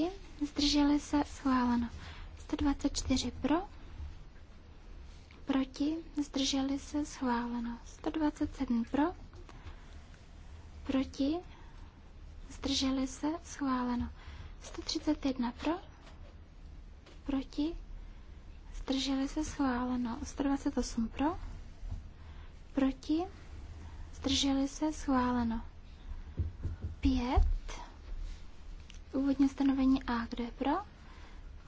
proti, zdrželi se, schváleno. 124 pro, proti, zdrželi se, schváleno. 127 pro, proti, zdrželi se, schváleno. 131 pro, proti, zdrželi se, schváleno. 128 pro, proti, zdrželi se, schváleno. 5 Úvodní stanovení A, kdo je pro?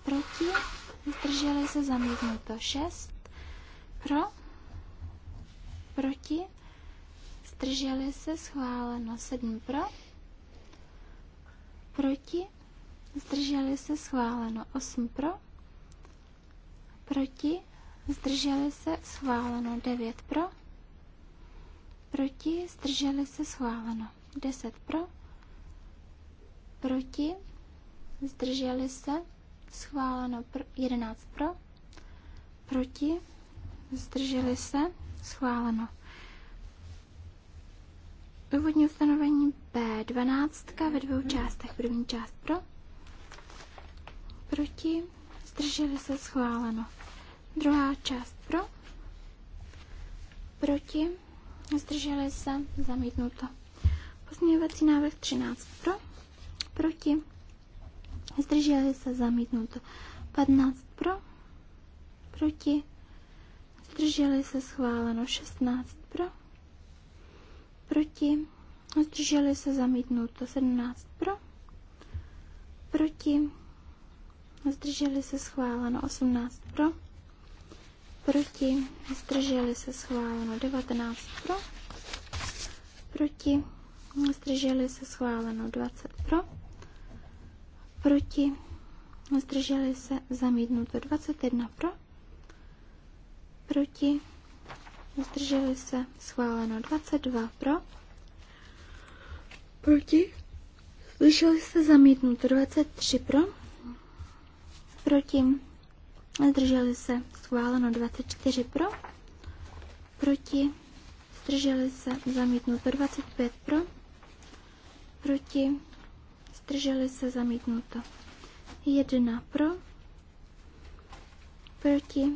Proti? Zdrželi se zamítnuto 6. Pro? Proti? Zdrželi se schváleno 7 pro? Proti? Zdrželi se schváleno 8 pro? Proti? Zdrželi se schváleno 9 pro? Proti? Zdrželi se schváleno 10 pro? proti, zdrželi se, schváleno 11 pro, proti, zdrželi se, schváleno. Úvodní ustanovení B12 ve dvou částech. První část pro, proti, zdrželi se, schváleno. Druhá část pro, proti, zdrželi se, zamítnuto. Pozměňovací návrh 13 pro, proti, zdrželi se zamítnuto 15 pro, proti, zdrželi se schváleno 16 pro, proti, zdrželi se zamítnuto 17 pro, proti, zdrželi se schváleno 18 pro, proti, zdrželi se schváleno 19 pro, proti, zdrželi se schváleno 20 pro, proti, zdrželi se, zamítnuto 21 pro, proti, zdrželi se, schváleno 22 pro, proti, zdrželi se, zamítnuto 23 pro, proti, zdrželi se, schváleno 24 pro, proti, zdrželi se, zamítnuto 25 pro, proti, zdrželi se zamítnuto. Jedna pro, proti,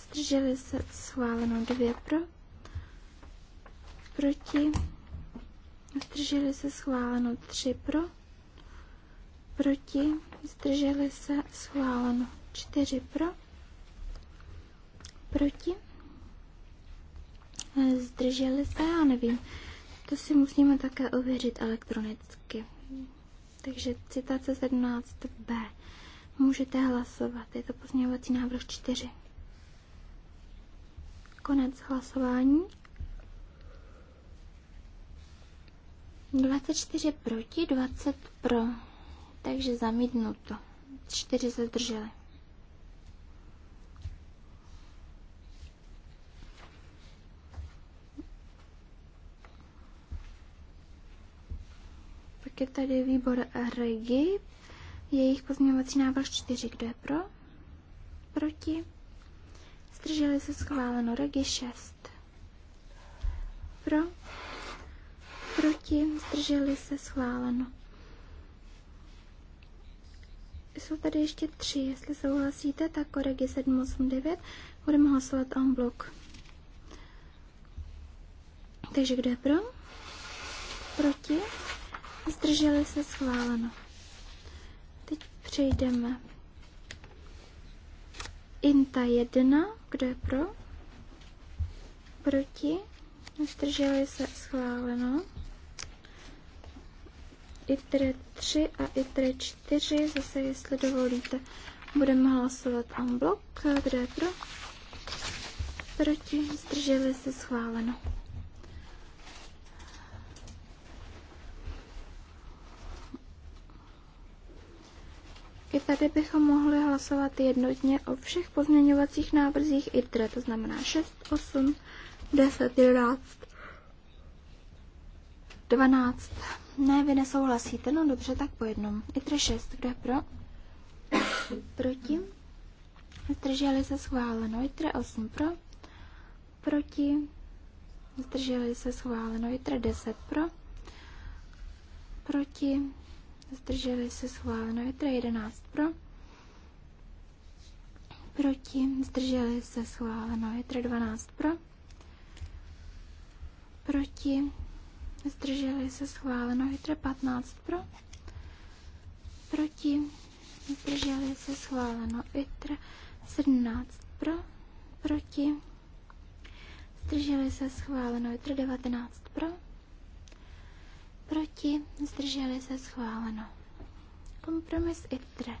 zdrželi se schváleno. Dvě pro, proti, zdrželi se schváleno. Tři pro, proti, zdrželi se schváleno. Čtyři pro, proti, zdrželi se, já nevím. To si musíme také ověřit elektronicky. Takže citace 17b. Můžete hlasovat. Je to pozměňovací návrh 4. Konec hlasování. 24 proti, 20 pro. Takže zamítnuto. 4 se zdrželi. Pak je tady výbor Regi, jejich pozměňovací návrh 4, kdo je pro? Proti? Zdrželi se schváleno Regi 6. Pro? Proti? Zdrželi se schváleno. Jsou tady ještě tři, jestli souhlasíte, tak o Regi 789 budeme hlasovat en blok. Takže kdo je pro? Proti? zdrželi se schváleno. Teď přejdeme. Inta 1, kdo je pro? Proti? Zdrželi se schváleno. ITRE 3 a ITRE 4, zase jestli dovolíte, budeme hlasovat en bloc. Kdo je pro? Proti? Zdrželi se schváleno. I tady bychom mohli hlasovat jednotně o všech pozměňovacích návrzích ITRE, to znamená 6, 8, 10, 11, 12. Ne, vy nesouhlasíte, no dobře, tak po jednom. ITRE 6, kdo je pro? Proti? Zdrželi se schváleno. ITRE 8 pro? Proti? Zdrželi se schváleno. ITRE 10 pro? Proti? zdrželi se schváleno. Itra 11 pro, proti, zdrželi se schváleno. Itra 12 pro, proti, zdrželi se schváleno. Itra 15 pro, proti, zdrželi se schváleno. Itra 17 pro, proti, zdrželi se schváleno. Itra 19 pro, Proti? Zdrželi se schváleno. Kompromis ITRE.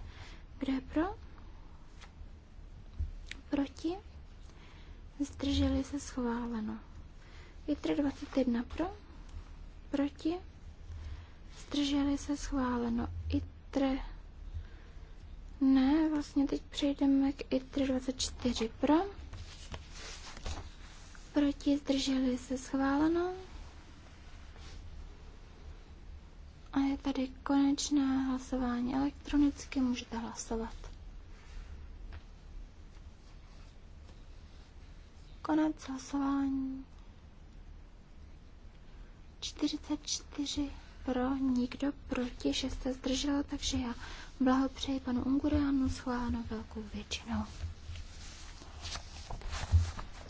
Kdo je pro? Proti? Zdrželi se schváleno. ITRE 21 pro? Proti? Zdrželi se schváleno. ITRE ne, vlastně teď přejdeme k ITRE 24 pro. Proti zdrželi se schváleno. A je tady konečné hlasování elektronicky, můžete hlasovat. Konec hlasování. 44 pro, nikdo proti, 6 se zdrželo, takže já blahopřeji panu Ungureanu, schváleno velkou většinou.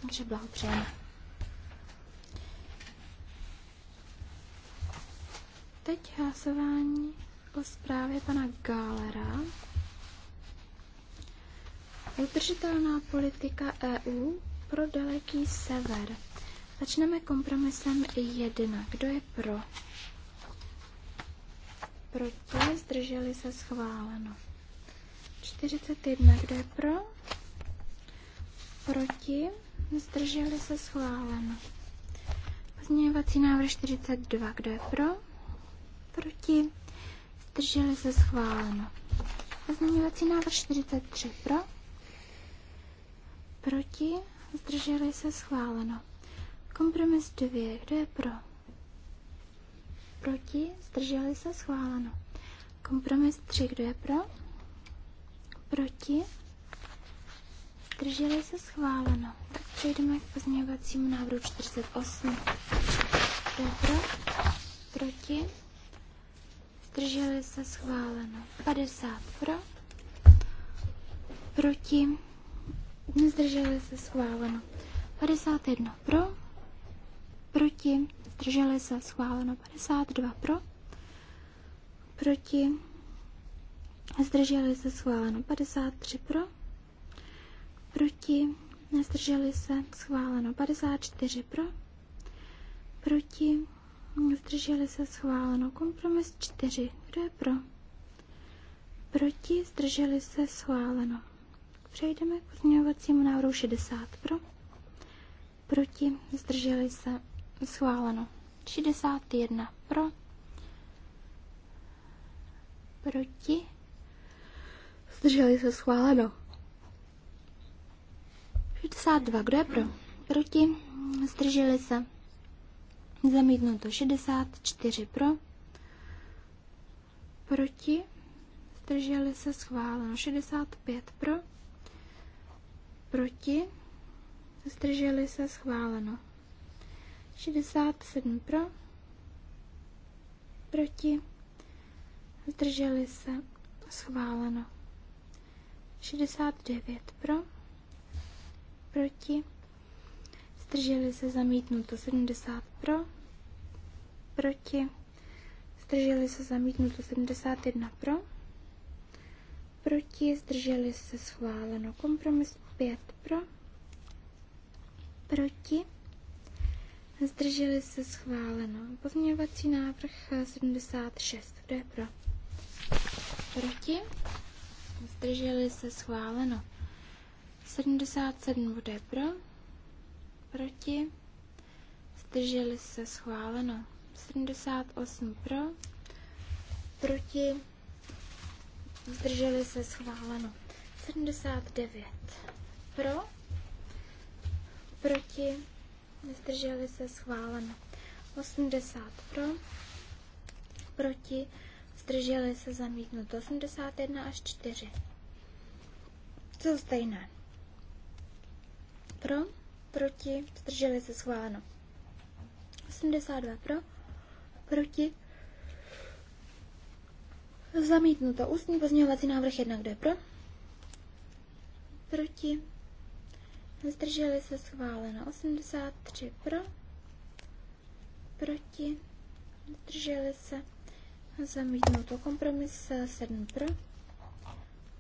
Takže blahopřejeme. teď hlasování o zprávě pana Gálera. Udržitelná politika EU pro daleký sever. Začneme kompromisem jedna. Kdo je pro? Proti zdrželi se schváleno. 41. Kdo je pro? Proti zdrželi se schváleno. Pozměňovací návrh 42. Kdo je pro? proti, zdrželi se schváleno. Pozměňovací návrh 43 pro, proti, zdrželi se schváleno. Kompromis 2, kdo je pro? Proti, zdrželi se schváleno. Kompromis 3, kdo je pro? Proti, zdrželi se schváleno. Tak přejdeme k pozměňovacímu návrhu 48. Kdo je pro? Proti, zdrželi se schváleno. 50 pro, proti, nezdrželi se schváleno. 51 pro, proti, zdrželi se schváleno. 52 pro, proti, zdrželi se schváleno. 53 pro, proti, nezdrželi se schváleno. 54 pro, proti, Zdrželi se schváleno. Kompromis 4. Kdo je pro? Proti? Zdrželi se schváleno. Přejdeme k pozměňovacímu návrhu 60 pro. Proti? Zdrželi se schváleno. 61 pro. Proti? Zdrželi se schváleno. 62. Kdo je pro? Proti? Zdrželi se Zamítnuto 64 pro. Proti. Zdrželi se schváleno 65 pro. Proti. Zdrželi se schváleno 67 pro. Proti. Zdrželi se schváleno 69 pro. Proti zdrželi se zamítnuto 70 pro, proti, zdrželi se zamítnuto 71 pro, proti, zdrželi se schváleno kompromis 5 pro, proti, zdrželi se schváleno pozměňovací návrh 76, kdo je pro, proti, zdrželi se schváleno 77 bude pro, proti, zdrželi se schváleno. 78 pro, proti, zdrželi se schváleno. 79 pro, proti, zdrželi se schváleno. 80 pro, proti, zdrželi se zamítnut 81 až 4. Co stejné. Pro, proti, zdrželi se schváleno. 82 pro, proti, zamítnuto. Ústní pozměňovací návrh 1, kde pro, proti, zdrželi se schváleno. 83 pro, proti, zdrželi se zamítnuto. Kompromis 7 pro,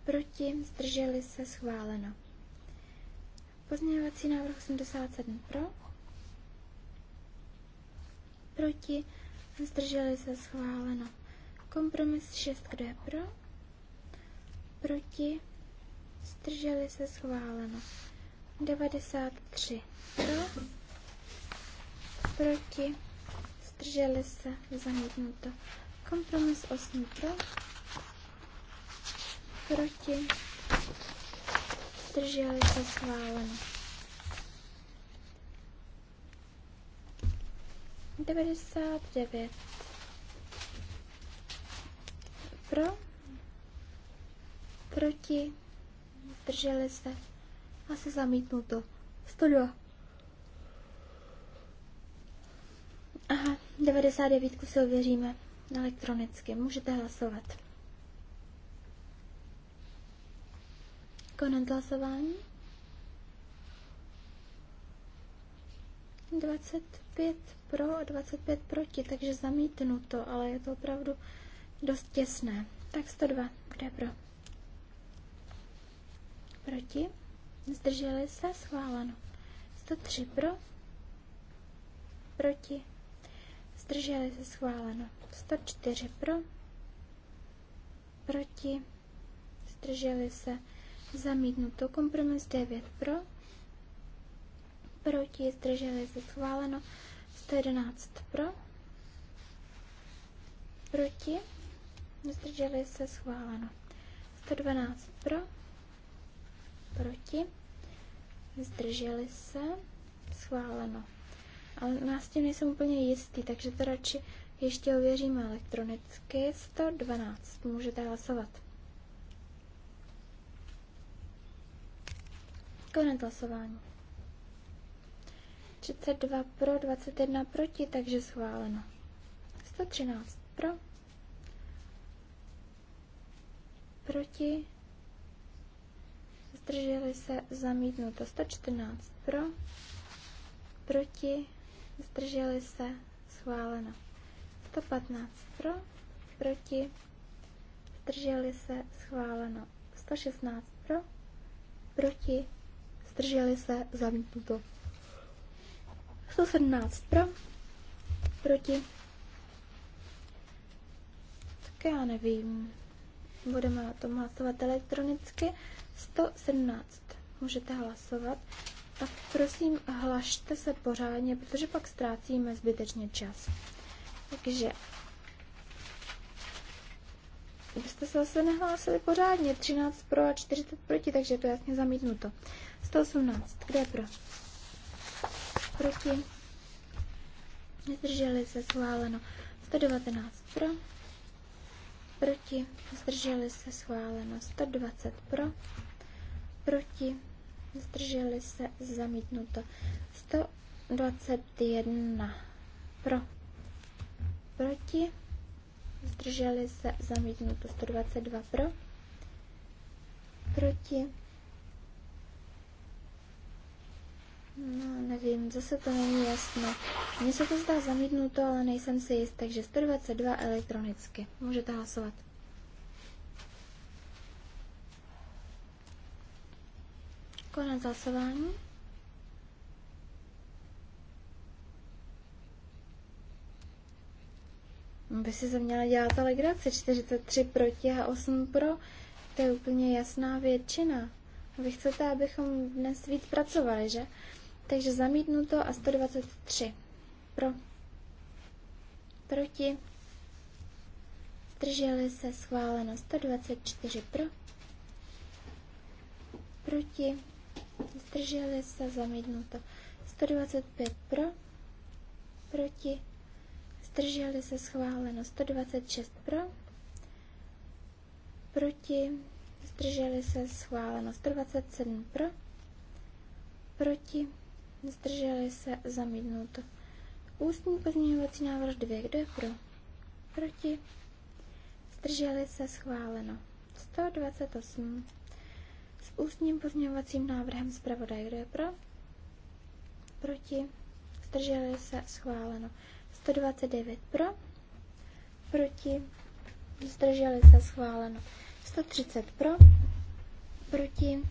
proti, zdrželi se schváleno. Pozměňovací návrh 87 pro. Proti. Zdrželi se schváleno. Kompromis 6, kdo je pro? Proti. Zdrželi se schváleno. 93 pro. Proti. Zdrželi se zamítnuto. Kompromis 8 pro. Proti zdrželi se schváleno. 99 pro, proti, zdrželi se a se zamítnuto. 102. Aha, 99 si ověříme elektronicky. Můžete hlasovat. Konec hlasování. 25 pro a 25 proti, takže zamítnu to, ale je to opravdu dost těsné. Tak 102, kde pro? Proti? Zdrželi se? Schváleno. 103 pro? Proti? Zdrželi se? Schváleno. 104 pro? Proti? Zdrželi se? Zamítnuto. Kompromis 9 pro. Proti. Zdrželi se schváleno. 111 pro. Proti. Zdrželi se schváleno. 112 pro. Proti. Zdrželi se. Schváleno. Ale nás tím nejsem úplně jistý, takže to radši ještě ověříme elektronicky. 112. Můžete hlasovat. Konec hlasování. 32 pro, 21 proti, takže schváleno. 113 pro, proti, zdrželi se, zamítnuto. 114 pro, proti, zdrželi se, schváleno. 115 pro, proti, zdrželi se, schváleno. 116 pro, proti, zdrželi se, zamítnuto. 117 pro, proti. Tak já nevím. Budeme o tom hlasovat elektronicky. 117. Můžete hlasovat. A prosím, hlašte se pořádně, protože pak ztrácíme zbytečně čas. Takže jste se zase nehlásili pořádně, 13 pro a 40 proti, takže to jasně zamítnuto. 118. Kde je pro? Proti? Zdrželi se schváleno. 119 pro. Proti? Zdrželi se schváleno. 120 pro. Proti? Zdrželi se zamítnuto. 121 pro. Proti? Zdrželi se zamítnuto. 122 pro. Proti? No, nevím, zase to není jasno. Mně se to zdá zamítnuto, ale nejsem si jist, takže 122 elektronicky. Můžete hlasovat. Konec hlasování. By si se měla dělat alegrace. 43 proti a 8 pro. To je úplně jasná většina. Vy chcete, abychom dnes víc pracovali, že? Takže zamítnuto a 123. Pro. Proti. Zdrželi se schváleno 124 pro. Proti. Zdrželi se zamítnuto 125 pro. Proti. Zdrželi se schváleno 126 pro. Proti. Zdrželi se schváleno 127 pro. Proti zdrželi se, zamítnuto. Ústní pozměňovací návrh 2, kdo je pro? Proti? Zdrželi se, schváleno. 128. S ústním pozměňovacím návrhem zpravodaj, kdo je pro? Proti? Zdrželi se, schváleno. 129 pro? Proti? Zdrželi se, schváleno. 130 pro? Proti?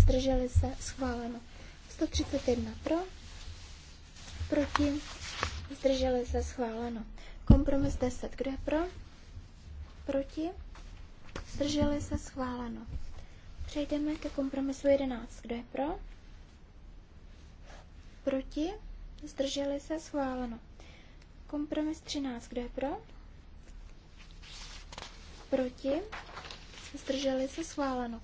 Zdrželi se, schváleno. 131 pro, proti, zdrželi se schváleno. Kompromis 10, kdo je pro, proti, zdrželi se schváleno. Přejdeme ke kompromisu 11, kdo je pro, proti, zdrželi se schváleno. Kompromis 13, kdo je pro, proti, zdrželi se schváleno.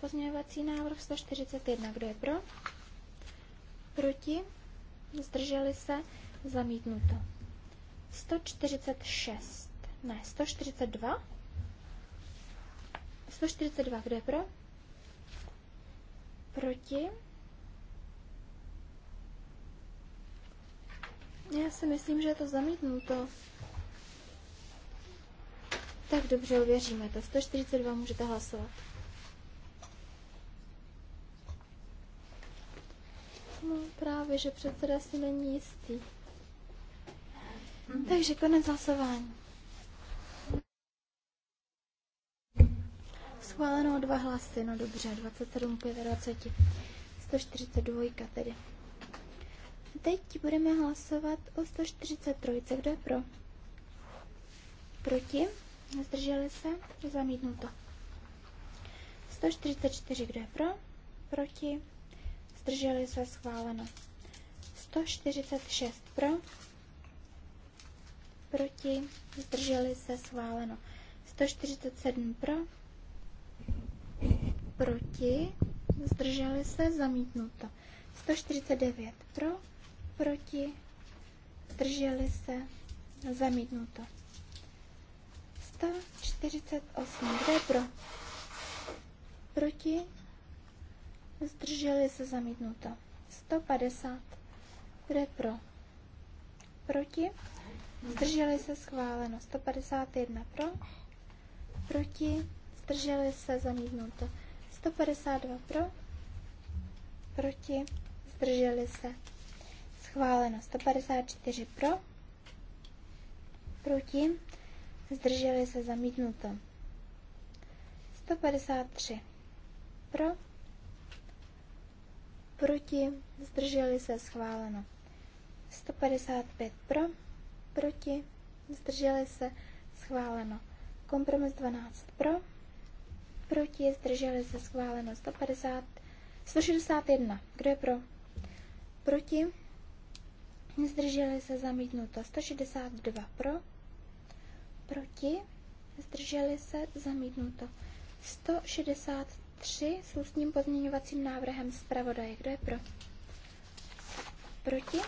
Pozměňovací návrh 141, kdo je pro? proti, zdrželi se, zamítnuto. 146, ne, 142. 142, kdo je pro? Proti. Já si myslím, že je to zamítnuto. Tak dobře, uvěříme. to. 142 můžete hlasovat. No právě, že předseda si není jistý. Mhm. Takže konec hlasování. Schváleno dva hlasy, no dobře, 27, 25, 142 tedy. Teď budeme hlasovat o 143. Kdo je pro? Proti? Zdrželi se? Zamítnuto. 144. Kdo je pro? Proti? zdrželi se schváleno. 146 pro, proti, zdrželi se schváleno. 147 pro, proti, zdrželi se zamítnuto. 149 pro, proti, zdrželi se zamítnuto. 148 pro, proti, Zdrželi se zamítnuto. 150. Kdo je pro? Proti? Zdrželi se schváleno. 151 pro. Proti? Zdrželi se zamítnuto. 152 pro. Proti? Zdrželi se. Schváleno. 154 pro. Proti? Zdrželi se zamítnuto. 153 pro proti, zdrželi se schváleno. 155 pro, proti, zdrželi se schváleno. Kompromis 12 pro, proti, zdrželi se schváleno. 150, 161, kdo je pro, proti, zdrželi se zamítnuto. 162 pro, proti, zdrželi se zamítnuto. 160 3 s ústním pozměňovacím návrhem zpravodaje. Kdo je pro? Proti?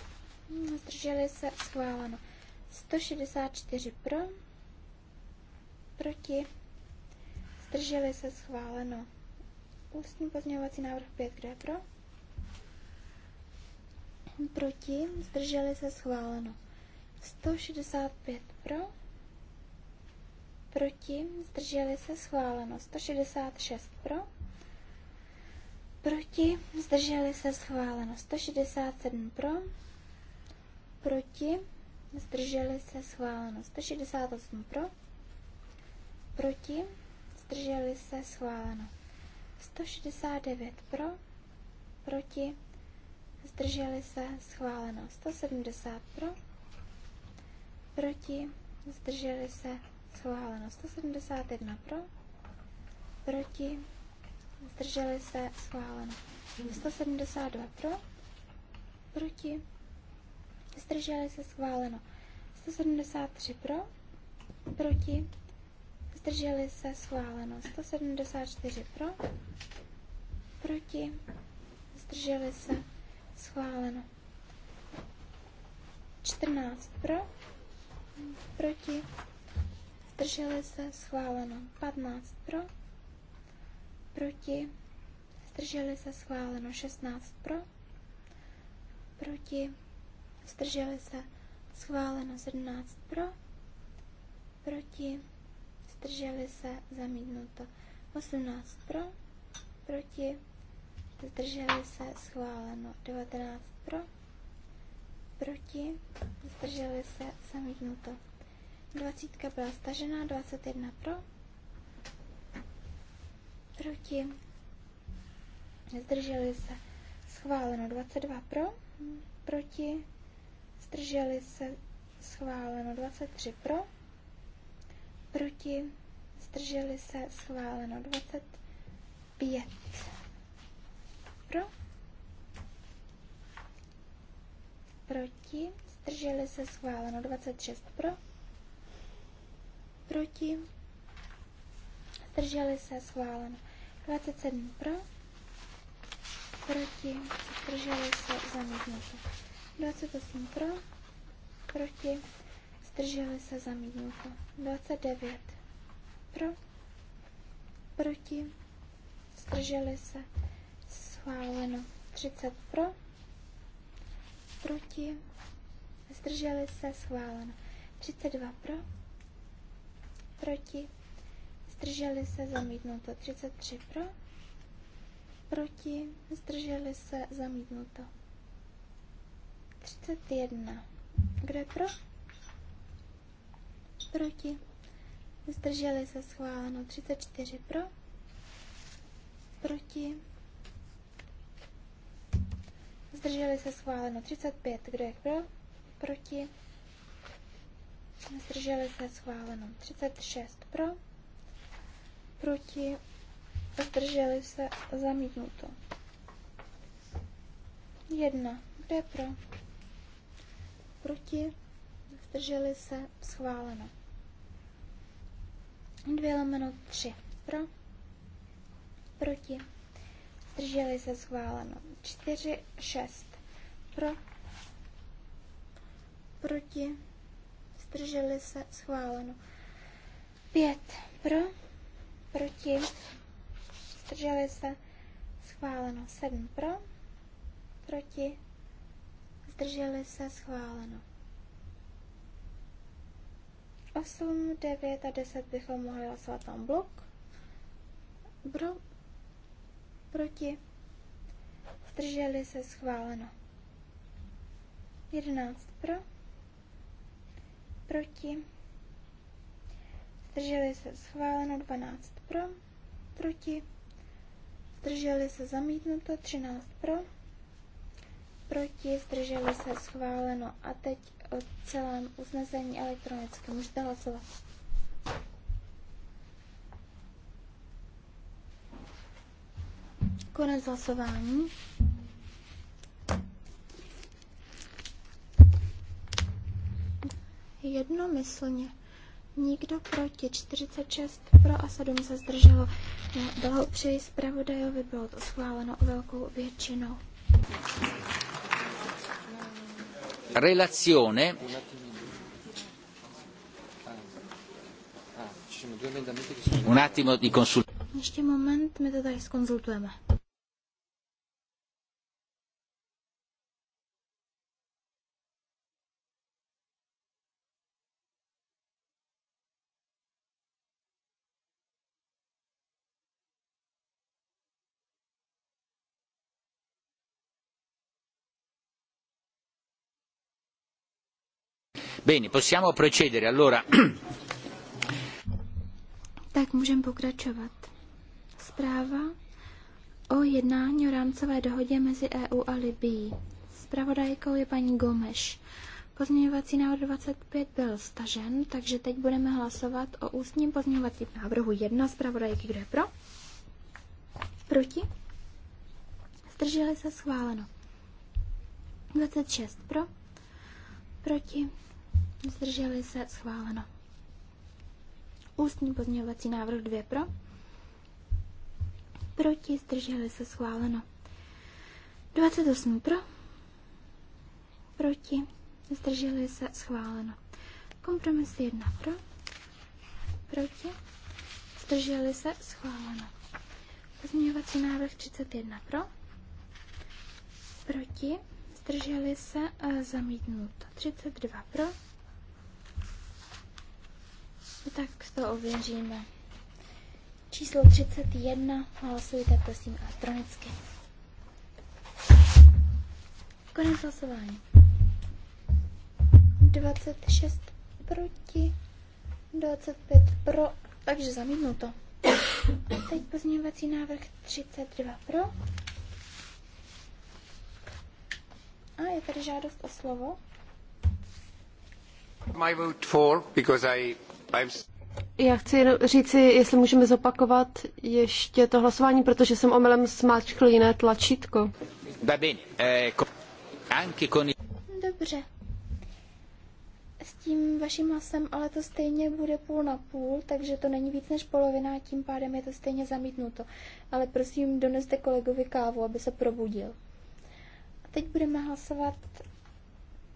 Zdrželi se schváleno. 164 pro. Proti? Zdrželi se schváleno. Ústní pozměňovací návrh 5. Kdo je pro? Proti? Zdrželi se schváleno. 165 pro. Proti? Zdrželi se schváleno. 166 pro Proti, zdrželi se schváleno 167 pro, proti, zdrželi se schváleno 168 pro, proti, zdrželi se schváleno 169 pro, proti, zdrželi se schváleno 170 pro, proti, zdrželi se schváleno 171 pro, proti, zdrželi se, schváleno. 172 pro, proti, zdrželi se, schváleno. 173 pro, proti, zdrželi se, schváleno. 174 pro, proti, zdrželi se, schváleno. 14 pro, proti, zdrželi se, schváleno. 15 pro, proti, zdrželi se schváleno 16 pro, proti, zdrželi se schváleno 17 pro, proti, zdrželi se zamítnuto 18 pro, proti, zdrželi se schváleno 19 pro, proti, zdrželi se zamítnuto. 20 byla stažena, 21 pro, Proti. Zdrželi se. Schváleno 22 pro. Proti. Zdrželi se. Schváleno 23 pro. Proti. Zdrželi se. Schváleno 25 pro. Proti. Zdrželi se. Schváleno 26 pro. Proti zdrželi se, schváleno. 27 pro, proti, zdrželi se, zamítnuto. 28 pro, proti, zdrželi se, zamítnuto. 29 pro, proti, zdrželi se, schváleno. 30 pro, proti, zdrželi se, schváleno. 32 pro, proti, zdrželi se, zamítnuto. 33 pro, proti, zdrželi se, zamítnuto. 31. Kdo je pro? Proti. Zdrželi se schváleno 34 pro. Proti. Zdrželi se schváleno 35. Kdo je pro? Proti. Zdrželi se schváleno 36 pro proti, zdrželi se, zamítnuto. Jedna, kde pro, proti, zdrželi se, schváleno. Dvě lomeno tři, pro, proti, zdrželi se, schváleno. Čtyři, šest, pro, proti, zdrželi se, schváleno. Pět, pro, proti, zdrželi se, schváleno 7 pro, proti, zdrželi se, schváleno. 8, 9 a 10 bychom mohli hlasovat tam blok. Pro, proti, zdrželi se, schváleno. 11 pro, proti, zdrželi se schváleno 12 pro, proti, zdrželi se zamítnuto 13 pro, proti, zdrželi se schváleno a teď o celém usnesení elektronicky můžete hlasovat. Konec hlasování. Jednomyslně. Nikdo proti, 46 pro a 7 se zdrželo. Blahopřeji zpravodajovi, bylo to schváleno velkou většinou. Relazione. Un attimo di consultazione. Ještě moment, my to tady skonzultujeme. Bene, possiamo procedere allora. Tak můžeme pokračovat. Zpráva o jednání o rámcové dohodě mezi EU a Libií. Spravodajkou je paní Gomeš. Pozměňovací návrh 25 byl stažen, takže teď budeme hlasovat o ústním pozměňovacím návrhu 1 zpravodajky. Kdo je pro? Proti? Zdrželi se schváleno. 26 pro? Proti? zdrželi se, schváleno. Ústní pozměňovací návrh 2 pro, proti, zdrželi se, schváleno. 28 pro, proti, zdrželi se, schváleno. Kompromis 1 pro, proti, zdrželi se, schváleno. Pozměňovací návrh 31 pro, proti, zdrželi se, eh, zamítnuto. 32 pro, tak to ověříme. Číslo 31, hlasujte prosím elektronicky. Konec hlasování. 26 proti, 25 pro, takže zamítnuto. A teď pozměňovací návrh 32 pro. A je tady žádost o slovo. My vote for, because I já chci říci, jestli můžeme zopakovat ještě to hlasování, protože jsem omylem smáčkl jiné tlačítko. Eh, Dobře. S tím vaším hlasem ale to stejně bude půl na půl, takže to není víc než polovina a tím pádem je to stejně zamítnuto. Ale prosím, doneste kolegovi kávu, aby se probudil. A teď budeme hlasovat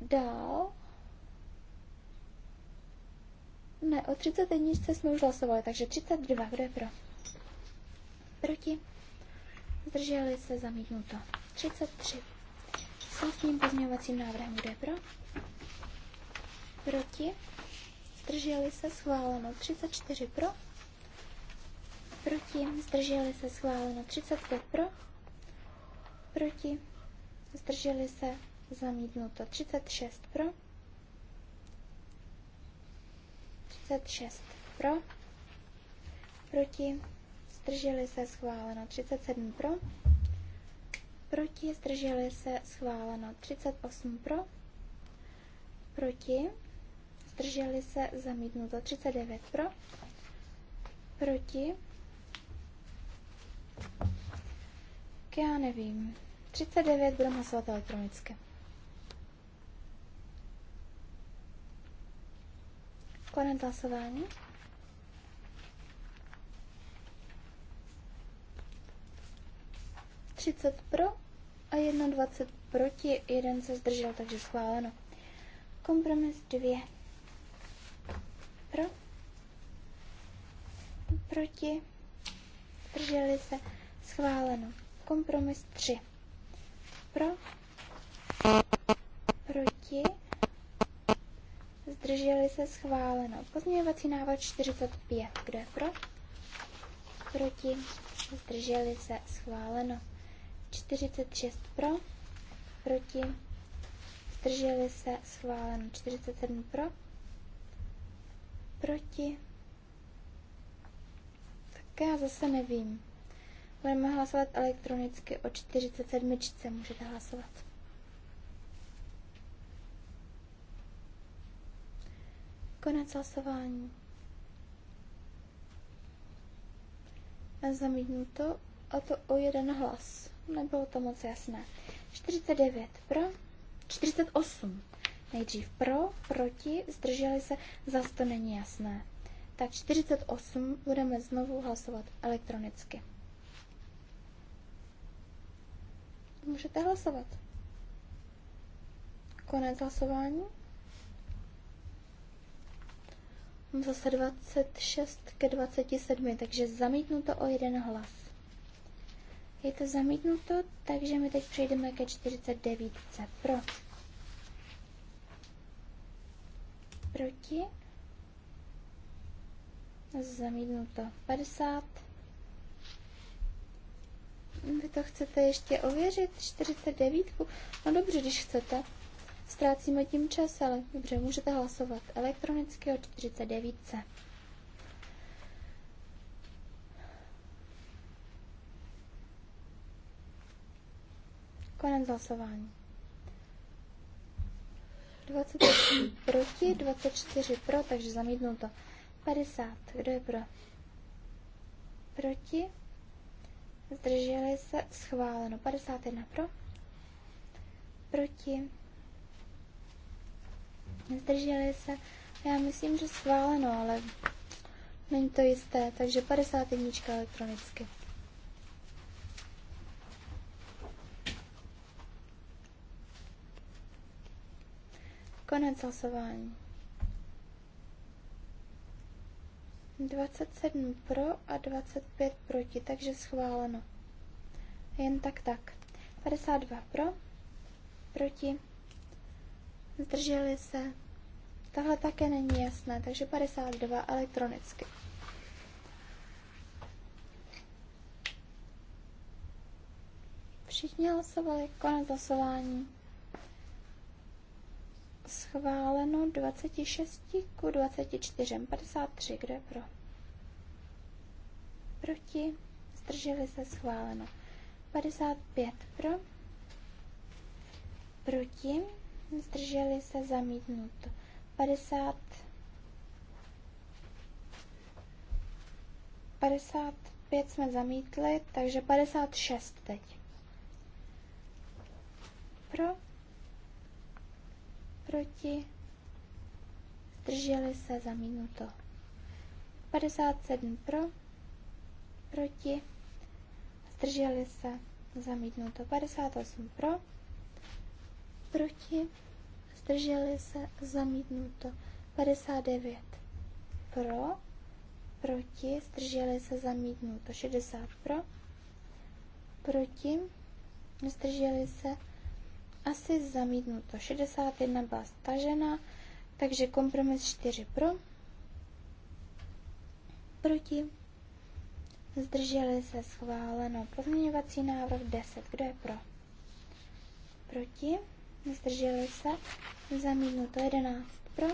dál ne, o 31 jsme už hlasovali, takže 32, kdo je pro? Proti? Zdrželi se zamítnuto. 33. S tím pozměňovacím návrhem, kdo je pro? Proti? Zdrželi se schváleno. 34 pro? Proti? Zdrželi se schváleno. 35 pro? Proti? Zdrželi se zamítnuto. 36 pro? 36 pro, proti, zdrželi se schváleno 37 pro, proti, zdrželi se schváleno 38 pro, proti, zdrželi se zamítnuto 39 pro, proti, já nevím, 39 budeme hlasovat elektronicky. Konec hlasování. Třicet pro a 21 proti, jeden se zdržel, takže schváleno. Kompromis 2. Pro. Proti. Zdrželi se. Schváleno. Kompromis 3. Pro. Proti Zdrželi se schváleno. Pozměňovací návrh 45. Kdo je pro? Proti. Zdrželi se schváleno. 46 pro. Proti. Zdrželi se schváleno. 47 pro. Proti. Tak já zase nevím. Budeme hlasovat elektronicky o 47. Můžete hlasovat. Konec hlasování. Zamítnuto a to o jeden hlas. Nebylo to moc jasné. 49 pro, 48. Nejdřív pro, proti, zdrželi se, zase to není jasné. Tak 48 budeme znovu hlasovat elektronicky. Můžete hlasovat. Konec hlasování. Zase 26 ke 27, takže zamítnuto o jeden hlas. Je to zamítnuto, takže my teď přejdeme ke 49. Pro. Proti. Zamítnuto. 50. Vy to chcete ještě ověřit? 49? No dobře, když chcete. Ztrácíme tím čas, ale dobře, můžete hlasovat elektronicky o 49. Konec hlasování. 28 proti, 24 pro, takže zamítnu to. 50. Kdo je pro? Proti. Zdrželi se. Schváleno. 51 pro. Proti nezdrželi se. Já myslím, že schváleno, ale není to jisté, takže jednička elektronicky. Konec hlasování. 27 pro a 25 proti, takže schváleno. Jen tak tak. 52 pro, proti, zdrželi se. Tahle také není jasné, takže 52 elektronicky. Všichni hlasovali, konec hlasování. Schváleno 26 ku 24, 53, kdo je pro? Proti, zdrželi se, schváleno. 55 pro, proti, zdrželi se zamítnut. 50, 55 jsme zamítli, takže 56 teď. Pro, proti, zdrželi se zamítnuto. 57 pro, proti, zdrželi se zamítnuto. 58 pro, proti, zdrželi se, zamítnuto. 59 pro, proti, zdrželi se, zamítnuto. 60 pro, proti, zdrželi se, asi zamítnuto. 61 byla stažena, takže kompromis 4 pro, proti, zdrželi se, schváleno. Pozměňovací návrh 10, kdo je pro? Proti zdrželi se, zamítnuto 11 pro,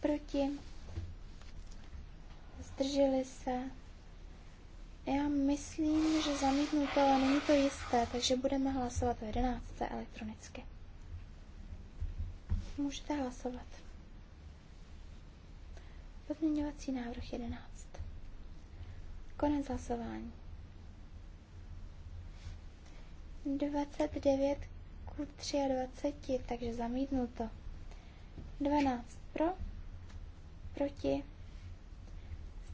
proti, zdrželi se. Já myslím, že zamítnuto, ale není to jisté, takže budeme hlasovat o 11 elektronicky. Můžete hlasovat. Pozměňovací návrh 11. Konec hlasování. 29 k 23, takže zamítnuto. 12 pro, proti,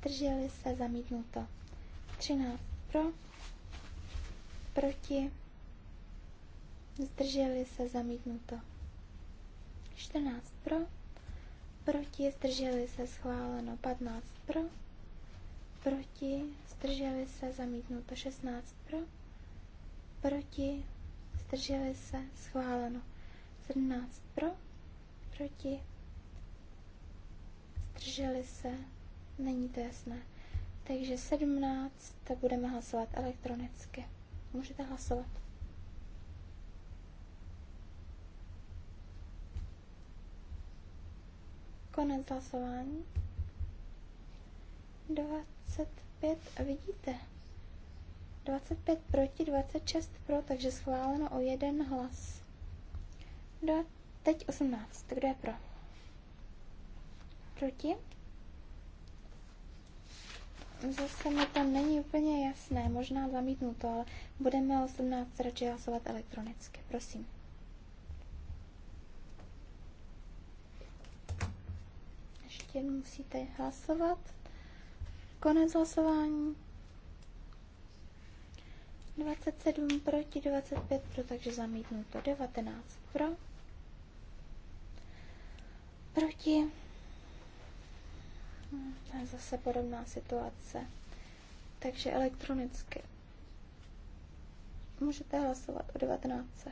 zdrželi se, zamítnuto. 13 pro, proti, zdrželi se, zamítnuto. 14 pro, proti, zdrželi se, schváleno. 15 pro, proti, zdrželi se, zamítnuto. 16 pro, proti, zdrželi se, schváleno. 17 pro, proti, zdrželi se, není to jasné. Takže 17 to budeme hlasovat elektronicky. Můžete hlasovat. Konec hlasování. 25 a vidíte, 25 proti, 26 pro, takže schváleno o jeden hlas. Do, teď 18. Kdo je pro? Proti? Zase mi to není úplně jasné, možná zamítnuto, ale budeme 18 radši hlasovat elektronicky. Prosím. Ještě musíte hlasovat. Konec hlasování. 27 proti, 25 pro, takže zamítnuto. 19 pro. Proti. Hm, to je zase podobná situace. Takže elektronicky. Můžete hlasovat o 19.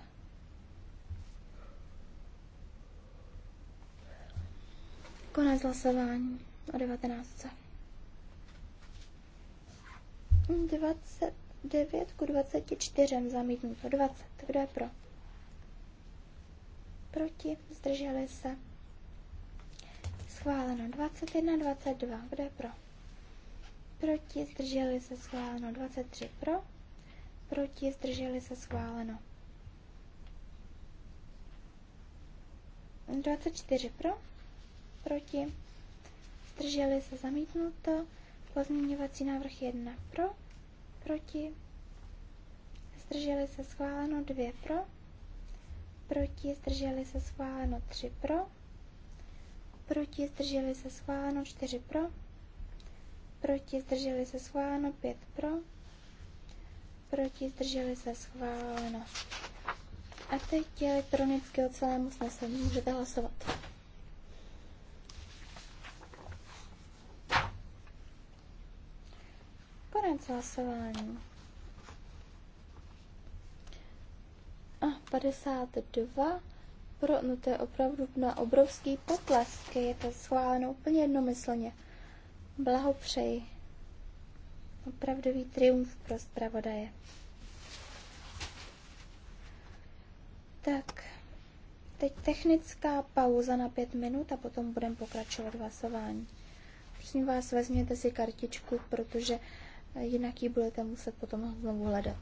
Konec hlasování o 19. 20 9 ku 24 zamítnuto 20. Kdo je pro? Proti, zdrželi se. Schváleno 21, 22. Kdo je pro? Proti, zdrželi se, schváleno 23 pro. Proti, zdrželi se, schváleno. 24 pro. Proti, zdrželi se, zamítnuto. Pozměňovací návrh 1 pro proti, zdrželi se schváleno 2 pro, proti, zdrželi se schváleno 3 pro, proti, zdrželi se schváleno 4 pro, proti, zdrželi se schváleno 5 pro, proti, zdrželi se schváleno. A teď elektronicky o celém usnesení můžete hlasovat. hlasování. A 52 pro, no to je opravdu na obrovský potlesk, je to schváleno úplně jednomyslně. Blahopřeji. Opravdový triumf pro zpravodaje. Tak, teď technická pauza na pět minut a potom budeme pokračovat v hlasování. Prosím vás, vezměte si kartičku, protože jinak ji budete muset potom znovu hledat.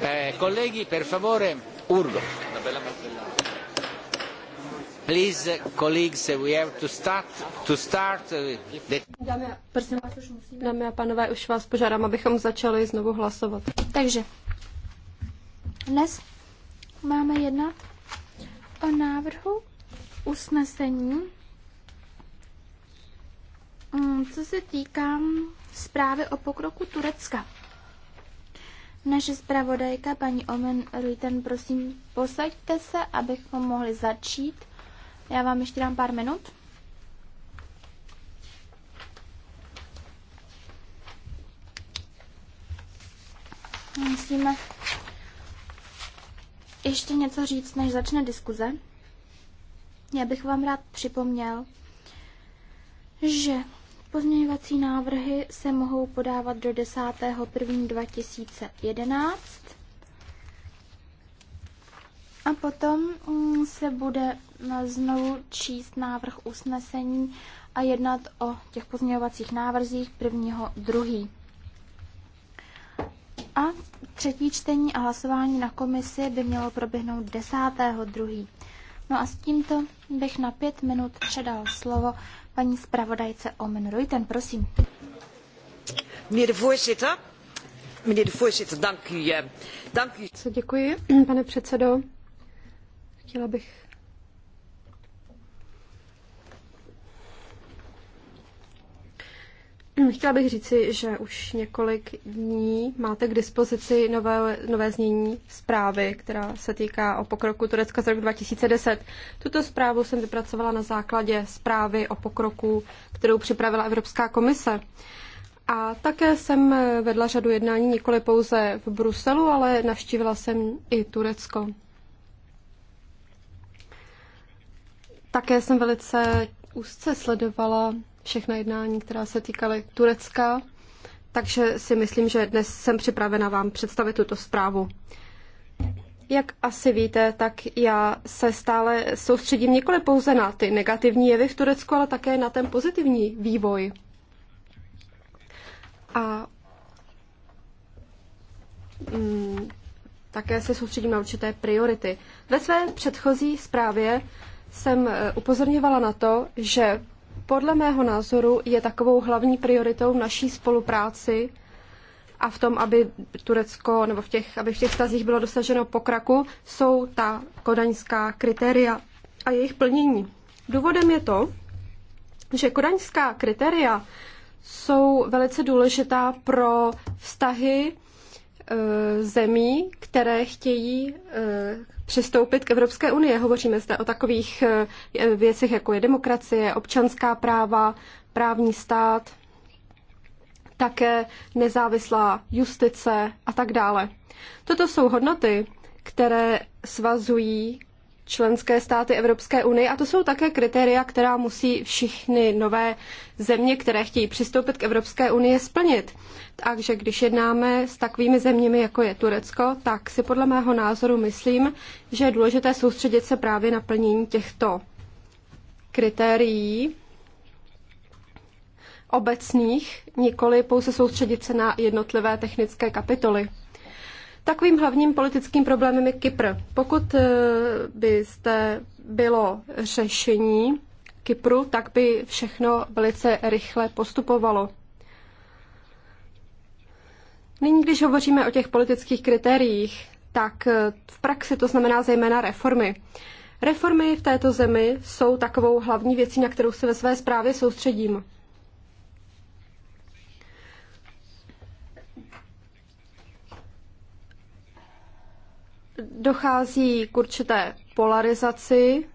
Eh, colleghi, per favore, urlo. Please, colleagues, we have to start, to start eh, the... prosím Dámy a už vás požádám, abychom začali znovu hlasovat. Takže, dnes máme jednat o návrhu usnesení, mm, co se týká zprávy o pokroku Turecka. Naše zpravodajka, paní Omen Ruiten, prosím, posaďte se, abychom mohli začít. Já vám ještě dám pár minut. Musíme ještě něco říct, než začne diskuze. Já bych vám rád připomněl, že Pozměňovací návrhy se mohou podávat do 10. 1. 2011 a potom mm, se bude mm, znovu číst návrh usnesení a jednat o těch pozměňovacích návrzích prvního druhý. A třetí čtení a hlasování na komisi by mělo proběhnout 10. druhý. No a s tímto bych na pět minut předal slovo Paní zpravodajce Omen Reuten, prosím. Eh, Děkuji, pane předsedo. Chtěla bych Hm, chtěla bych říci, že už několik dní máte k dispozici nové, nové znění zprávy, která se týká o pokroku Turecka z roku 2010. Tuto zprávu jsem vypracovala na základě zprávy o pokroku, kterou připravila Evropská komise. A také jsem vedla řadu jednání nikoli pouze v Bruselu, ale navštívila jsem i Turecko. Také jsem velice úzce sledovala všechna jednání, která se týkaly Turecka. Takže si myslím, že dnes jsem připravena vám představit tuto zprávu. Jak asi víte, tak já se stále soustředím nikoli pouze na ty negativní jevy v Turecku, ale také na ten pozitivní vývoj. A mm, také se soustředím na určité priority. Ve své předchozí zprávě jsem eh, upozorňovala na to, že podle mého názoru je takovou hlavní prioritou v naší spolupráci a v tom, aby Turecko, nebo v těch, aby v těch stazích bylo dosaženo pokraku, jsou ta kodaňská kritéria a jejich plnění. Důvodem je to, že kodaňská kritéria jsou velice důležitá pro vztahy e, zemí, které chtějí e, přistoupit k Evropské unii. Hovoříme zde o takových eh, věcech, jako je demokracie, občanská práva, právní stát, také nezávislá justice a tak dále. Toto jsou hodnoty, které svazují členské státy Evropské unie a to jsou také kritéria, která musí všichni nové země, které chtějí přistoupit k Evropské unii, splnit. Takže když jednáme s takovými zeměmi, jako je Turecko, tak si podle mého názoru myslím, že je důležité soustředit se právě na plnění těchto kritérií obecných, nikoli pouze soustředit se na jednotlivé technické kapitoly. Takovým hlavním politickým problémem je Kypr. Pokud eh, byste bylo řešení Kypru, tak by všechno velice rychle postupovalo. Nyní, když hovoříme o těch politických kritériích, tak eh, v praxi to znamená zejména reformy. Reformy v této zemi jsou takovou hlavní věcí, na kterou se ve své zprávě soustředím. dochází k určité polarizaci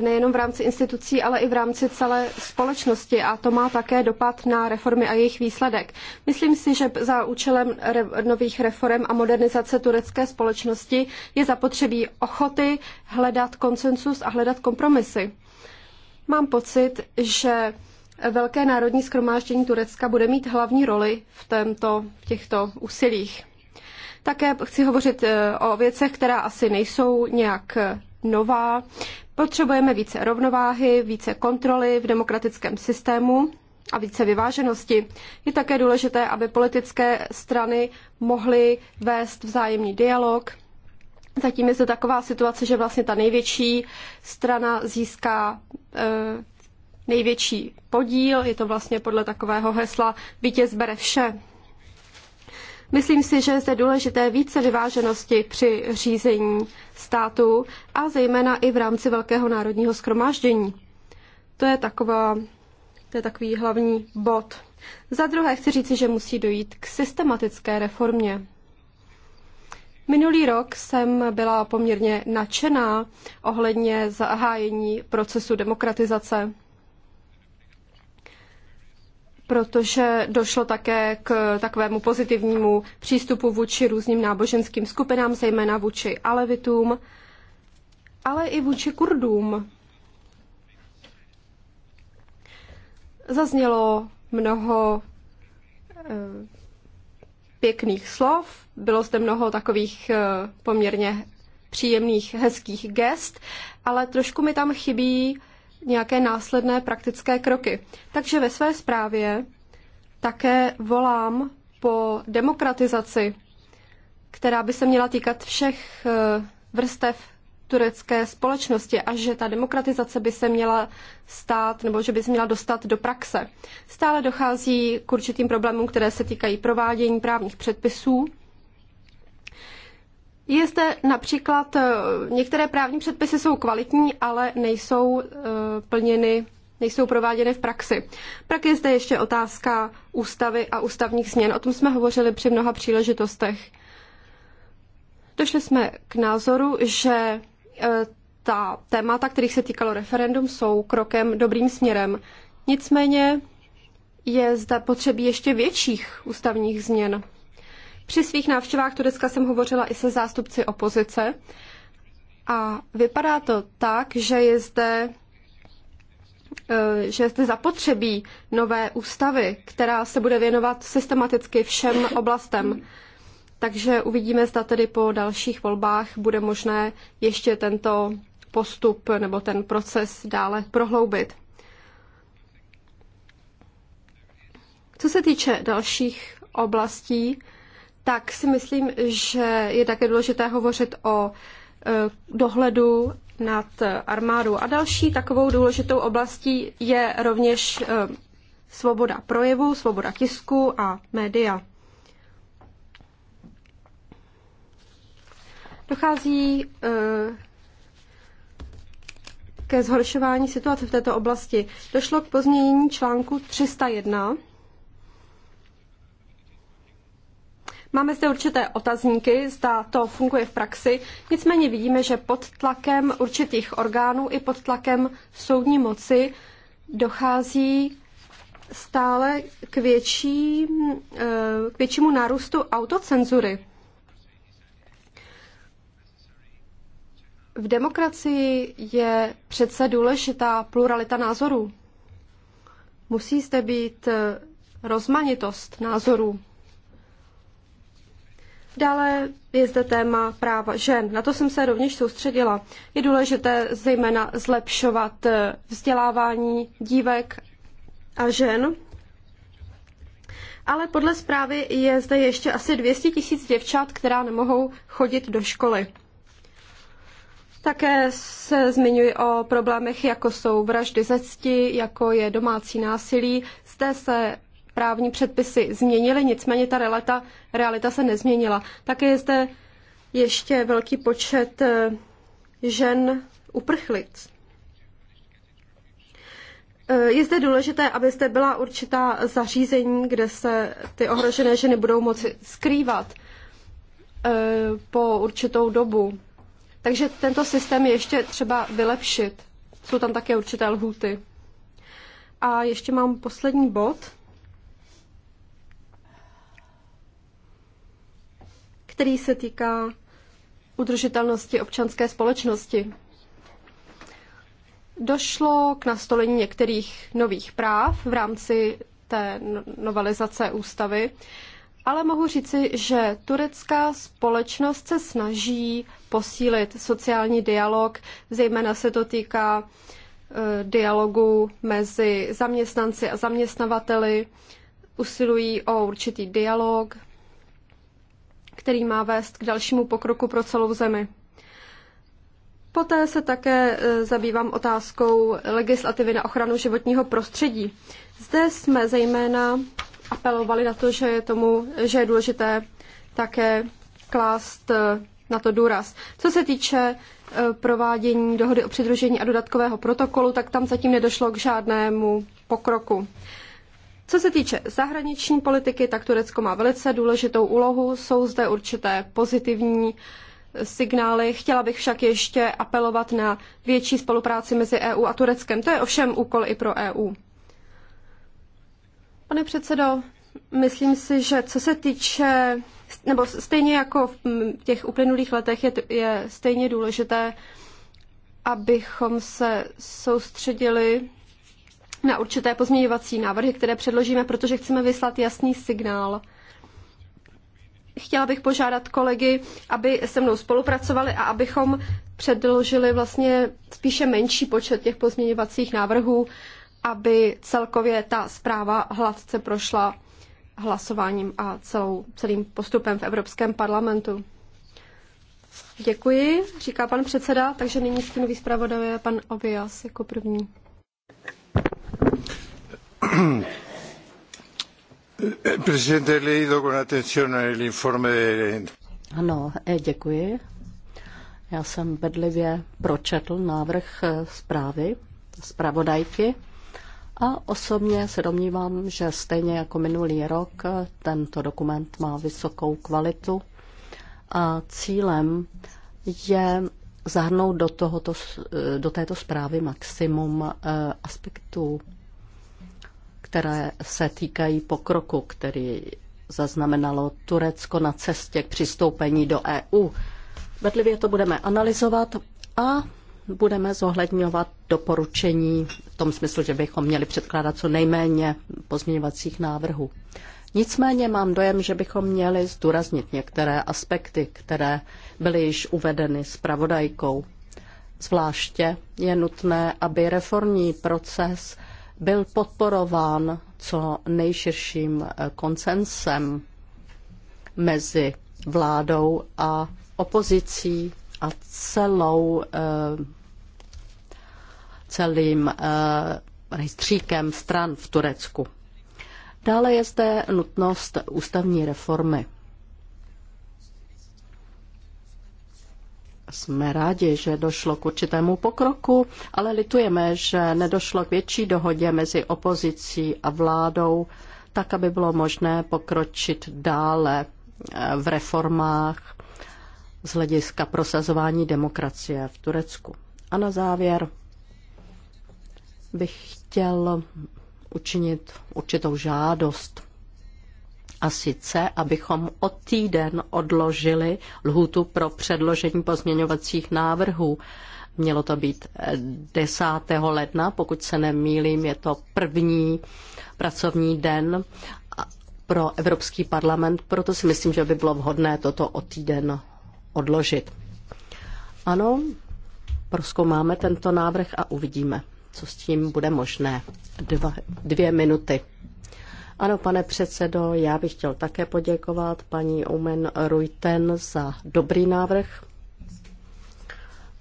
nejenom v rámci institucí, ale i v rámci celé společnosti a to má také dopad na reformy a jejich výsledek. Myslím si, že za účelem re- nových reform a modernizace turecké společnosti je zapotřebí ochoty hledat konsensus a hledat kompromisy. Mám pocit, že Velké národní skromáždění Turecka bude mít hlavní roli v, tento, v těchto úsilích. Také chci hovořit eh, o věcech, která asi nejsou nějak eh, nová. Potřebujeme více rovnováhy, více kontroly v demokratickém systému a více vyváženosti. Je také důležité, aby politické strany mohly vést vzájemný dialog. Zatím je to taková situace, že vlastně ta největší strana získá e, největší podíl. Je to vlastně podle takového hesla vítěz bere vše. Myslím si, že je zde důležité více vyváženosti při řízení států a zejména i v rámci Velkého národního skromáždění. To je, taková, to je takový hlavní bod. Za druhé chci říci, že musí dojít k systematické reformě. Minulý rok jsem byla poměrně nadšená ohledně zahájení procesu demokratizace protože došlo také k takovému pozitivnímu přístupu vůči různým náboženským skupinám, zejména vůči alevitům, ale i vůči kurdům. Zaznělo mnoho eh, pěkných slov, bylo zde mnoho takových eh, poměrně příjemných, hezkých gest, ale trošku mi tam chybí nějaké následné praktické kroky. Takže ve své zprávě také volám po demokratizaci, která by se měla týkat všech eh, vrstev turecké společnosti a že ta demokratizace by se měla stát nebo že by se měla dostat do praxe. Stále dochází k určitým problémům, které se týkají provádění právních předpisů je zde například, eh, některé právní předpisy jsou kvalitní, ale nejsou eh, plněny, nejsou prováděny v praxi. Pak je zde ještě otázka ústavy a ústavních změn. O tom jsme hovořili při mnoha příležitostech. Došli jsme k názoru, že eh, ta témata, kterých se týkalo referendum, jsou krokem dobrým směrem. Nicméně je zde potřebí ještě větších ústavních změn. Při svých návštěvách Turecka jsem hovořila i se zástupci opozice a vypadá to tak, že je zde eh, že zde zapotřebí nové ústavy, která se bude věnovat systematicky všem oblastem. Takže uvidíme, zda tedy po dalších volbách bude možné ještě tento postup nebo ten proces dále prohloubit. Co se týče dalších oblastí, tak si myslím, že je také důležité hovořit o e, dohledu nad armádou. A další takovou důležitou oblastí je rovněž e, svoboda projevu, svoboda tisku a média. Dochází e, ke zhoršování situace v této oblasti. Došlo k pozměnění článku 301 Máme zde určité otazníky, zda to funguje v praxi, nicméně vidíme, že pod tlakem určitých orgánů i pod tlakem soudní moci dochází stále k, větší, eh, k většímu nárůstu autocenzury. V demokracii je přece důležitá pluralita názorů. Musí zde být eh, rozmanitost názorů. Dále je zde téma práva žen. Na to jsem se rovněž soustředila. Je důležité zejména zlepšovat eh, vzdělávání dívek a žen. Ale podle zprávy je zde ještě asi 200 tisíc děvčat, která nemohou chodit do školy. Také se zmiňuji o problémech, jako jsou vraždy ze cti, jako je domácí násilí. Zde se právní předpisy změnily, nicméně ta realita, realita se nezměnila. Také je zde ještě velký počet eh, žen uprchlic. Eh, je zde důležité, abyste byla určitá zařízení, kde se ty ohrožené ženy budou moci skrývat eh, po určitou dobu. Takže tento systém je ještě třeba vylepšit. Jsou tam také určité lhůty. A ještě mám poslední bod. který se týká udržitelnosti občanské společnosti. Došlo k nastolení některých nových práv v rámci té no- novelizace ústavy, ale mohu říci, že turecká společnost se snaží posílit sociální dialog, zejména se to týká e, dialogu mezi zaměstnanci a zaměstnavateli, usilují o určitý dialog který má vést k dalšímu pokroku pro celou zemi. Poté se také e, zabývám otázkou legislativy na ochranu životního prostředí. Zde jsme zejména apelovali na to, že je, tomu, že je důležité také klást e, na to důraz. Co se týče e, provádění dohody o přidružení a dodatkového protokolu, tak tam zatím nedošlo k žádnému pokroku. Co se týče zahraniční politiky, tak Turecko má velice důležitou úlohu. Jsou zde určité pozitivní signály. Chtěla bych však ještě apelovat na větší spolupráci mezi EU a Tureckem. To je ovšem úkol i pro EU. Pane předsedo, myslím si, že co se týče, nebo stejně jako v těch uplynulých letech je, je stejně důležité, abychom se soustředili na určité pozměňovací návrhy, které předložíme, protože chceme vyslat jasný signál. Chtěla bych požádat kolegy, aby se mnou spolupracovali a abychom předložili vlastně spíše menší počet těch pozměňovacích návrhů, aby celkově ta zpráva hladce prošla hlasováním a celou, celým postupem v Evropském parlamentu. Děkuji, říká pan předseda, takže nyní stínový zpravodaj je pan Obias jako první. Ano, eh, děkuji. Já jsem bedlivě pročetl návrh eh, zprávy zpravodajky a osobně se domnívám, že stejně jako minulý rok eh, tento dokument má vysokou kvalitu a cílem je zahrnout do, tohoto, eh, do této zprávy maximum eh, aspektů, které se týkají pokroku, který zaznamenalo Turecko na cestě k přistoupení do EU. Vedlivě to budeme analyzovat a budeme zohledňovat doporučení v tom smyslu, že bychom měli předkládat co nejméně pozměňovacích návrhů. Nicméně mám dojem, že bychom měli zdůraznit některé aspekty, které byly již uvedeny zpravodajkou. Zvláště je nutné, aby reformní proces byl podporován co nejširším eh, konsensem mezi vládou a opozicí a celou, eh, celým eh, rejstříkem stran v Turecku. Dále je zde nutnost ústavní reformy. Jsme rádi, že došlo k určitému pokroku, ale litujeme, že nedošlo k větší dohodě mezi opozicí a vládou, tak aby bylo možné pokročit dále eh, v reformách z hlediska prosazování demokracie v Turecku. A na závěr bych chtěl učinit určitou žádost. A sice, abychom o týden odložili lhůtu pro předložení pozměňovacích návrhů. Mělo to být 10. ledna, pokud se nemýlím, je to první pracovní den pro Evropský parlament, proto si myslím, že by bylo vhodné toto o týden odložit. Ano, proskoumáme tento návrh a uvidíme co s tím bude možné. Dva, dvě minuty. Ano, pane předsedo, já bych chtěl také poděkovat paní Omen Ruiten za dobrý návrh.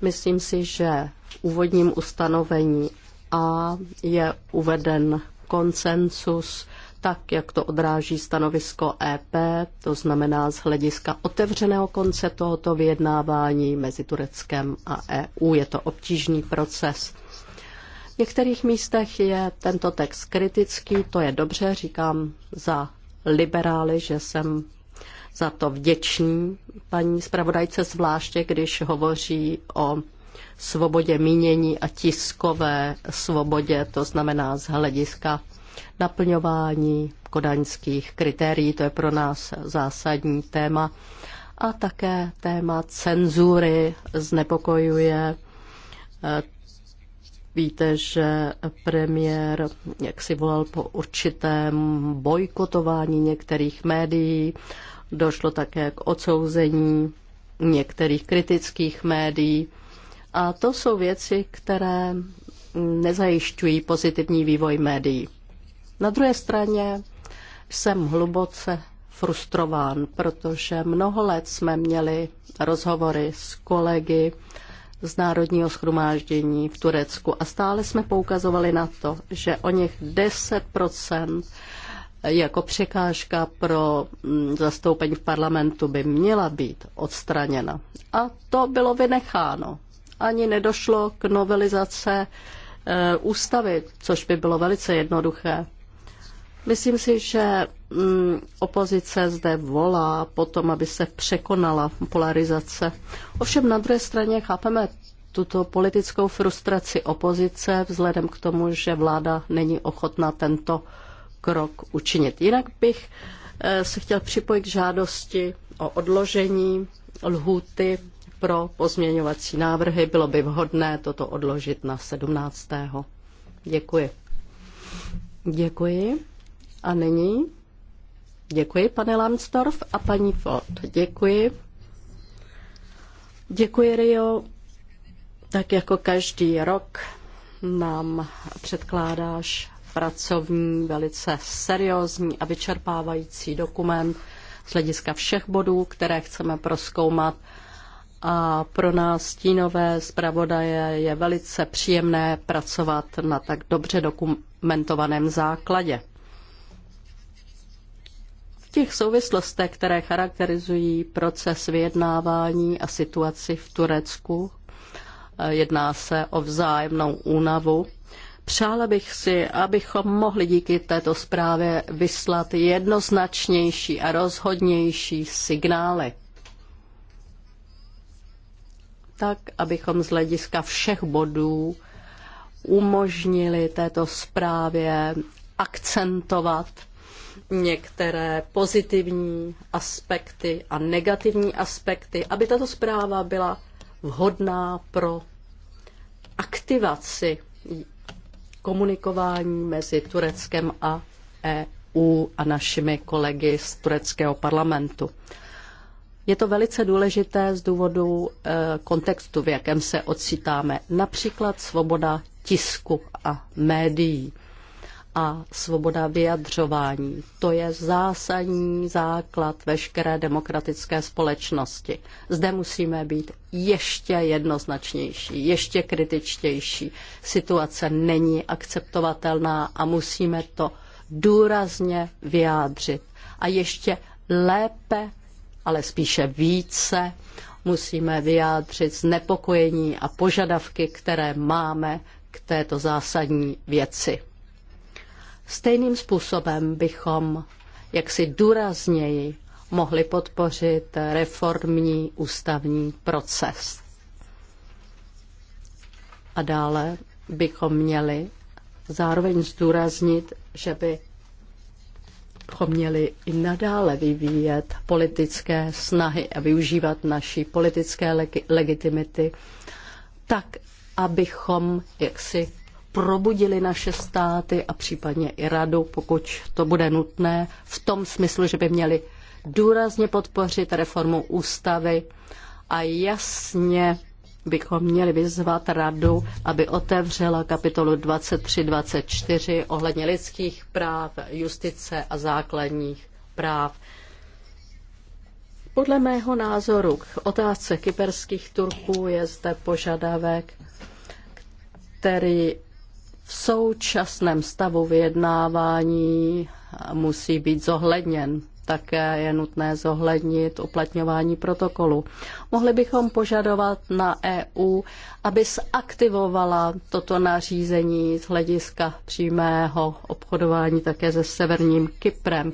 Myslím si, že v úvodním ustanovení A je uveden konsensus, tak jak to odráží stanovisko EP, to znamená z hlediska otevřeného konce tohoto vyjednávání mezi Tureckem a EU. Je to obtížný proces. V některých místech je tento text kritický, to je dobře, říkám za liberály, že jsem za to vděčný paní zpravodajce, zvláště když hovoří o svobodě mínění a tiskové svobodě, to znamená z hlediska naplňování kodaňských kritérií, to je pro nás zásadní téma. A také téma cenzury znepokojuje eh, Víte, že premiér jak si volal po určitém bojkotování některých médií, došlo také k odsouzení některých kritických médií. A to jsou věci, které nezajišťují pozitivní vývoj médií. Na druhé straně jsem hluboce frustrován, protože mnoho let jsme měli rozhovory s kolegy z Národního schromáždění v Turecku a stále jsme poukazovali na to, že o něch 10 jako překážka pro mm, zastoupení v parlamentu by měla být odstraněna. A to bylo vynecháno. Ani nedošlo k novelizace eh, ústavy, což by bylo velice jednoduché. Myslím si, že Mm, opozice zde volá potom, aby se překonala polarizace. Ovšem na druhé straně chápeme tuto politickou frustraci opozice vzhledem k tomu, že vláda není ochotná tento krok učinit. Jinak bych eh, se chtěl připojit k žádosti o odložení lhůty pro pozměňovací návrhy. Bylo by vhodné toto odložit na 17. Děkuji. Děkuji. A nyní Děkuji, pane Lambsdorff a paní Ford. Děkuji. Děkuji, Rio. Tak jako každý rok nám předkládáš pracovní, velice seriózní a vyčerpávající dokument z hlediska všech bodů, které chceme proskoumat. A pro nás stínové zpravodaje je velice příjemné pracovat na tak dobře dokumentovaném základě těch souvislostech, které charakterizují proces vyjednávání a situaci v Turecku, eh, jedná se o vzájemnou únavu. Přála bych si, abychom mohli díky této zprávě vyslat jednoznačnější a rozhodnější signály. Tak, abychom z hlediska všech bodů umožnili této zprávě akcentovat některé pozitivní aspekty a negativní aspekty, aby tato zpráva byla vhodná pro aktivaci komunikování mezi Tureckem a EU a našimi kolegy z tureckého parlamentu. Je to velice důležité z důvodu eh, kontextu, v jakém se ocitáme. Například svoboda tisku a médií a svoboda vyjadřování. To je zásadní základ veškeré demokratické společnosti. Zde musíme být ještě jednoznačnější, ještě kritičtější. Situace není akceptovatelná a musíme to důrazně vyjádřit. A ještě lépe, ale spíše více, musíme vyjádřit znepokojení a požadavky, které máme k této zásadní věci. Stejným způsobem bychom jaksi důrazněji mohli podpořit reformní ústavní proces. A dále bychom měli zároveň zdůraznit, že by bychom měli i nadále vyvíjet politické snahy a využívat naší politické legitimity tak, abychom jaksi probudili naše státy a případně i radu, pokud to bude nutné, v tom smyslu, že by měli důrazně podpořit reformu ústavy a jasně bychom měli vyzvat radu, aby otevřela kapitolu 23-24 ohledně lidských práv, justice a základních práv. Podle mého názoru k otázce kyperských Turků je zde požadavek, který v současném stavu vyjednávání musí být zohledněn. Také je nutné zohlednit uplatňování protokolu. Mohli bychom požadovat na EU, aby zaktivovala toto nařízení z hlediska přímého obchodování také se Severním Kyprem.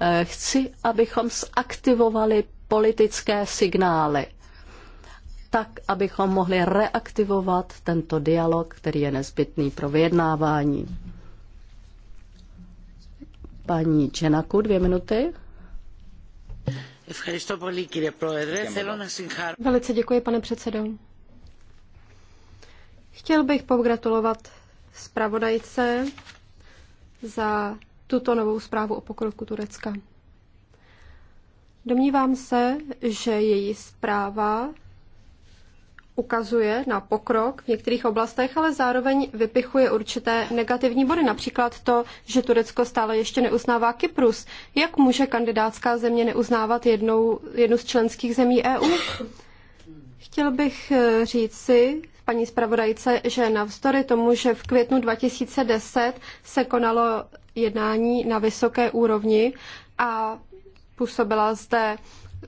Eh, chci, abychom zaktivovali politické signály tak abychom mohli reaktivovat tento dialog, který je nezbytný pro vyjednávání. Paní Čenaku, dvě minuty. Velice děkuji, pane předsedo. Chtěl bych pogratulovat zpravodajce za tuto novou zprávu o pokroku Turecka. Domnívám se, že její zpráva ukazuje na pokrok v některých oblastech, ale zároveň vypichuje určité negativní body, například to, že Turecko stále ještě neuznává Kyprus. Jak může kandidátská země neuznávat jednou, jednu z členských zemí EU? Chtěl bych eh, říct si, paní zpravodajce, že navzdory tomu, že v květnu 2010 se konalo jednání na vysoké úrovni a působila zde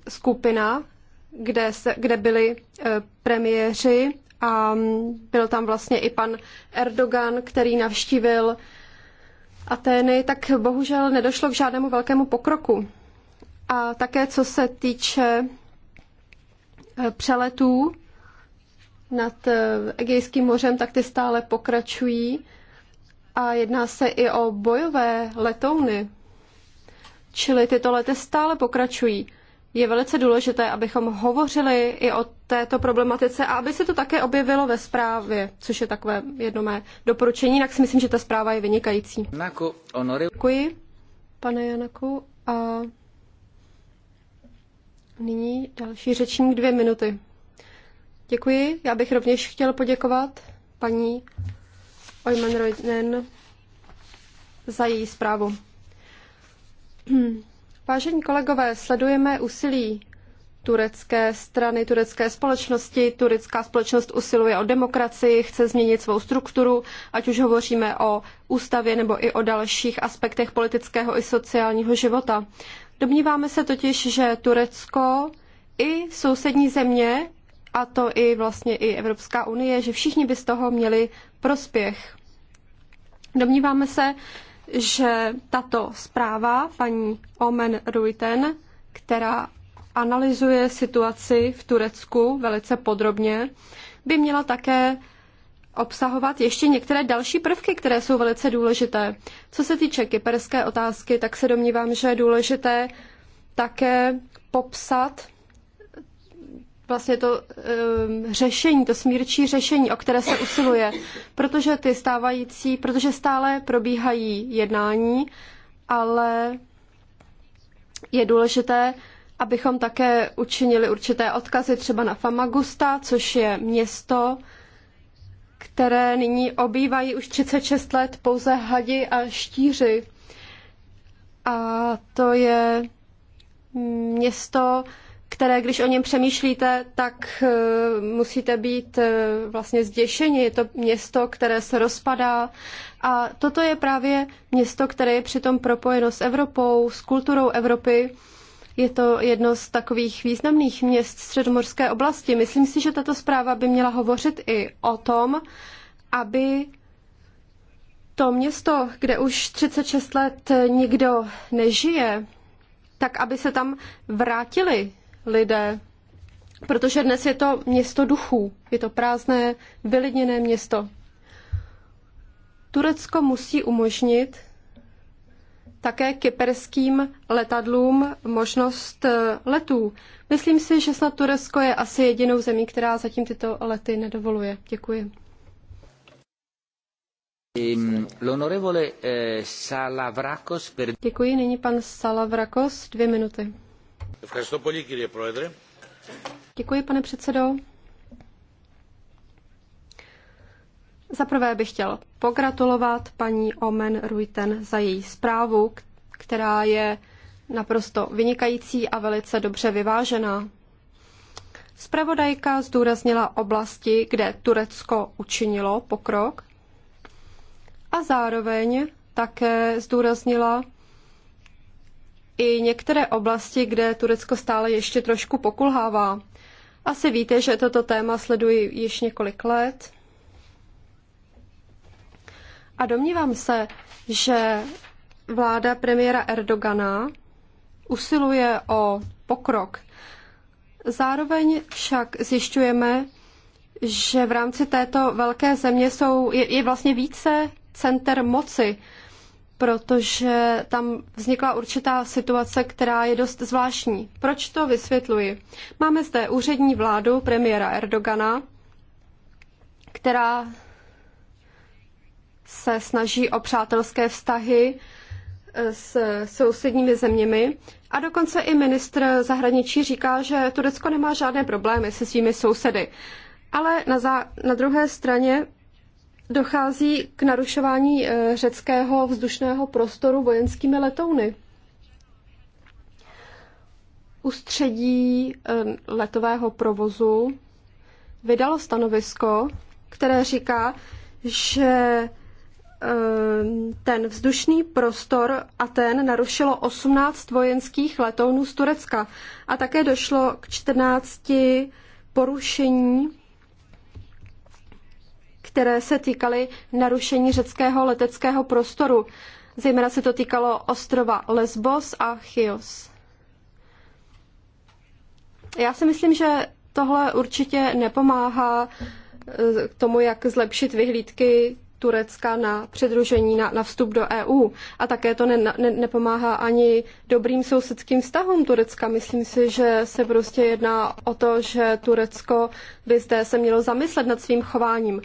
skupina kde, se, kde byli eh, premiéři a mm, byl tam vlastně i pan Erdogan, který navštívil Atény, tak bohužel nedošlo k žádnému velkému pokroku. A také co se týče eh, přeletů nad eh, Egejským mořem, tak ty stále pokračují a jedná se i o bojové letouny. Čili tyto lety stále pokračují je velice důležité, abychom hovořili i o této problematice a aby se to také objevilo ve zprávě, což je takové jedno mé doporučení, jinak si myslím, že ta zpráva je vynikající. Děkuji, pane Janaku. A nyní další řečník dvě minuty. Děkuji. Já bych rovněž chtěl poděkovat paní Oyman za její zprávu. Vážení kolegové, sledujeme úsilí turecké strany, turecké společnosti. Turecká společnost usiluje o demokracii, chce změnit svou strukturu, ať už hovoříme o ústavě nebo i o dalších aspektech politického i sociálního života. Domníváme se totiž, že Turecko i sousední země, a to i vlastně i Evropská unie, že všichni by z toho měli prospěch. Domníváme se, že tato zpráva paní Omen Ruiten, která analyzuje situaci v Turecku velice podrobně, by měla také obsahovat ještě některé další prvky, které jsou velice důležité. Co se týče kyperské otázky, tak se domnívám, že je důležité také popsat vlastně to um, řešení, to smírčí řešení, o které se usiluje, protože ty stávající, protože stále probíhají jednání, ale je důležité, abychom také učinili určité odkazy třeba na Famagusta, což je město, které nyní obývají už 36 let pouze hadi a štíři. A to je město, které, když o něm přemýšlíte, tak eh, musíte být eh, vlastně zděšeni. Je to město, které se rozpadá. A toto je právě město, které je přitom propojeno s Evropou, s kulturou Evropy. Je to jedno z takových významných měst středomorské oblasti. Myslím si, že tato zpráva by měla hovořit i o tom, aby to město, kde už 36 let nikdo nežije, tak aby se tam vrátili lidé, protože dnes je to město duchů, je to prázdné, vylidněné město. Turecko musí umožnit také kyperským letadlům možnost eh, letů. Myslím si, že snad Turecko je asi jedinou zemí, která zatím tyto lety nedovoluje. Děkuji. Eh, Děkuji, nyní pan Salavrakos, dvě minuty. Děkuji, pane předsedo. Za prvé bych chtěl pogratulovat paní Omen Ruiten za její zprávu, která je naprosto vynikající a velice dobře vyvážená. Spravodajka zdůraznila oblasti, kde Turecko učinilo pokrok a zároveň také zdůraznila i některé oblasti, kde Turecko stále ještě trošku pokulhává. Asi víte, že toto téma sleduji již několik let. A domnívám se, že vláda premiéra Erdogana usiluje o pokrok. Zároveň však zjišťujeme, že v rámci této velké země jsou, je, je vlastně více center moci protože tam vznikla určitá situace, která je dost zvláštní. Proč to vysvětluji? Máme zde úřední vládu premiéra Erdogana, která se snaží o přátelské vztahy eh, s sousedními zeměmi. A dokonce i ministr zahraničí říká, že Turecko nemá žádné problémy se svými sousedy. Ale na, za, na druhé straně dochází k narušování e, řeckého vzdušného prostoru vojenskými letouny. Ústředí e, letového provozu vydalo stanovisko, které říká, že e, ten vzdušný prostor a ten narušilo 18 vojenských letounů z Turecka a také došlo k 14 porušení které se týkaly narušení řeckého leteckého prostoru. Zejména se to týkalo ostrova Lesbos a Chios. Já si myslím, že tohle určitě nepomáhá eh, k tomu, jak zlepšit vyhlídky Turecka na předružení, na, na vstup do EU. A také to ne, ne, nepomáhá ani dobrým sousedským vztahům Turecka. Myslím si, že se prostě jedná o to, že Turecko by zde se mělo zamyslet nad svým chováním.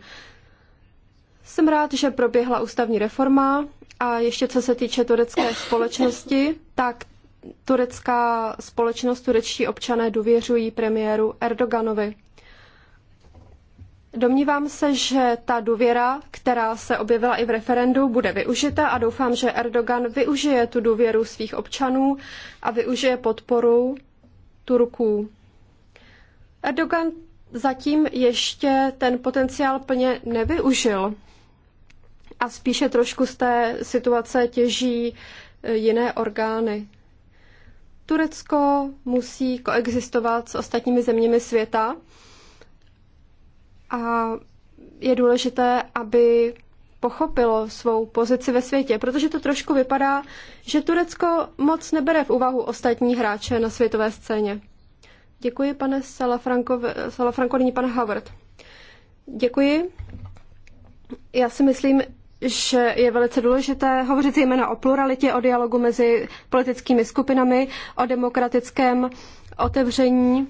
Jsem rád, že proběhla ústavní reforma a ještě co se týče turecké společnosti, tak turecká společnost, turečtí občané důvěřují premiéru Erdoganovi. Domnívám se, že ta důvěra, která se objevila i v referendu, bude využita a doufám, že Erdogan využije tu důvěru svých občanů a využije podporu Turků. Erdogan zatím ještě ten potenciál plně nevyužil a spíše trošku z té situace těží eh, jiné orgány. Turecko musí koexistovat s ostatními zeměmi světa a je důležité, aby pochopilo svou pozici ve světě, protože to trošku vypadá, že Turecko moc nebere v úvahu ostatní hráče na světové scéně. Děkuji, pane Salafranko, Salafranko nyní pan Howard. Děkuji. Já si myslím, že je velice důležité hovořit zejména o pluralitě, o dialogu mezi politickými skupinami, o demokratickém otevření.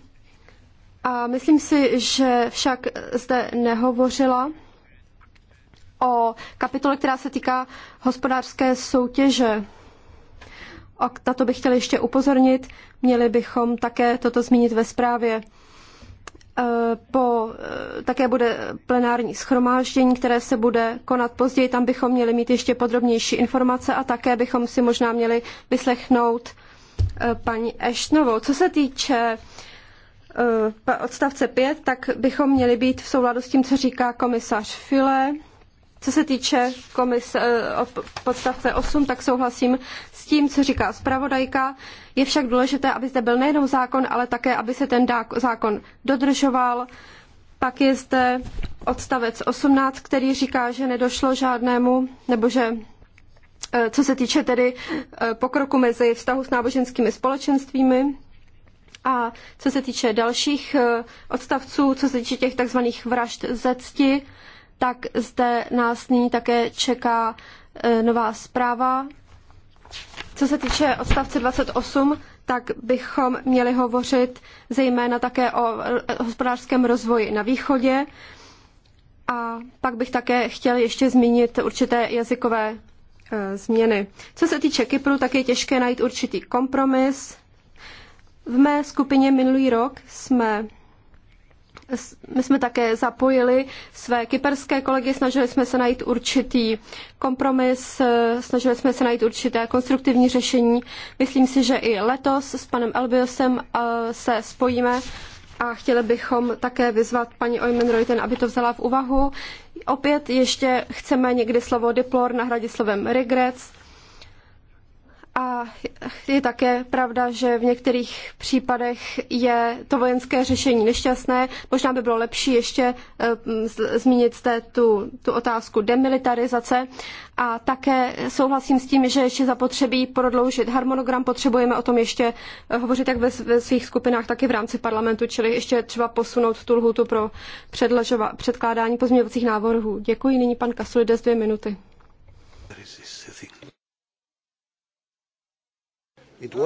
A myslím si, že však zde nehovořila o kapitole, která se týká hospodářské soutěže. A na to bych chtěla ještě upozornit. Měli bychom také toto zmínit ve zprávě. Eh, po, eh, také bude plenární schromáždění, které se bude konat později. Tam bychom měli mít ještě podrobnější informace a také bychom si možná měli vyslechnout eh, paní Eštnovou. Co se týče odstavce 5, tak bychom měli být v souladu s tím, co říká komisař File. Co se týče komise, podstavce 8, tak souhlasím s tím, co říká zpravodajka. Je však důležité, aby zde byl nejenom zákon, ale také, aby se ten zákon dodržoval. Pak je zde odstavec 18, který říká, že nedošlo žádnému, nebo že e, co se týče tedy e, pokroku mezi vztahu s náboženskými společenstvími, a co se týče dalších e, odstavců, co se týče těch tzv. vražd ze cti, tak zde nás nyní také čeká nová zpráva co se týče odstavce 28, tak bychom měli hovořit zejména také o hospodářském rozvoji na východě. A pak bych také chtěl ještě zmínit určité jazykové e, změny. Co se týče Kypru, tak je těžké najít určitý kompromis. V mé skupině minulý rok jsme my jsme také zapojili své kyperské kolegy, snažili jsme se najít určitý kompromis, eh, snažili jsme se najít určité konstruktivní řešení. Myslím si, že i letos s panem Elbiosem eh, se spojíme a chtěli bychom také vyzvat paní Oymen Reuten, aby to vzala v úvahu. Opět ještě chceme někdy slovo deplor nahradit slovem regrets a je také pravda, že v některých případech je to vojenské řešení nešťastné. Možná by bylo lepší ještě eh, zmínit zde tu, tu otázku demilitarizace. A také souhlasím s tím, že ještě zapotřebí prodloužit harmonogram. Potřebujeme o tom ještě eh, hovořit jak ve, ve svých skupinách, tak i v rámci parlamentu, čili ještě třeba posunout tu lhutu pro předkládání pozměňovacích návrhů. Děkuji. Nyní pan Kasulides dvě minuty. Um,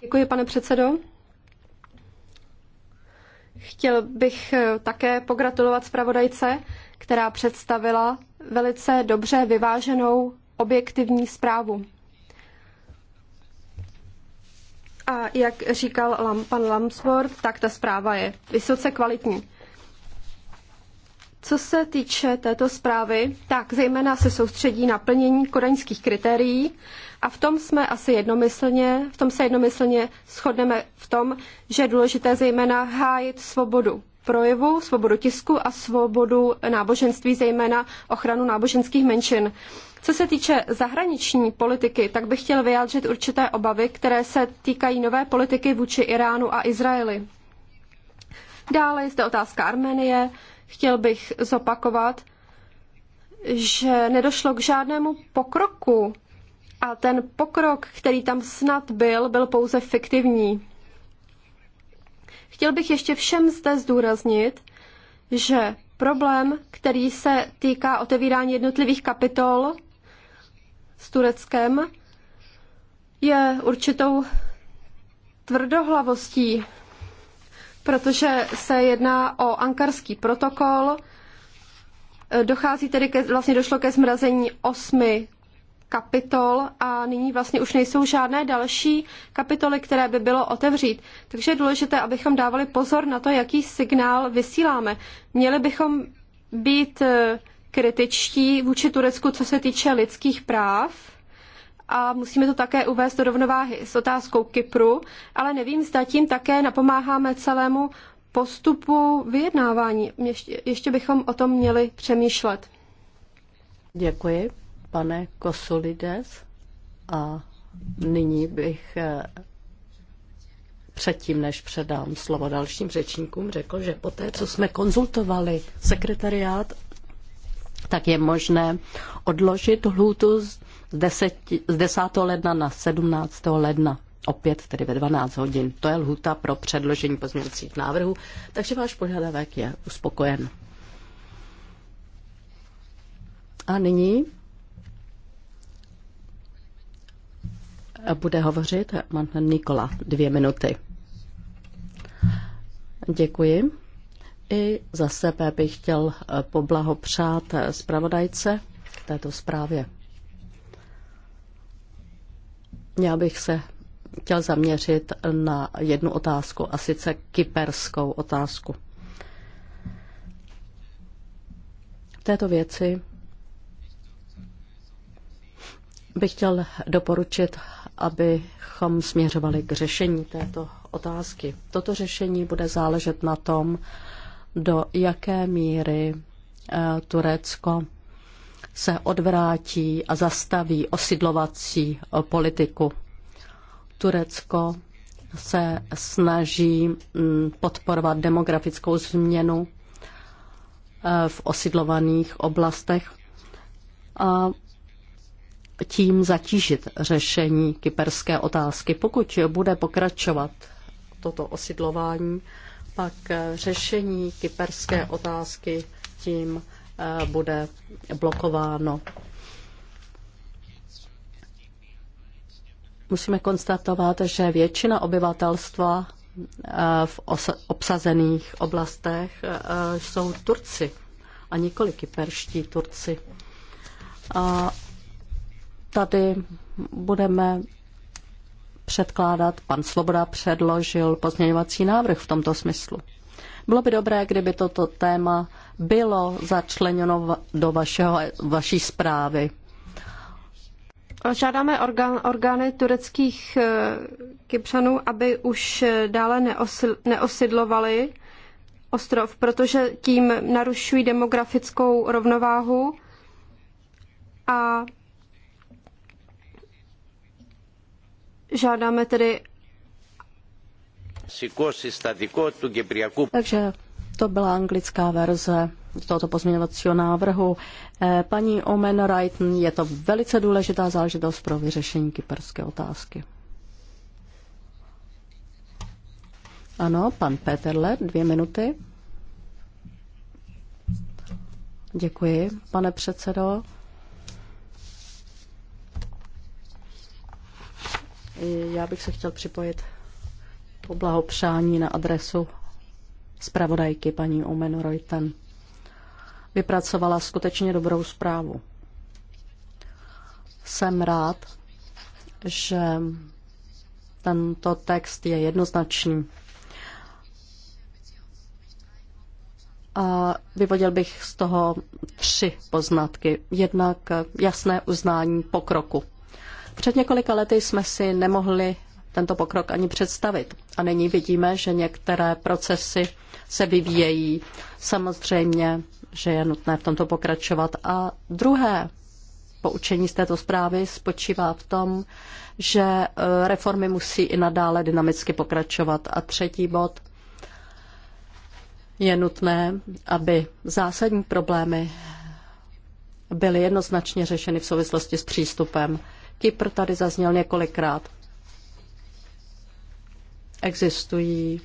Děkuji, pane předsedo. Chtěl bych eh, také pogratulovat zpravodajce, která představila velice dobře vyváženou objektivní zprávu. A jak říkal pan Lamsworth, tak ta zpráva je vysoce kvalitní. Co se týče této zprávy, tak zejména se soustředí na plnění kodaňských kritérií a v tom jsme asi jednomyslně, v tom se jednomyslně shodneme v tom, že je důležité zejména hájit svobodu projevu, svobodu tisku a svobodu náboženství, zejména ochranu náboženských menšin. Co se týče zahraniční politiky, tak bych chtěl vyjádřit určité obavy, které se týkají nové politiky vůči Iránu a Izraeli. Dále je zde otázka Arménie, Chtěl bych zopakovat, že nedošlo k žádnému pokroku a ten pokrok, který tam snad byl, byl pouze fiktivní. Chtěl bych ještě všem zde zdůraznit, že problém, který se týká otevírání jednotlivých kapitol s Tureckem, je určitou tvrdohlavostí protože se jedná o ankarský protokol. E, dochází tedy ke, vlastně došlo ke zmrazení osmi kapitol a nyní vlastně už nejsou žádné další kapitoly, které by bylo otevřít. Takže je důležité, abychom dávali pozor na to, jaký signál vysíláme. Měli bychom být e, kritičtí vůči Turecku, co se týče lidských práv a musíme to také uvést do rovnováhy s otázkou Kypru, ale nevím, zda tím také napomáháme celému postupu vyjednávání. Ještě, bychom o tom měli přemýšlet. Děkuji, pane Kosolides. A nyní bych eh, předtím, než předám slovo dalším řečníkům, řekl, že poté, co jsme konzultovali sekretariát, tak je možné odložit hlutu z, 10, z 10. ledna na 17. ledna, opět tedy ve 12 hodin. To je lhuta pro předložení pozměňovacích návrhů, takže váš požadavek je uspokojen. A nyní bude hovořit Manfred Nikola dvě minuty. Děkuji. I za sebe bych chtěl poblahopřát zpravodajce k této zprávě. Já bych se chtěl zaměřit na jednu otázku, a sice kyperskou otázku. V této věci bych chtěl doporučit, abychom směřovali k řešení této otázky. Toto řešení bude záležet na tom, do jaké míry eh, Turecko se odvrátí a zastaví osidlovací eh, politiku. Turecko se snaží mm, podporovat demografickou změnu eh, v osidlovaných oblastech a tím zatížit řešení kyperské otázky. Pokud bude pokračovat toto osidlování, pak eh, řešení kyperské otázky tím Eh, bude blokováno. Musíme konstatovat, že většina obyvatelstva eh, v obsazených oblastech eh, jsou Turci a nikoli kyperští Turci. A tady budeme předkládat, pan Sloboda předložil pozměňovací návrh v tomto smyslu. Bylo by dobré, kdyby toto téma bylo začleněno do vašeho, vaší zprávy. Žádáme orgán, orgány tureckých eh, Kypřanů, aby už dále neosil, neosidlovali ostrov, protože tím narušují demografickou rovnováhu a žádáme tedy takže to byla anglická verze tohoto pozměňovacího návrhu. Eh, paní Omen Reiten, je to velice důležitá záležitost pro vyřešení kyperské otázky. Ano, pan Peterle, dvě minuty. Děkuji, pane předsedo. Já bych se chtěl připojit poblahopřání na adresu zpravodajky paní Omen Reuten. Vypracovala skutečně dobrou zprávu. Jsem rád, že tento text je jednoznačný. A vyvodil bych z toho tři poznatky. Jednak jasné uznání pokroku. Před několika lety jsme si nemohli tento pokrok ani představit. A nyní vidíme, že některé procesy se vyvíjejí. Samozřejmě, že je nutné v tomto pokračovat. A druhé poučení z této zprávy spočívá v tom, že eh, reformy musí i nadále dynamicky pokračovat. A třetí bod je nutné, aby zásadní problémy byly jednoznačně řešeny v souvislosti s přístupem. Kypr tady zazněl několikrát. Existují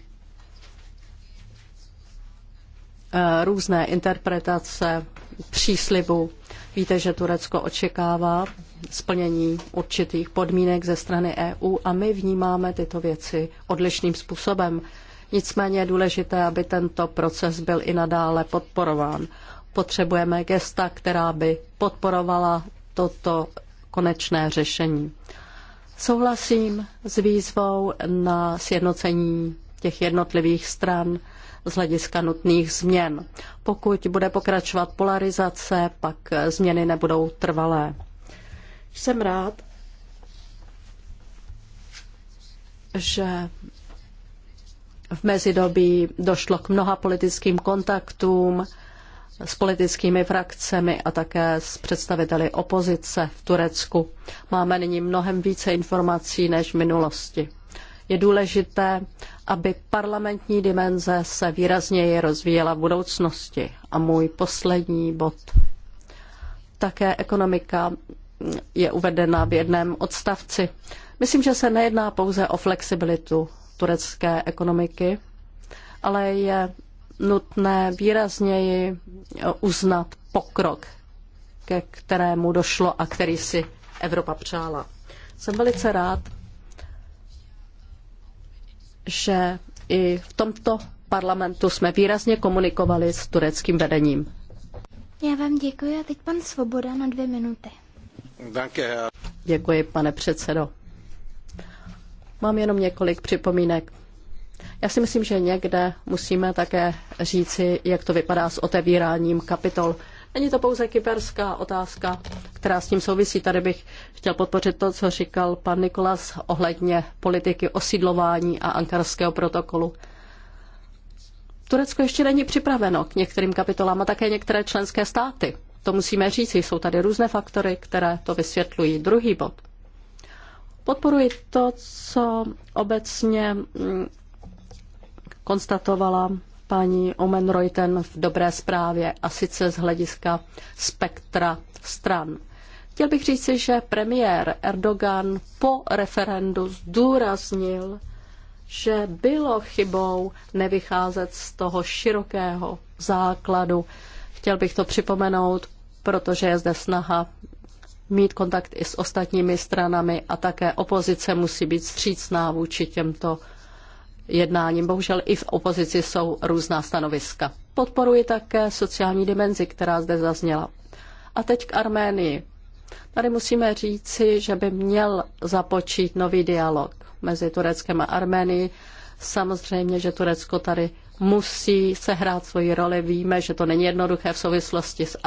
eh, různé interpretace příslibu. Víte, že Turecko očekává splnění určitých podmínek ze strany EU a my vnímáme tyto věci odlišným způsobem. Nicméně je důležité, aby tento proces byl i nadále podporován. Potřebujeme gesta, která by podporovala toto konečné řešení. Souhlasím s výzvou na sjednocení těch jednotlivých stran z hlediska nutných změn. Pokud bude pokračovat polarizace, pak změny nebudou trvalé. Jsem rád, že v mezidobí došlo k mnoha politickým kontaktům s politickými frakcemi a také s představiteli opozice v Turecku. Máme nyní mnohem více informací než v minulosti. Je důležité, aby parlamentní dimenze se výrazněji rozvíjela v budoucnosti. A můj poslední bod. Také ekonomika je uvedena v jednom odstavci. Myslím, že se nejedná pouze o flexibilitu turecké ekonomiky, ale je nutné výrazněji uznat pokrok, ke kterému došlo a který si Evropa přála. Jsem velice rád, že i v tomto parlamentu jsme výrazně komunikovali s tureckým vedením. Já vám děkuji a teď pan Svoboda na dvě minuty. Děkuji, pane předsedo. Mám jenom několik připomínek. Já si myslím, že někde musíme také říci, jak to vypadá s otevíráním kapitol. Není to pouze kyperská otázka, která s tím souvisí. Tady bych chtěl podpořit to, co říkal pan Nikolas ohledně politiky osídlování a ankarského protokolu. Turecko ještě není připraveno k některým kapitolám a také některé členské státy. To musíme říci. jsou tady různé faktory, které to vysvětlují. Druhý bod. Podporuji to, co obecně mm, konstatovala paní Omen Reuten v dobré zprávě a sice z hlediska spektra stran. Chtěl bych říci, že premiér Erdogan po referendu zdůraznil, že bylo chybou nevycházet z toho širokého základu. Chtěl bych to připomenout, protože je zde snaha mít kontakt i s ostatními stranami a také opozice musí být střícná vůči těmto jednáním. Bohužel i v opozici jsou různá stanoviska. Podporuji také sociální dimenzi, která zde zazněla. A teď k Arménii. Tady musíme říci, že by měl započít nový dialog mezi Tureckem a Arménií. Samozřejmě, že Turecko tady musí sehrát svoji roli. Víme, že to není jednoduché v souvislosti s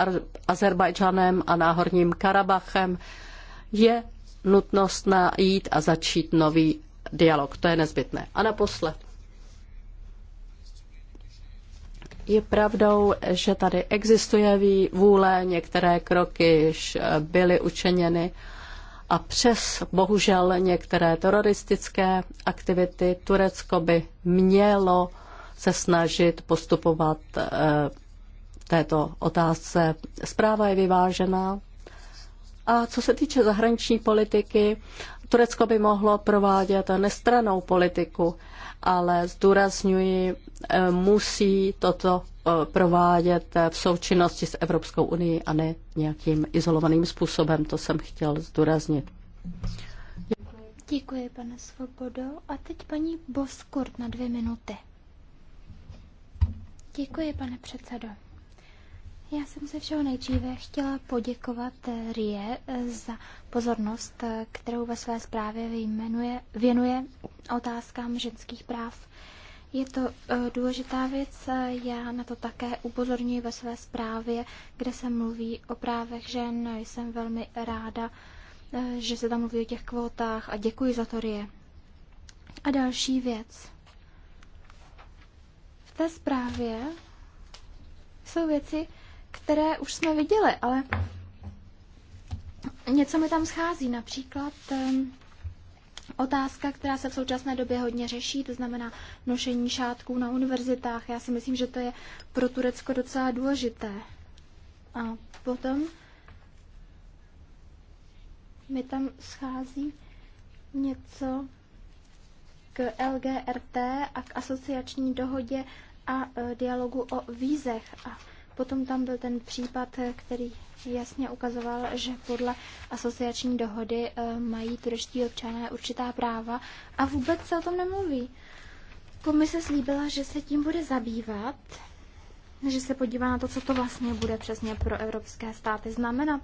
Azerbajdžanem a Náhorním Karabachem. Je nutnost najít a začít nový dialog. To je nezbytné. A naposled. Je pravdou, že tady existuje vůle, některé kroky již byly učeněny a přes bohužel některé teroristické aktivity Turecko by mělo se snažit postupovat v eh, této otázce. Zpráva je vyvážená. A co se týče zahraniční politiky, Turecko by mohlo provádět nestranou politiku, ale zdůrazňuji, eh, musí toto eh, provádět eh, v součinnosti s Evropskou unii a ne nějakým izolovaným způsobem. To jsem chtěl zdůraznit. Děkuji, pane Svobodo. A teď paní Boskurt na dvě minuty. Děkuji, pane předsedo. Já jsem se všeho nejdříve chtěla poděkovat eh, Rie eh, za pozornost, eh, kterou ve své zprávě vyjmenuje, věnuje otázkám ženských práv. Je to důležitá věc, já na to také upozorňuji ve své zprávě, kde se mluví o právech žen. Jsem velmi ráda, že se tam mluví o těch kvótách a děkuji za to Rie. A další věc. V té zprávě jsou věci, které už jsme viděli, ale něco mi tam schází. Například ehm, otázka, která se v současné době hodně řeší, to znamená nošení šátků na univerzitách. Já si myslím, že to je pro Turecko docela důležité. A potom mi tam schází něco k LGRT a k asociační dohodě a e, dialogu o vízech. A Potom tam byl ten případ, eh, který jasně ukazoval, že podle asociační dohody eh, mají turečtí občané určitá práva a vůbec se o tom nemluví. Komise slíbila, že se tím bude zabývat, že se podívá na to, co to vlastně bude přesně pro evropské státy znamenat.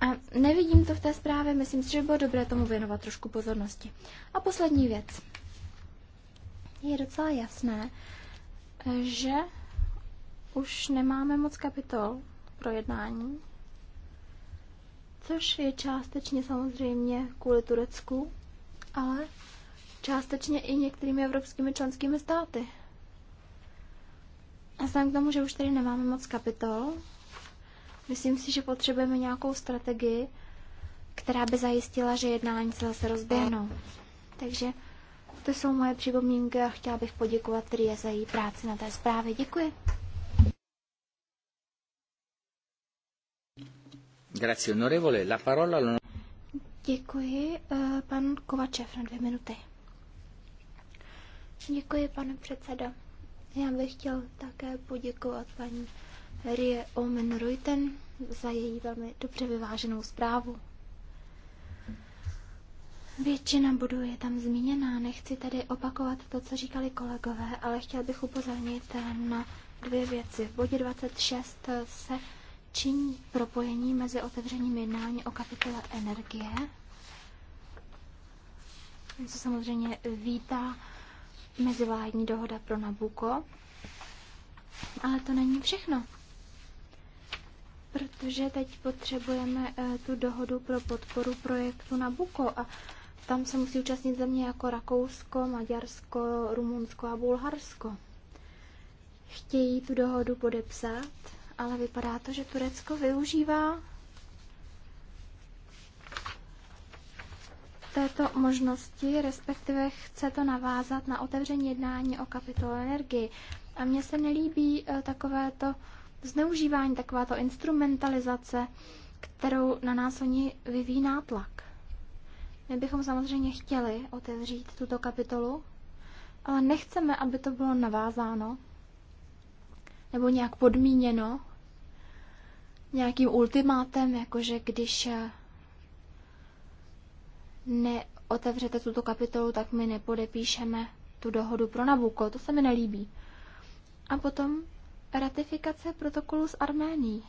A nevidím to v té zprávě, myslím si, že by bylo dobré tomu věnovat trošku pozornosti. A poslední věc. Je docela jasné, eh, že už nemáme moc kapitol pro jednání, což je částečně samozřejmě kvůli Turecku, ale částečně i některými evropskými členskými státy. A vzhledem k tomu, že už tady nemáme moc kapitol, myslím si, že potřebujeme nějakou strategii, která by zajistila, že jednání se zase rozběhnou. Takže to jsou moje připomínky a chtěla bych poděkovat Trie za její práci na té zprávě. Děkuji. Děkuji. Eh, pan Kovačev na dvě minuty. Děkuji, pane předsedo. Já bych chtěl také poděkovat paní Rie Omen Reuten za její velmi dobře vyváženou zprávu. Většina bodů je tam zmíněná, nechci tady opakovat to, co říkali kolegové, ale chtěl bych upozornit na dvě věci. V bodě 26 se činí propojení mezi otevřením jednání o kapitole energie. Co samozřejmě vítá mezivládní dohoda pro Nabuko. Ale to není všechno. Protože teď potřebujeme eh, tu dohodu pro podporu projektu Nabuko a tam se musí účastnit země jako Rakousko, Maďarsko, Rumunsko a Bulharsko. Chtějí tu dohodu podepsat, ale vypadá to, že Turecko využívá této možnosti, respektive chce to navázat na otevření jednání o kapitolu energii. A mně se nelíbí eh, takovéto zneužívání, takováto instrumentalizace, kterou na nás oni vyvíjí nátlak. My bychom samozřejmě chtěli otevřít tuto kapitolu, ale nechceme, aby to bylo navázáno nebo nějak podmíněno nějakým ultimátem, jakože když eh, neotevřete tuto kapitolu, tak my nepodepíšeme tu dohodu pro Nabuko. To se mi nelíbí. A potom ratifikace protokolu s Arménií.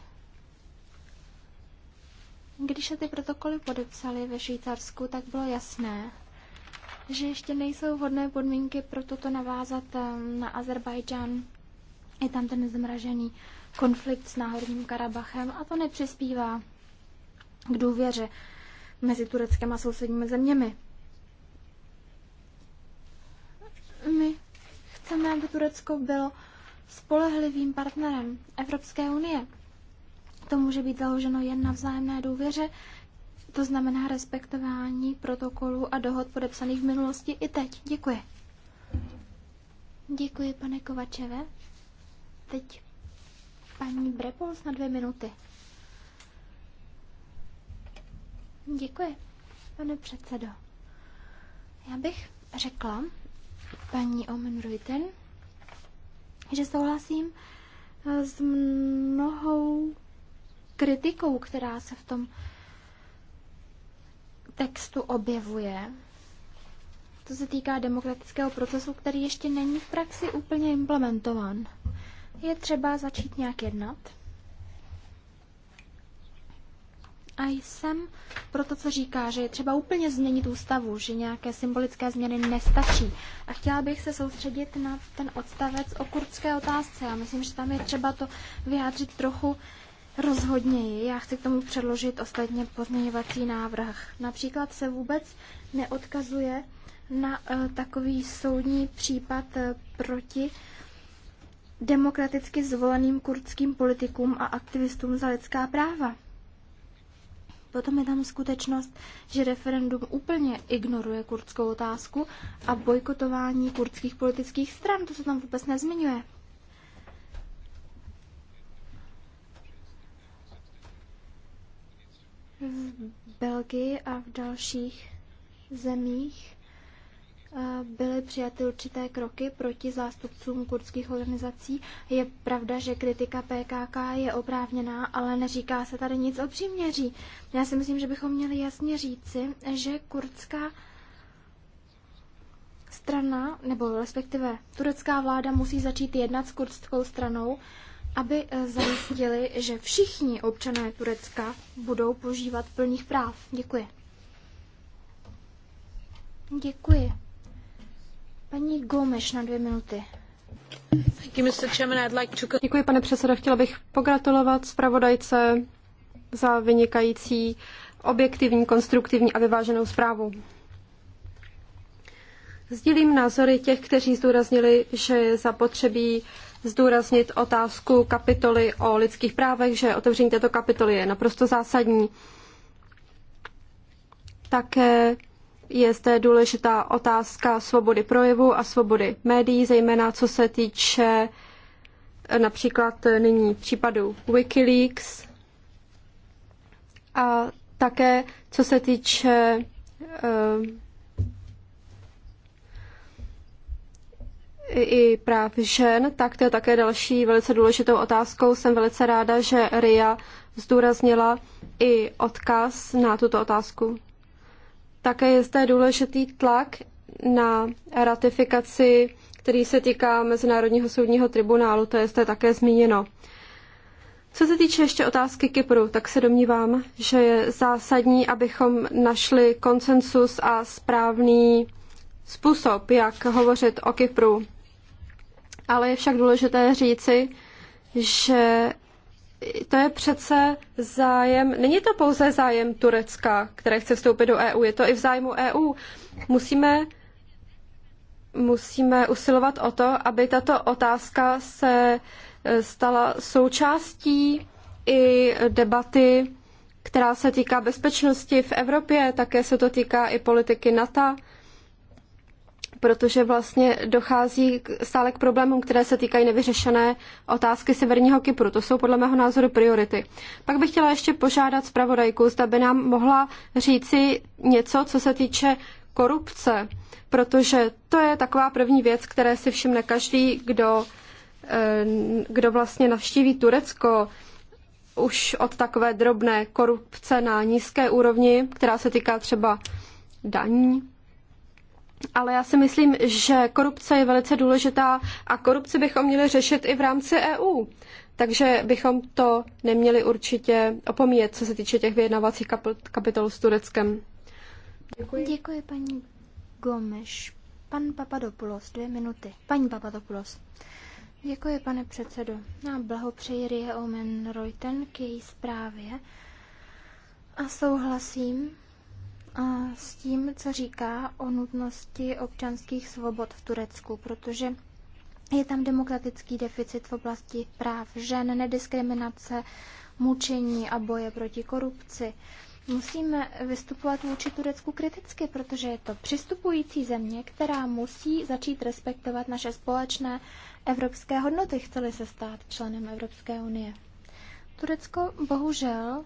Když se ty protokoly podepsaly ve Švýcarsku, tak bylo jasné, že ještě nejsou vhodné podmínky pro toto navázat eh, na Azerbajdžán. Je tam ten zmražený konflikt s Náhorním Karabachem a to nepřispívá k důvěře mezi Tureckem a sousedními zeměmi. My chceme, aby Turecko bylo spolehlivým partnerem Evropské unie. To může být založeno jen na vzájemné důvěře, to znamená respektování protokolů a dohod podepsaných v minulosti i teď. Děkuji. Děkuji, pane Kovačeve. Teď paní Brepols na dvě minuty. Děkuji, pane předsedo. Já bych řekla paní Omen Reuten, že souhlasím eh, s mnohou kritikou, která se v tom textu objevuje. To se týká demokratického procesu, který ještě není v praxi úplně implementován. Je třeba začít nějak jednat. A jsem pro to, co říká, že je třeba úplně změnit ústavu, že nějaké symbolické změny nestačí. A chtěla bych se soustředit na ten odstavec o kurdské otázce. Já myslím, že tam je třeba to vyjádřit trochu rozhodněji. Já chci k tomu předložit ostatně pozměňovací návrh. Například se vůbec neodkazuje na eh, takový soudní případ eh, proti demokraticky zvoleným kurdským politikům a aktivistům za lidská práva. Potom je tam skutečnost, že referendum úplně ignoruje kurdskou otázku a bojkotování kurdských politických stran, to se tam vůbec nezmiňuje. V Belgii a v dalších zemích byly přijaty určité kroky proti zástupcům kurdských organizací. Je pravda, že kritika PKK je oprávněná, ale neříká se tady nic o příměří. Já si myslím, že bychom měli jasně říci, že kurdská strana, nebo respektive turecká vláda musí začít jednat s kurdskou stranou, aby eh, zajistili, že všichni občané Turecka budou požívat plných práv. Děkuji. Děkuji. Paní Gomeš na dvě minuty. Děkuji, pane předsedo. Chtěla bych pogratulovat zpravodajce za vynikající objektivní, konstruktivní a vyváženou zprávu. Sdílím názory těch, kteří zdůraznili, že je zapotřebí zdůraznit otázku kapitoly o lidských právech, že otevření této kapitoly je naprosto zásadní. Také je zde důležitá otázka svobody projevu a svobody médií, zejména co se týče eh, například nyní případu Wikileaks a také co se týče eh, i práv žen, tak to je také další velice důležitou otázkou. Jsem velice ráda, že RIA zdůraznila i odkaz na tuto otázku. Také je zde důležitý tlak na ratifikaci, který se týká Mezinárodního soudního tribunálu, to je zde také zmíněno. Co se týče ještě otázky Kypru, tak se domnívám, že je zásadní, abychom našli konsensus a správný způsob, jak hovořit o Kypru. Ale je však důležité říci, že to je přece zájem, není to pouze zájem Turecka, které chce vstoupit do EU, je to i v zájmu EU. Musíme, musíme usilovat o to, aby tato otázka se eh, stala součástí i debaty, která se týká bezpečnosti v Evropě, také se to týká i politiky NATO protože vlastně dochází k, stále k problémům, které se týkají nevyřešené otázky Severního Kypru. To jsou podle mého názoru priority. Pak bych chtěla ještě požádat zpravodajku, zda by nám mohla říci něco, co se týče korupce, protože to je taková první věc, které si všimne každý, kdo, eh, kdo vlastně navštíví Turecko už od takové drobné korupce na nízké úrovni, která se týká třeba daní, ale já si myslím, že korupce je velice důležitá a korupci bychom měli řešit i v rámci EU. Takže bychom to neměli určitě opomíjet, co se týče těch vyjednávacích kapitol s Tureckem. Děkuji. Děkuji, paní Gomeš. Pan Papadopoulos, dvě minuty. Paní Papadopoulos. Děkuji, pane předsedo. A blahopřeji Rie Omen Reuten k její zprávě. A souhlasím s tím, co říká o nutnosti občanských svobod v Turecku, protože je tam demokratický deficit v oblasti práv žen, nediskriminace, mučení a boje proti korupci. Musíme vystupovat vůči Turecku kriticky, protože je to přistupující země, která musí začít respektovat naše společné evropské hodnoty, chceli se stát členem Evropské unie. Turecko bohužel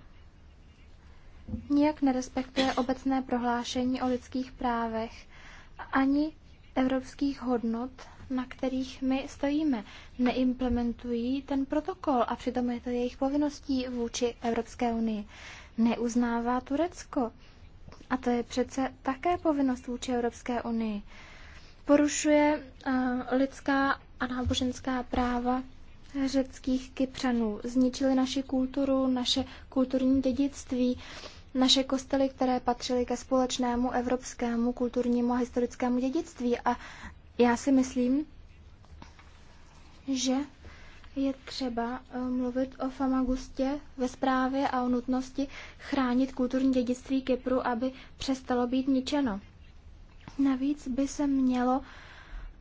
nijak nerespektuje obecné prohlášení o lidských právech ani evropských hodnot, na kterých my stojíme. Neimplementují ten protokol a přitom je to jejich povinností vůči Evropské unii. Neuznává Turecko. A to je přece také povinnost vůči Evropské unii. Porušuje uh, lidská a náboženská práva řeckých Kypřanů. Zničili naši kulturu, naše kulturní dědictví, naše kostely, které patřily ke společnému evropskému kulturnímu a historickému dědictví. A já si myslím, že je třeba eh, mluvit o Famagustě ve zprávě a o nutnosti chránit kulturní dědictví Kypru, aby přestalo být ničeno. Navíc by se mělo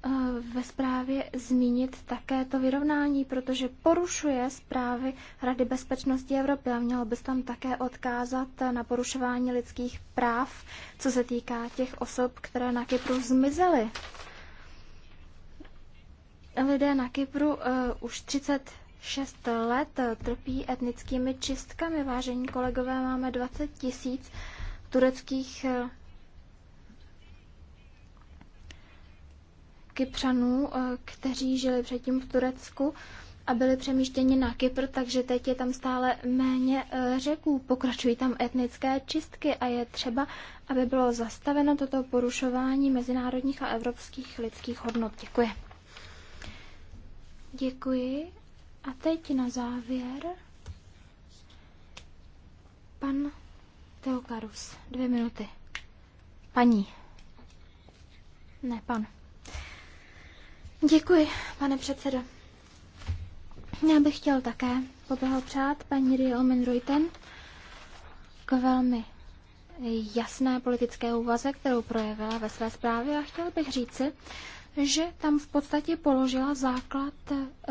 Eh, ve zprávě zmínit také to vyrovnání, protože porušuje zprávy Rady bezpečnosti Evropy a mělo bys tam také odkázat na porušování lidských práv, co se týká těch osob, které na Kypru zmizely. Lidé na Kypru uh, už 36 let trpí etnickými čistkami. Vážení kolegové, máme 20 tisíc tureckých uh, Kypřanů, eh, kteří žili předtím v Turecku a byli přemíštěni na Kypr, takže teď je tam stále méně eh, řeků. Pokračují tam etnické čistky a je třeba, aby bylo zastaveno toto porušování mezinárodních a evropských lidských hodnot. Děkuji. Děkuji. A teď na závěr pan Teokarus. Dvě minuty. Paní. Ne, pan. Děkuji, pane předsedo. Já bych chtěl také poblahopřát paní Rio Menrojten k velmi jasné politické úvaze, kterou projevila ve své zprávě a chtěl bych říci, že tam v podstatě položila základ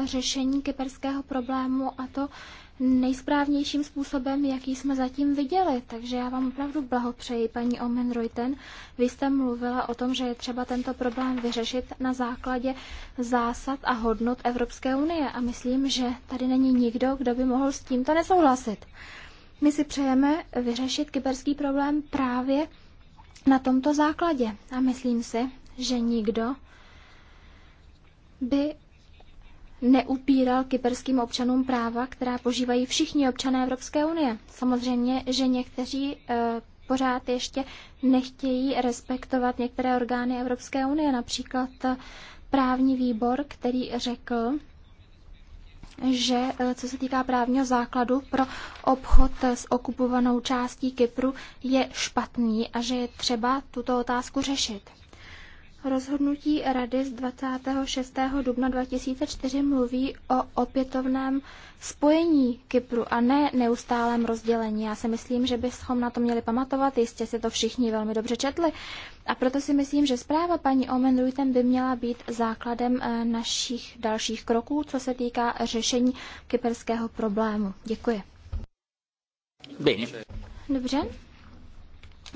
řešení kyperského problému a to nejsprávnějším způsobem, jaký jsme zatím viděli. Takže já vám opravdu blahopřeji, paní Omen Reuten. Vy jste mluvila o tom, že je třeba tento problém vyřešit na základě zásad a hodnot Evropské unie. A myslím, že tady není nikdo, kdo by mohl s tímto nesouhlasit. My si přejeme vyřešit kyberský problém právě na tomto základě. A myslím si, že nikdo by neupíral kyperským občanům práva, která požívají všichni občané Evropské unie. Samozřejmě, že někteří eh, pořád ještě nechtějí respektovat některé orgány Evropské unie, například eh, právní výbor, který řekl, že eh, co se týká právního základu pro obchod s okupovanou částí Kypru je špatný a že je třeba tuto otázku řešit. Rozhodnutí Rady z 26. dubna 2004 mluví o opětovném spojení Kypru a ne neustálém rozdělení. Já si myslím, že bychom na to měli pamatovat, jistě si to všichni velmi dobře četli. A proto si myslím, že zpráva paní Omen Ruitem by měla být základem eh, našich dalších kroků, co se týká řešení kyperského problému. Děkuji. Bene. Dobře.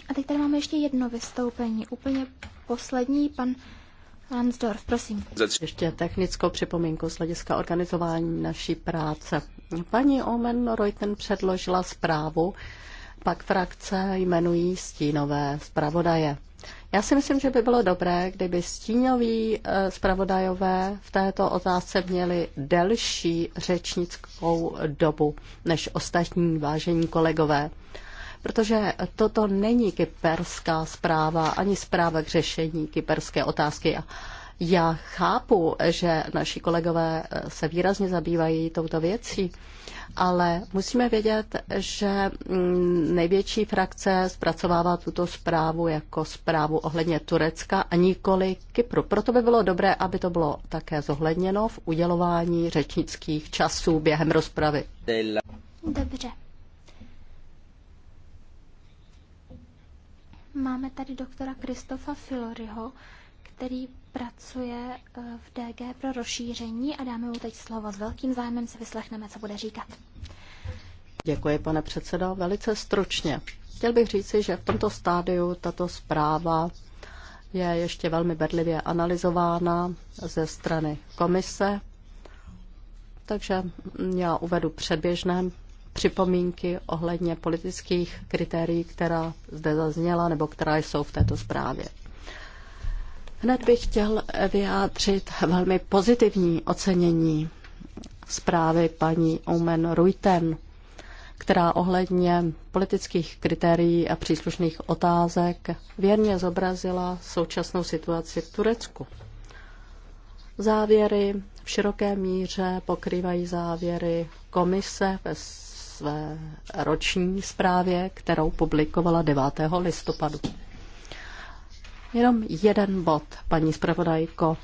A teď tady máme ještě jedno vystoupení, úplně poslední, pan Lansdorf, prosím. Ještě technickou připomínku z hlediska organizování naší práce. Paní Omen Reuten předložila zprávu, pak frakce jmenují stínové zpravodaje. Já si myslím, že by bylo dobré, kdyby stíňoví eh, zpravodajové v této otázce měli delší řečnickou dobu než ostatní vážení kolegové protože toto není kyperská zpráva ani zpráva k řešení kyperské otázky. Já chápu, že naši kolegové eh, se výrazně zabývají touto věcí, ale musíme vědět, že mm, největší frakce zpracovává tuto zprávu jako zprávu ohledně Turecka a nikoli Kypru. Proto by bylo dobré, aby to bylo také zohledněno v udělování řečnických časů během rozpravy. Dobře. Máme tady doktora Kristofa Filoryho, který pracuje eh, v DG pro rozšíření a dáme mu teď slovo. S velkým zájmem se vyslechneme, co bude říkat. Děkuji, pane předsedo. Velice stručně. Chtěl bych říci, že v tomto stádiu tato zpráva je ještě velmi bedlivě analyzována ze strany komise, takže já uvedu předběžné připomínky ohledně politických kritérií, která zde zazněla nebo která jsou v této zprávě. Hned bych chtěl vyjádřit velmi pozitivní ocenění zprávy paní Omen Ruiten, která ohledně politických kritérií a příslušných otázek věrně zobrazila současnou situaci v Turecku. Závěry v široké míře pokrývají závěry komise ve své roční zprávě, kterou publikovala 9. listopadu. Jenom jeden bod, paní zpravodajko.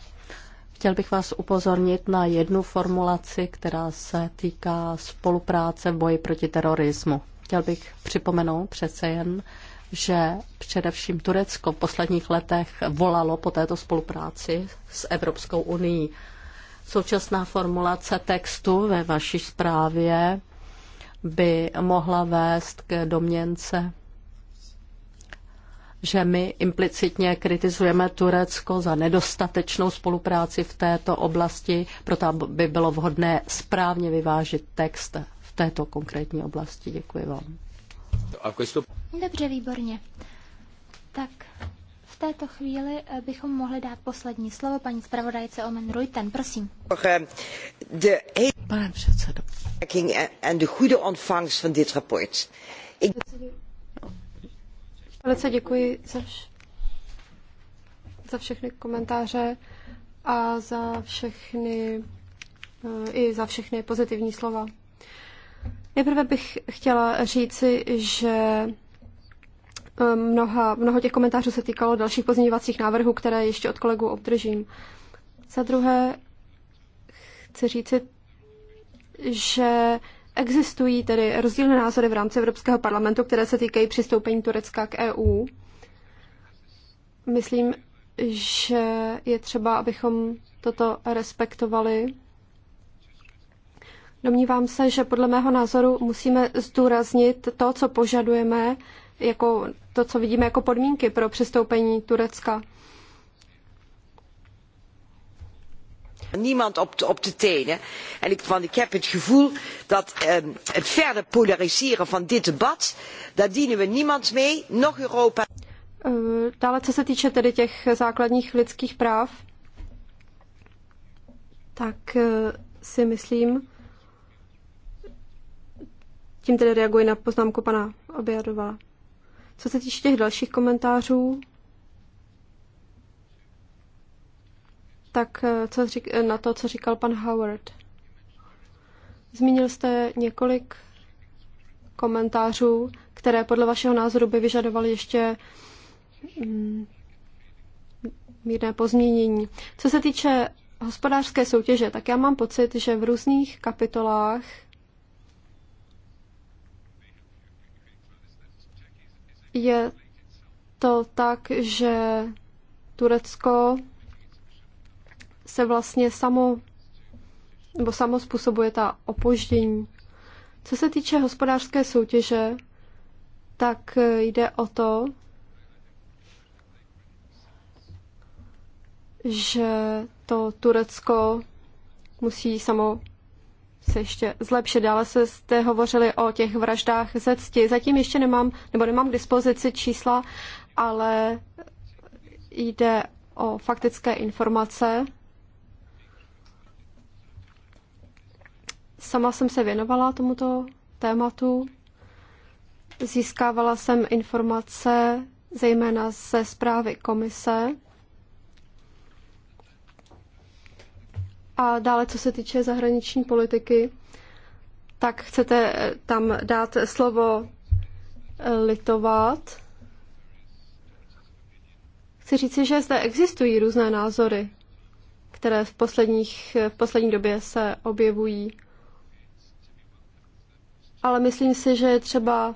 Chtěl bych vás upozornit na jednu formulaci, která se týká spolupráce v boji proti terorismu. Chtěl bych připomenout přece jen, že především Turecko v posledních letech volalo po této spolupráci s Evropskou unii. Současná formulace textu ve vaší zprávě by mohla vést k domněnce, že my implicitně kritizujeme Turecko za nedostatečnou spolupráci v této oblasti, proto by bylo vhodné správně vyvážit text v této konkrétní oblasti. Děkuji vám. Dobře, výborně. Tak této chvíli eh, bychom mohli dát poslední slovo paní zpravodajce Omen Ruiten. Prosím. Pane předsedo. En de goede ontvangst van dit rapport. Velice děkuji za, vš- za všechny komentáře a za všechny eh, i za všechny pozitivní slova. Nejprve bych chtěla říci, že Ehm, mnoha, mnoho těch komentářů se týkalo dalších pozměňovacích návrhů, které ještě od kolegů obdržím. Za druhé chci říci, že existují tedy rozdílné názory v rámci Evropského parlamentu, které se týkají přistoupení Turecka k EU. Myslím, že je třeba, abychom toto respektovali. Domnívám se, že podle mého názoru musíme zdůraznit to, co požadujeme jako to, co vidíme jako podmínky pro přistoupení Turecka. niemand op de, op de tenen. En ik, want ik heb het gevoel dat eh, het verder polariseren van dit debat, daar dienen we niemand mee, nog Europa. Eh, dále, co se týče tedy těch základních lidských práv, tak eh, si myslím, tím tedy reaguji na poznámku pana Objadova. Co se týče těch dalších komentářů, tak eh, co řík, eh, na to, co říkal pan Howard. Zmínil jste několik komentářů, které podle vašeho názoru by vyžadovaly ještě mm, mírné pozměnění. Co se týče hospodářské soutěže, tak já mám pocit, že v různých kapitolách Je to tak, že Turecko se vlastně samo nebo samo způsobuje ta opoždění. Co se týče hospodářské soutěže, tak jde o to, že to Turecko musí samo se ještě zlepšit. Dále se jste hovořili o těch vraždách ze cti. Zatím ještě nemám, nebo nemám k dispozici čísla, ale jde o faktické informace. Sama jsem se věnovala tomuto tématu. Získávala jsem informace zejména ze zprávy komise A dále, co se týče zahraniční politiky, tak chcete tam dát slovo eh, litovat. Chci říci, že zde existují různé názory, které v, posledních, eh, v poslední době se objevují. Ale myslím si, že je třeba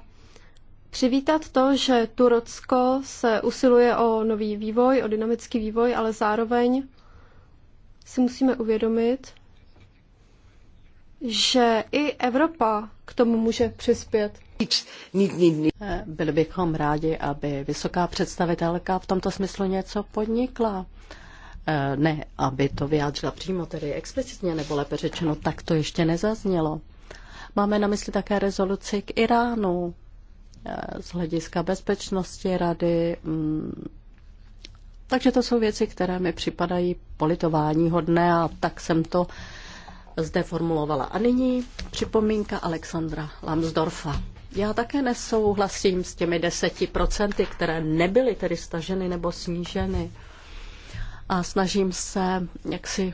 přivítat to, že Turocko se usiluje o nový vývoj, o dynamický vývoj, ale zároveň si musíme uvědomit, že i Evropa k tomu může přispět. Byli bychom rádi, aby vysoká představitelka v tomto smyslu něco podnikla. Eh, ne, aby to vyjádřila přímo, tedy explicitně, nebo lépe řečeno, tak to ještě nezaznělo. Máme na mysli také rezoluci k Iránu eh, z hlediska bezpečnosti rady mm, takže to jsou věci, které mi připadají politování hodné a tak jsem to zde formulovala. A nyní připomínka Alexandra Lambsdorfa. Já také nesouhlasím s těmi deseti procenty, které nebyly tedy staženy nebo sníženy. A snažím se, jak si,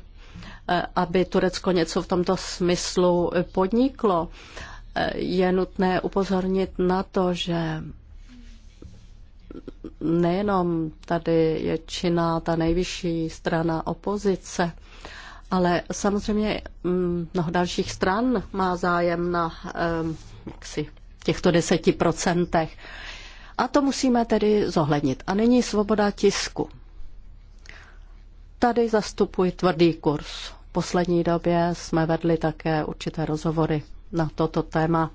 eh, aby Turecko něco v tomto smyslu podniklo. Eh, je nutné upozornit na to, že nejenom tady je činná ta nejvyšší strana opozice, ale samozřejmě mm, mnoho dalších stran má zájem na jaksi, těchto deseti procentech. A to musíme tedy zohlednit. A nyní svoboda tisku. Tady zastupuji tvrdý kurz. V poslední době jsme vedli také určité rozhovory na toto téma.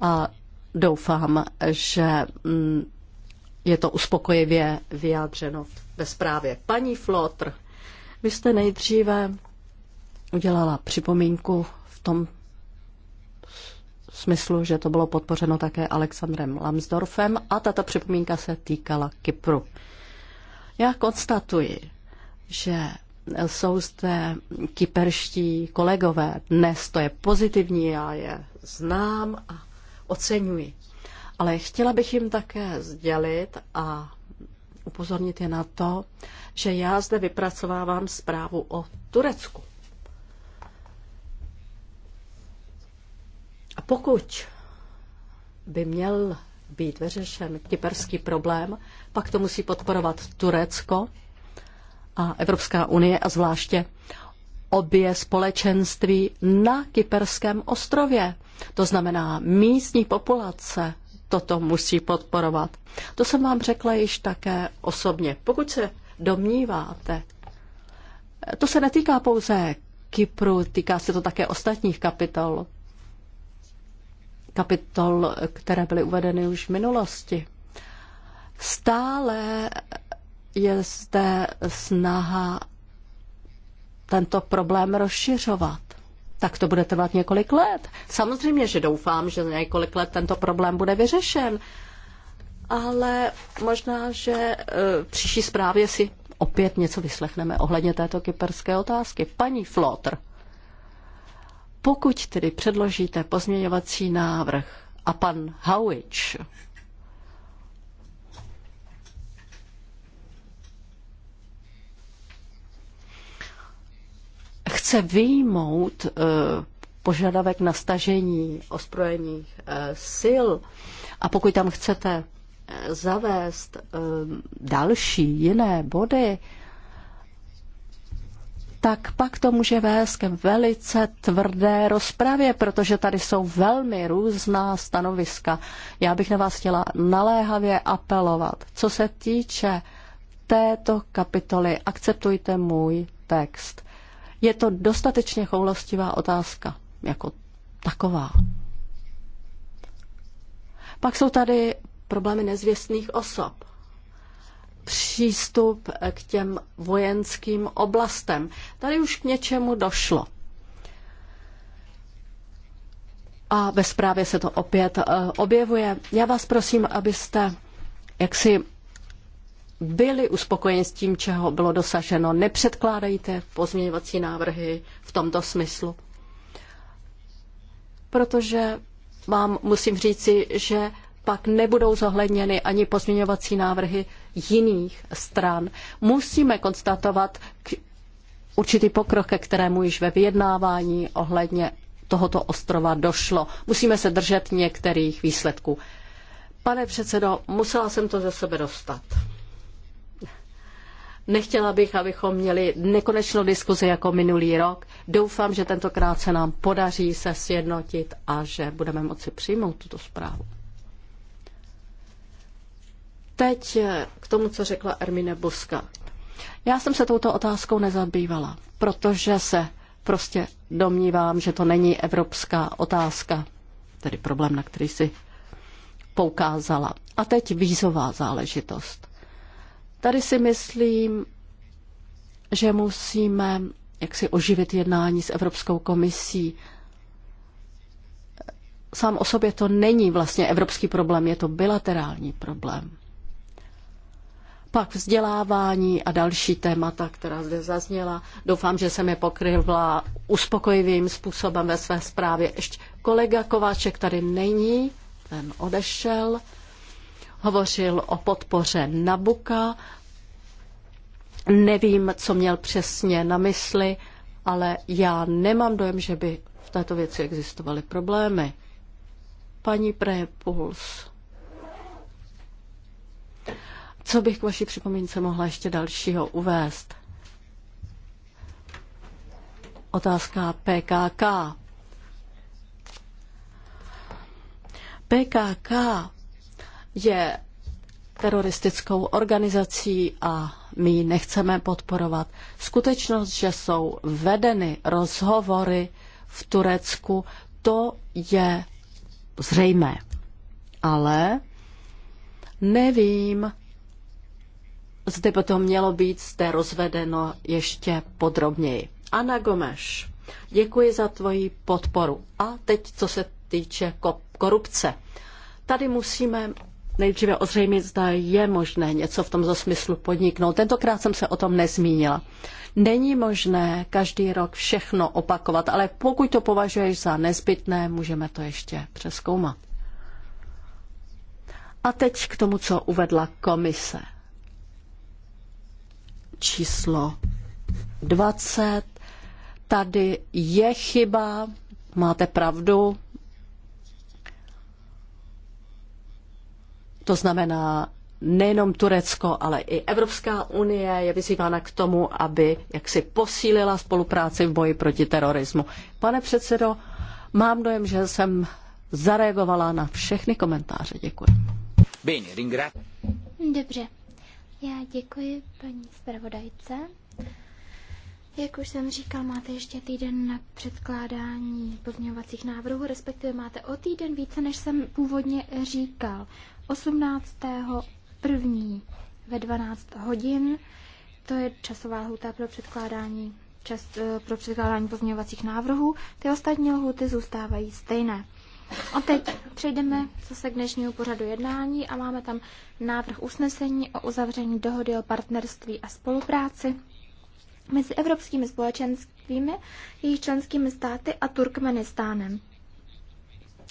A Doufám, že mm, je to uspokojivě vyjádřeno ve zprávě. Paní Flotr, vy jste nejdříve udělala připomínku v tom smyslu, že to bylo podpořeno také Alexandrem Lambsdorfem a tato připomínka se týkala Kypru. Já konstatuji, že jsou zde kyperští kolegové. Dnes to je pozitivní, já je znám a oceňují. Ale chtěla bych jim také sdělit a upozornit je na to, že já zde vypracovávám zprávu o Turecku. A pokud by měl být vyřešen kyperský problém, pak to musí podporovat Turecko a Evropská unie a zvláště obě společenství na Kyperském ostrově. To znamená, místní populace toto musí podporovat. To jsem vám řekla již také osobně. Pokud se domníváte, to se netýká pouze Kypru, týká se to také ostatních kapitol. Kapitol, které byly uvedeny už v minulosti. Stále je zde snaha tento problém rozšiřovat. Tak to bude trvat několik let. Samozřejmě, že doufám, že za několik let tento problém bude vyřešen, ale možná, že e, příští zprávě si opět něco vyslechneme ohledně této kyperské otázky. Paní Flotr, pokud tedy předložíte pozměňovací návrh a pan Hauič chce vyjmout eh, požadavek na stažení ozbrojených eh, sil a pokud tam chcete eh, zavést další jiné body, tak pak to může vést ke velice tvrdé rozpravě, protože tady jsou velmi různá stanoviska. Já bych na vás chtěla naléhavě apelovat. Co se týče této kapitoly, akceptujte můj text. Je to dostatečně choulostivá otázka, jako taková. Pak jsou tady problémy nezvěstných osob. Přístup k těm vojenským oblastem. Tady už k něčemu došlo. A ve zprávě se to opět eh, objevuje. Já vás prosím, abyste jak si byli uspokojeni s tím, čeho bylo dosaženo. Nepředkládejte pozměňovací návrhy v tomto smyslu. Protože vám musím říci, že pak nebudou zohledněny ani pozměňovací návrhy jiných stran. Musíme konstatovat určitý pokrok, ke kterému již ve vyjednávání ohledně tohoto ostrova došlo. Musíme se držet některých výsledků. Pane předsedo, musela jsem to ze sebe dostat. Nechtěla bych, abychom měli nekonečnou diskuzi jako minulý rok. Doufám, že tentokrát se nám podaří se sjednotit a že budeme moci přijmout tuto zprávu. Teď eh, k tomu, co řekla Ermine Buska. Já jsem se touto otázkou nezabývala, protože se prostě domnívám, že to není evropská otázka, tedy problém, na který si poukázala. A teď vízová záležitost. Tady si myslím, že musíme jaksi oživit jednání s Evropskou komisí. Sám o sobě to není vlastně evropský problém, je to bilaterální problém. Pak vzdělávání a další témata, která zde zazněla. Doufám, že jsem je pokryvla uspokojivým způsobem ve své zprávě. Ještě kolega Kováček tady není, ten odešel hovořil o podpoře Nabuka. Nevím, co měl přesně na mysli, ale já nemám dojem, že by v této věci existovaly problémy. Paní Prepuls, co bych k vaší připomínce mohla ještě dalšího uvést? Otázka PKK. PKK je teroristickou organizací a my ji nechceme podporovat. Skutečnost, že jsou vedeny rozhovory v Turecku, to je zřejmé. Ale nevím, zde by to mělo být zde rozvedeno ještě podrobněji. Ana Gomeš, děkuji za tvoji podporu. A teď, co se týče korupce. Tady musíme nejdříve ozřejmit, zda je možné něco v tomto smyslu podniknout. Tentokrát jsem se o tom nezmínila. Není možné každý rok všechno opakovat, ale pokud to považuješ za nezbytné, můžeme to ještě přeskoumat. A teď k tomu, co uvedla komise. Číslo 20. Tady je chyba, máte pravdu, To znamená, nejenom Turecko, ale i Evropská unie je vyzývána k tomu, aby jaksi posílila spolupráci v boji proti terorismu. Pane předsedo, mám dojem, že jsem zareagovala na všechny komentáře. Děkuji. Dobře. Já děkuji paní zpravodajce. Jak už jsem říkal, máte ještě týden na předkládání pozměňovacích návrhů, respektive máte o týden více, než jsem původně říkal. 18. první ve 12 hodin, to je časová lhuta pro předkládání čas, eh, pro předkládání pozměňovacích návrhů. Ty ostatní lhuty zůstávají stejné. A teď přejdeme zase k dnešnímu pořadu jednání a máme tam návrh usnesení o uzavření dohody o partnerství a spolupráci mezi evropskými společenstvími, jejich členskými státy a Turkmenistánem.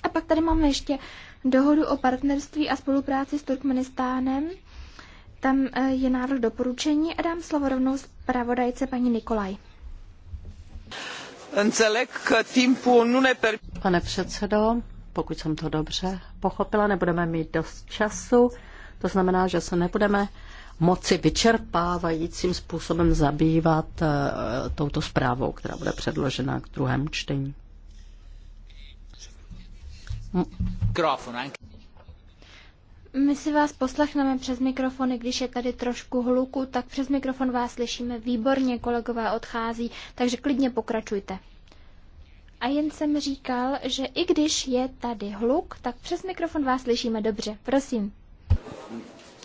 A pak tady máme ještě dohodu o partnerství a spolupráci s Turkmenistánem. Tam e, je návrh doporučení a dám slovo rovnou zpravodajce paní Nikolaj. Pane předsedo, pokud jsem to dobře pochopila, nebudeme mít dost času. To znamená, že se nebudeme moci vyčerpávajícím způsobem zabývat eh, touto zprávou, která bude předložena k druhému čtení. My si vás poslechneme přes mikrofony, když je tady trošku hluku, tak přes mikrofon vás slyšíme výborně, kolegové odchází, takže klidně pokračujte. A jen jsem říkal, že i když je tady hluk, tak přes mikrofon vás slyšíme dobře. Prosím.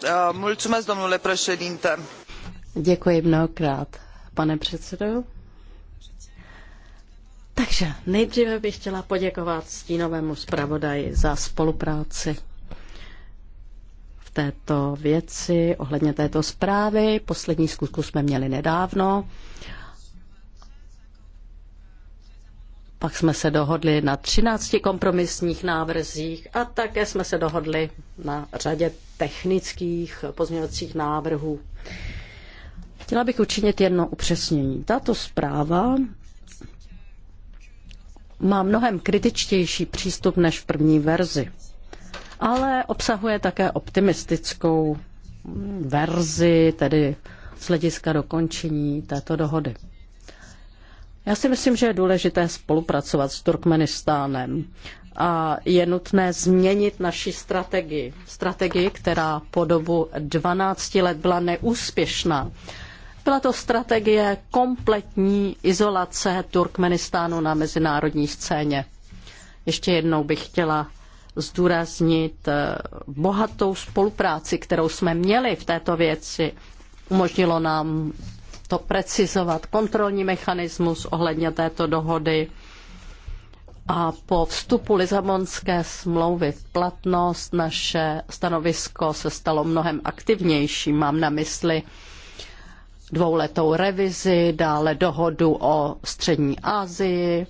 Eh, mulțumesc, domnule președinte. Děkuji mnohokrát, pane předsedo. Takže nejdříve bych chtěla poděkovat stínovému zpravodaji za spolupráci v této věci, ohledně této zprávy. Poslední zkusku jsme měli nedávno Pak jsme se dohodli na 13 kompromisních návrzích a také jsme se dohodli na řadě technických pozměňovacích návrhů. Chtěla bych učinit jedno upřesnění. Tato zpráva má mnohem kritičtější přístup než v první verzi, ale obsahuje také optimistickou verzi, tedy z hlediska dokončení této dohody. Já si myslím, že je důležité spolupracovat s Turkmenistánem a je nutné změnit naši strategii. Strategii, která po dobu 12 let byla neúspěšná. Byla to strategie kompletní izolace Turkmenistánu na mezinárodní scéně. Ještě jednou bych chtěla zdůraznit eh, bohatou spolupráci, kterou jsme měli v této věci. Umožnilo nám to precizovat, kontrolní mechanismus ohledně této dohody. A po vstupu Lizabonské smlouvy v platnost naše stanovisko se stalo mnohem aktivnější. Mám na mysli dvouletou revizi, dále dohodu o střední Asii,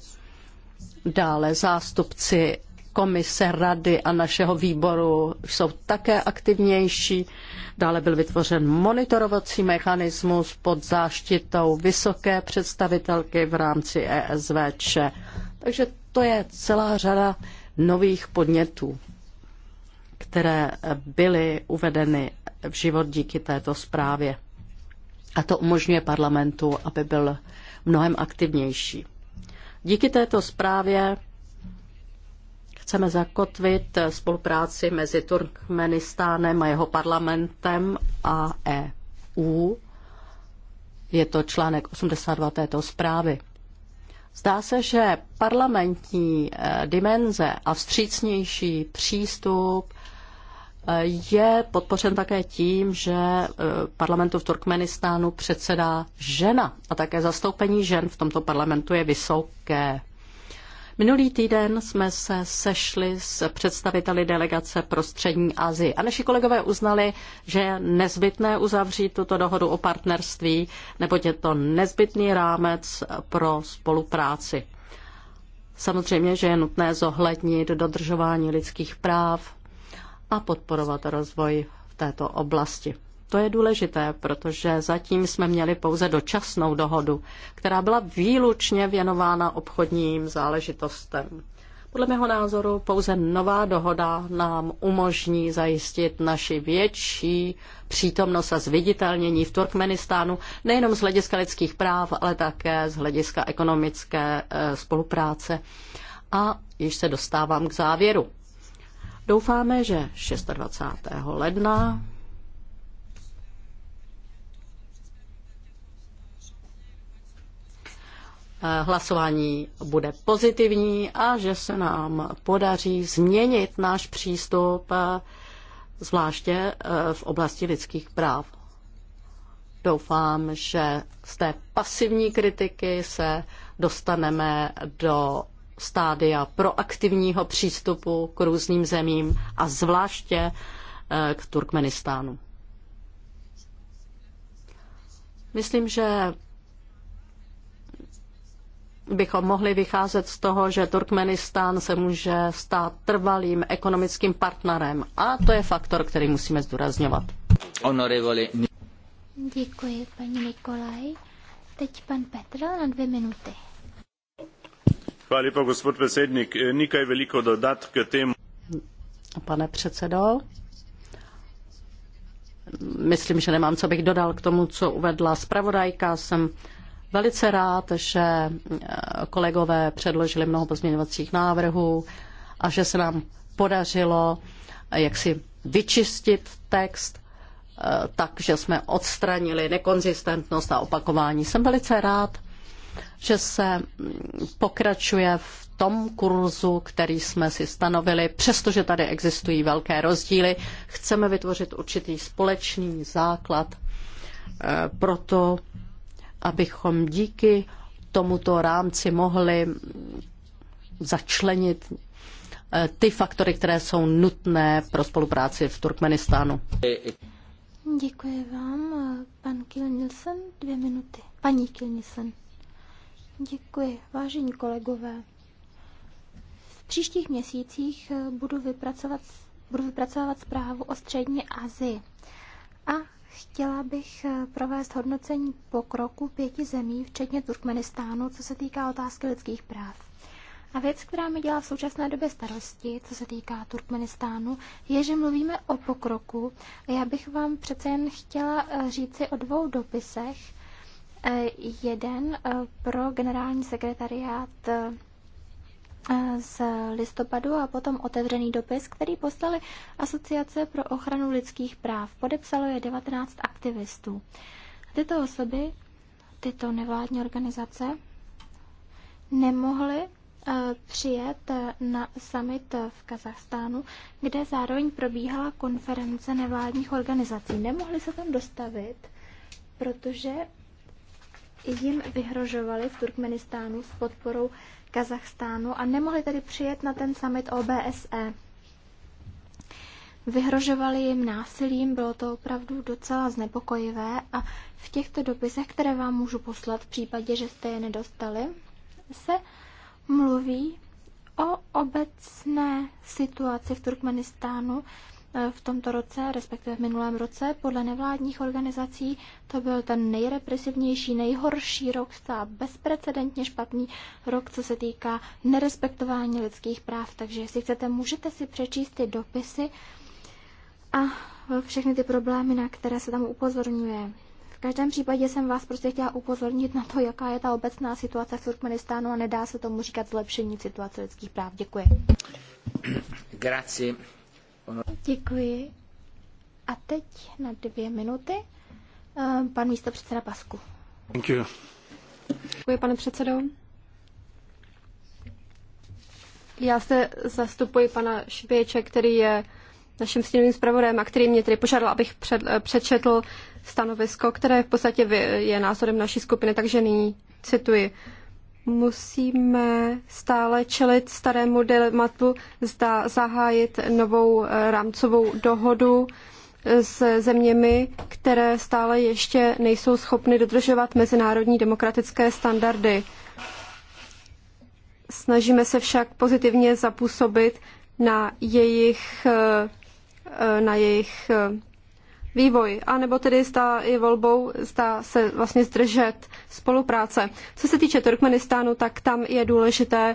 dále zástupci komise, rady a našeho výboru jsou také aktivnější. Dále byl vytvořen monitorovací mechanismus pod záštitou vysoké představitelky v rámci ESVČ. Takže to je celá řada nových podnětů, které byly uvedeny v život díky této zprávě. A to umožňuje parlamentu, aby byl mnohem aktivnější. Díky této zprávě Chceme zakotvit spolupráci mezi Turkmenistánem a jeho parlamentem a EU. Je to článek 82 této zprávy. Zdá se, že parlamentní eh, dimenze a vstřícnější přístup eh, je podpořen také tím, že eh, parlamentu v Turkmenistánu předsedá žena a také zastoupení žen v tomto parlamentu je vysoké. Minulý týden jsme se sešli s představiteli delegace pro střední Asii a naši kolegové uznali, že je nezbytné uzavřít tuto dohodu o partnerství, neboť je to nezbytný rámec pro spolupráci. Samozřejmě, že je nutné zohlednit dodržování lidských práv a podporovat rozvoj v této oblasti. To je důležité, protože zatím jsme měli pouze dočasnou dohodu, která byla výlučně věnována obchodním záležitostem. Podle mého názoru pouze nová dohoda nám umožní zajistit naši větší přítomnost a zviditelnění v Turkmenistánu nejenom z hlediska lidských práv, ale také z hlediska ekonomické eh, spolupráce. A již se dostávám k závěru. Doufáme, že 26. ledna Eh, hlasování bude pozitivní a že se nám podaří změnit náš přístup, eh, zvláště eh, v oblasti lidských práv. Doufám, že z té pasivní kritiky se dostaneme do stádia proaktivního přístupu k různým zemím a zvláště k Turkmenistánu. Myslím, že bychom mohli vycházet z toho, že Turkmenistán se může stát trvalým ekonomickým partnerem. A to je faktor, který musíme zdůrazňovat. Děkuji, paní Nikolaj. Teď pan Petr na dvě minuty. Hvala lepa, gospod predsednik. Nekaj veliko dodat k temu. Pane předsedo, myslím, že nemám, co bych dodal k tomu, co uvedla zpravodajka. Jsem velice rád, že eh, kolegové předložili mnoho pozměňovacích návrhů a že se nám podařilo eh, jak si vyčistit text, eh, takže jsme odstranili nekonzistentnost a opakování. Jsem velice rád, že se mm, pokračuje v tom kurzu, který jsme si stanovili, přestože tady existují velké rozdíly, chceme vytvořit určitý společný základ pro to, abychom díky tomuto rámci mohli začlenit eh, ty faktory, které jsou nutné pro spolupráci v Turkmenistánu. Děkuji vám. Pan Kilnilsen, dvě minuty. Paní Kilnilsen. Děkuji, vážení kolegové. V příštích měsících eh, budu vypracovat, budu vypracovat zprávu o střední Asii. A Chtěla bych eh, provést hodnocení pokroku pěti zemí, včetně Turkmenistánu, co se týká otázky lidských práv. A věc, která mi dělá v současné době starosti, co se týká Turkmenistánu, je, že mluvíme o pokroku. Já bych vám přece jen chtěla eh, říci o dvou dopisech. Eh, jeden pro generální sekretariát z listopadu a potom otevřený dopis, který poslali Asociace pro ochranu lidských práv. Podepsalo je 19 aktivistů. Tyto osoby, tyto nevládní organizace, nemohly eh, přijet na summit v Kazachstánu, kde zároveň probíhala konference nevládních organizací. Nemohli se tam dostavit, protože jim vyhrožovali v Turkmenistánu s podporou Kazachstánu a nemohli tedy přijet na ten summit OBSE. Vyhrožovali jim násilím, bylo to opravdu docela znepokojivé a v těchto dopisech, které vám můžu poslat v případě, že jste je nedostali, se mluví o obecné situaci v Turkmenistánu, E, v tomto roce, respektive v minulém roce. Podle nevládních organizací to byl ten nejrepresivnější, nejhorší rok ta bezprecedentně špatný rok, co se týká nerespektování lidských práv. Takže jestli chcete, můžete si přečíst ty dopisy a všechny ty problémy, na které se tam upozorňuje. V každém případě jsem vás prostě chtěla upozornit na to, jaká je ta obecná situace v Turkmenistánu a nedá se tomu říkat zlepšení situace lidských práv. Děkuji. Grazie. Děkuji. A teď na dvě minuty eh, pan místo předseda Pasku. Thank you. Děkuji, pane předsedo. Já se zastupuji pana Šiběče, který je naším stínovým zpravodajem a který mě tedy požádal, abych před, eh, přečetl stanovisko, které v podstatě je názorem naší skupiny, takže nyní cituji musíme stále čelit starému dilematu, zda zahájit novou eh, rámcovou dohodu eh, s zeměmi, které stále ještě nejsou schopny dodržovat mezinárodní demokratické standardy. Snažíme se však pozitivně zapůsobit na jejich, eh, na jejich vývoj, anebo tedy stá je volbou, stá se vlastně zdržet spolupráce. Co se týče Turkmenistánu, tak tam je důležité e,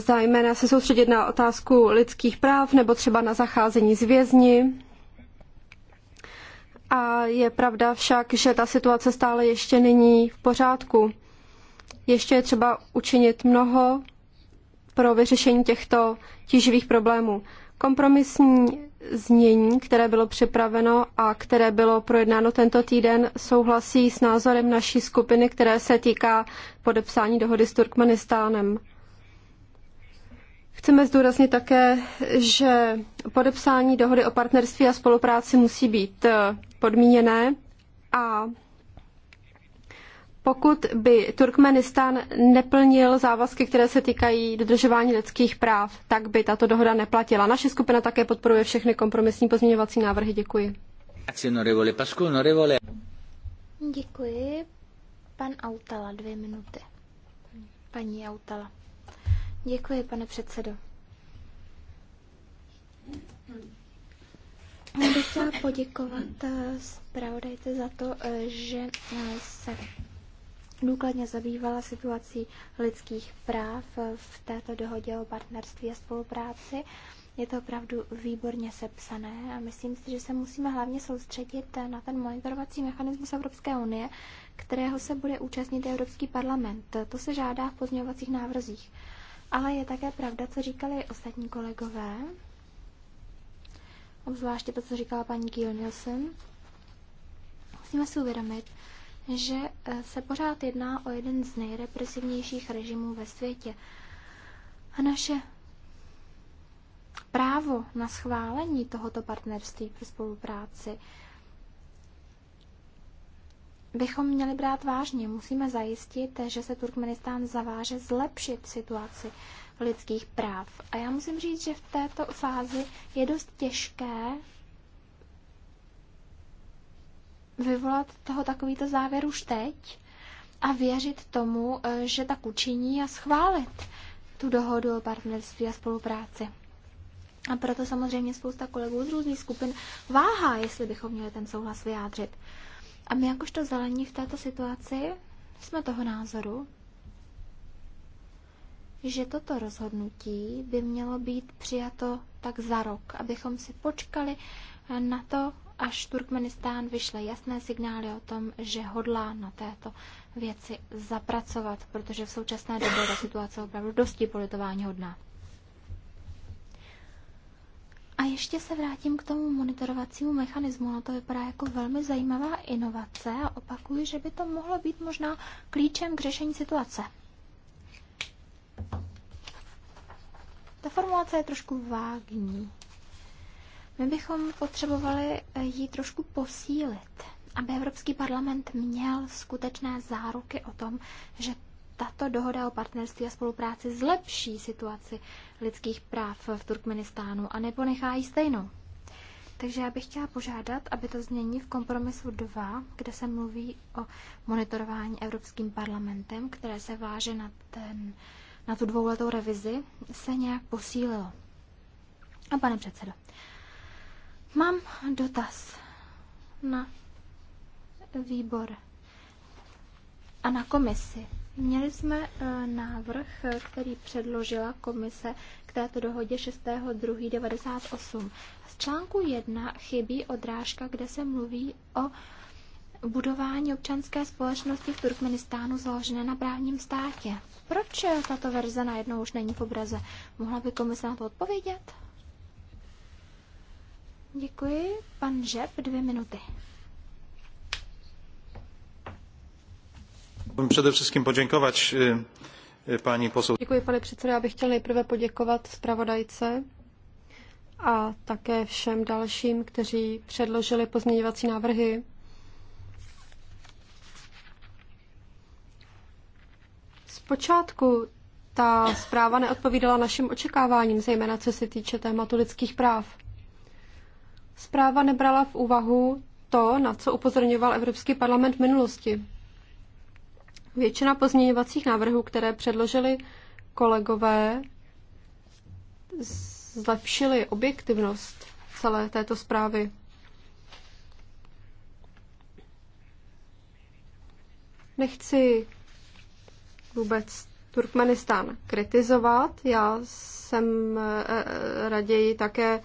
zájmena se soustředit na otázku lidských práv nebo třeba na zacházení z vězni. A je pravda však, že ta situace stále ještě není v pořádku. Ještě je třeba učinit mnoho pro vyřešení těchto tíživých problémů. Kompromisní znění, které bylo připraveno a které bylo projednáno tento týden, souhlasí s názorem naší skupiny, které se týká podepsání dohody s Turkmenistánem. Chceme zdůraznit také, že podepsání dohody o partnerství a spolupráci musí být eh, podmíněné a pokud by Turkmenistán neplnil závazky, které se týkají dodržování lidských práv, tak by tato dohoda neplatila. Naše skupina také podporuje všechny kompromisní pozměňovací návrhy. Děkuji. Děkuji. Pan Autala, dvě minuty. Paní Autala. Děkuji, pane předsedo. Já bych chtěla poděkovat eh, zpravodajce za to, eh, že eh, se důkladně zabývala situací lidských práv v této dohodě o partnerství a spolupráci. Je to opravdu výborně sepsané a myslím si, že se musíme hlavně soustředit na ten monitorovací mechanismus Evropské unie, kterého se bude účastnit Evropský parlament. To se žádá v pozměňovacích návrzích. Ale je také pravda, co říkali ostatní kolegové, obzvláště to, co říkala paní Kiel Nielsen. Musíme si uvědomit, že eh, se pořád jedná o jeden z nejrepresivnějších režimů ve světě. A naše právo na schválení tohoto partnerství pro spolupráci bychom měli brát vážně. Musíme zajistit, že se Turkmenistán zaváže zlepšit situaci lidských práv. A já musím říct, že v této fázi je dost těžké vyvolat toho takovýto závěr už teď a věřit tomu, eh, že tak učiní a schválit tu dohodu o partnerství a spolupráci. A proto samozřejmě spousta kolegů z různých skupin váhá, jestli bychom měli ten souhlas vyjádřit. A my jakožto zelení v této situaci jsme toho názoru, že toto rozhodnutí by mělo být přijato tak za rok, abychom si počkali na to, až Turkmenistán vyšle jasné signály o tom, že hodlá na této věci zapracovat, protože v současné době ta situace opravdu dosti politování hodná. A ještě se vrátím k tomu monitorovacímu mechanismu. No to vypadá jako velmi zajímavá inovace a opakuju, že by to mohlo být možná klíčem k řešení situace. Ta formulace je trošku vágní. My bychom potřebovali eh, ji trošku posílit, aby Evropský parlament měl skutečné záruky o tom, že tato dohoda o partnerství a spolupráci zlepší situaci lidských práv v Turkmenistánu a neponechá ji stejnou. Takže já bych chtěla požádat, aby to změní v kompromisu 2, kde se mluví o monitorování Evropským parlamentem, které se váže na, ten, na tu dvouletou revizi, se nějak posílilo. A pane předsedo, Mám dotaz na výbor a na komisi. Měli jsme e, návrh, e, který předložila komise k této dohodě 6.2.98. Z článku 1 chybí odrážka, kde se mluví o budování občanské společnosti v Turkmenistánu založené na právním státě. Proč e, tato verze najednou už není v obraze? Mohla by komise na to odpovědět? Děkuji. Pan Žeb, dvě minuty. Přede všem poděkovat eh, eh, paní posou. Děkuji, pane předsedo. Já bych chtěl nejprve poděkovat zpravodajce a také všem dalším, kteří předložili pozměňovací návrhy. Zpočátku ta zpráva neodpovídala našim očekáváním, zejména co se týče tématu lidských práv. Zpráva nebrala v úvahu to, na co upozorňoval Evropský parlament v minulosti. Většina pozměňovacích návrhů, které předložili kolegové, zlepšily objektivnost celé této zprávy. Nechci vůbec Turkmenistán kritizovat. Já jsem eh, eh, raději také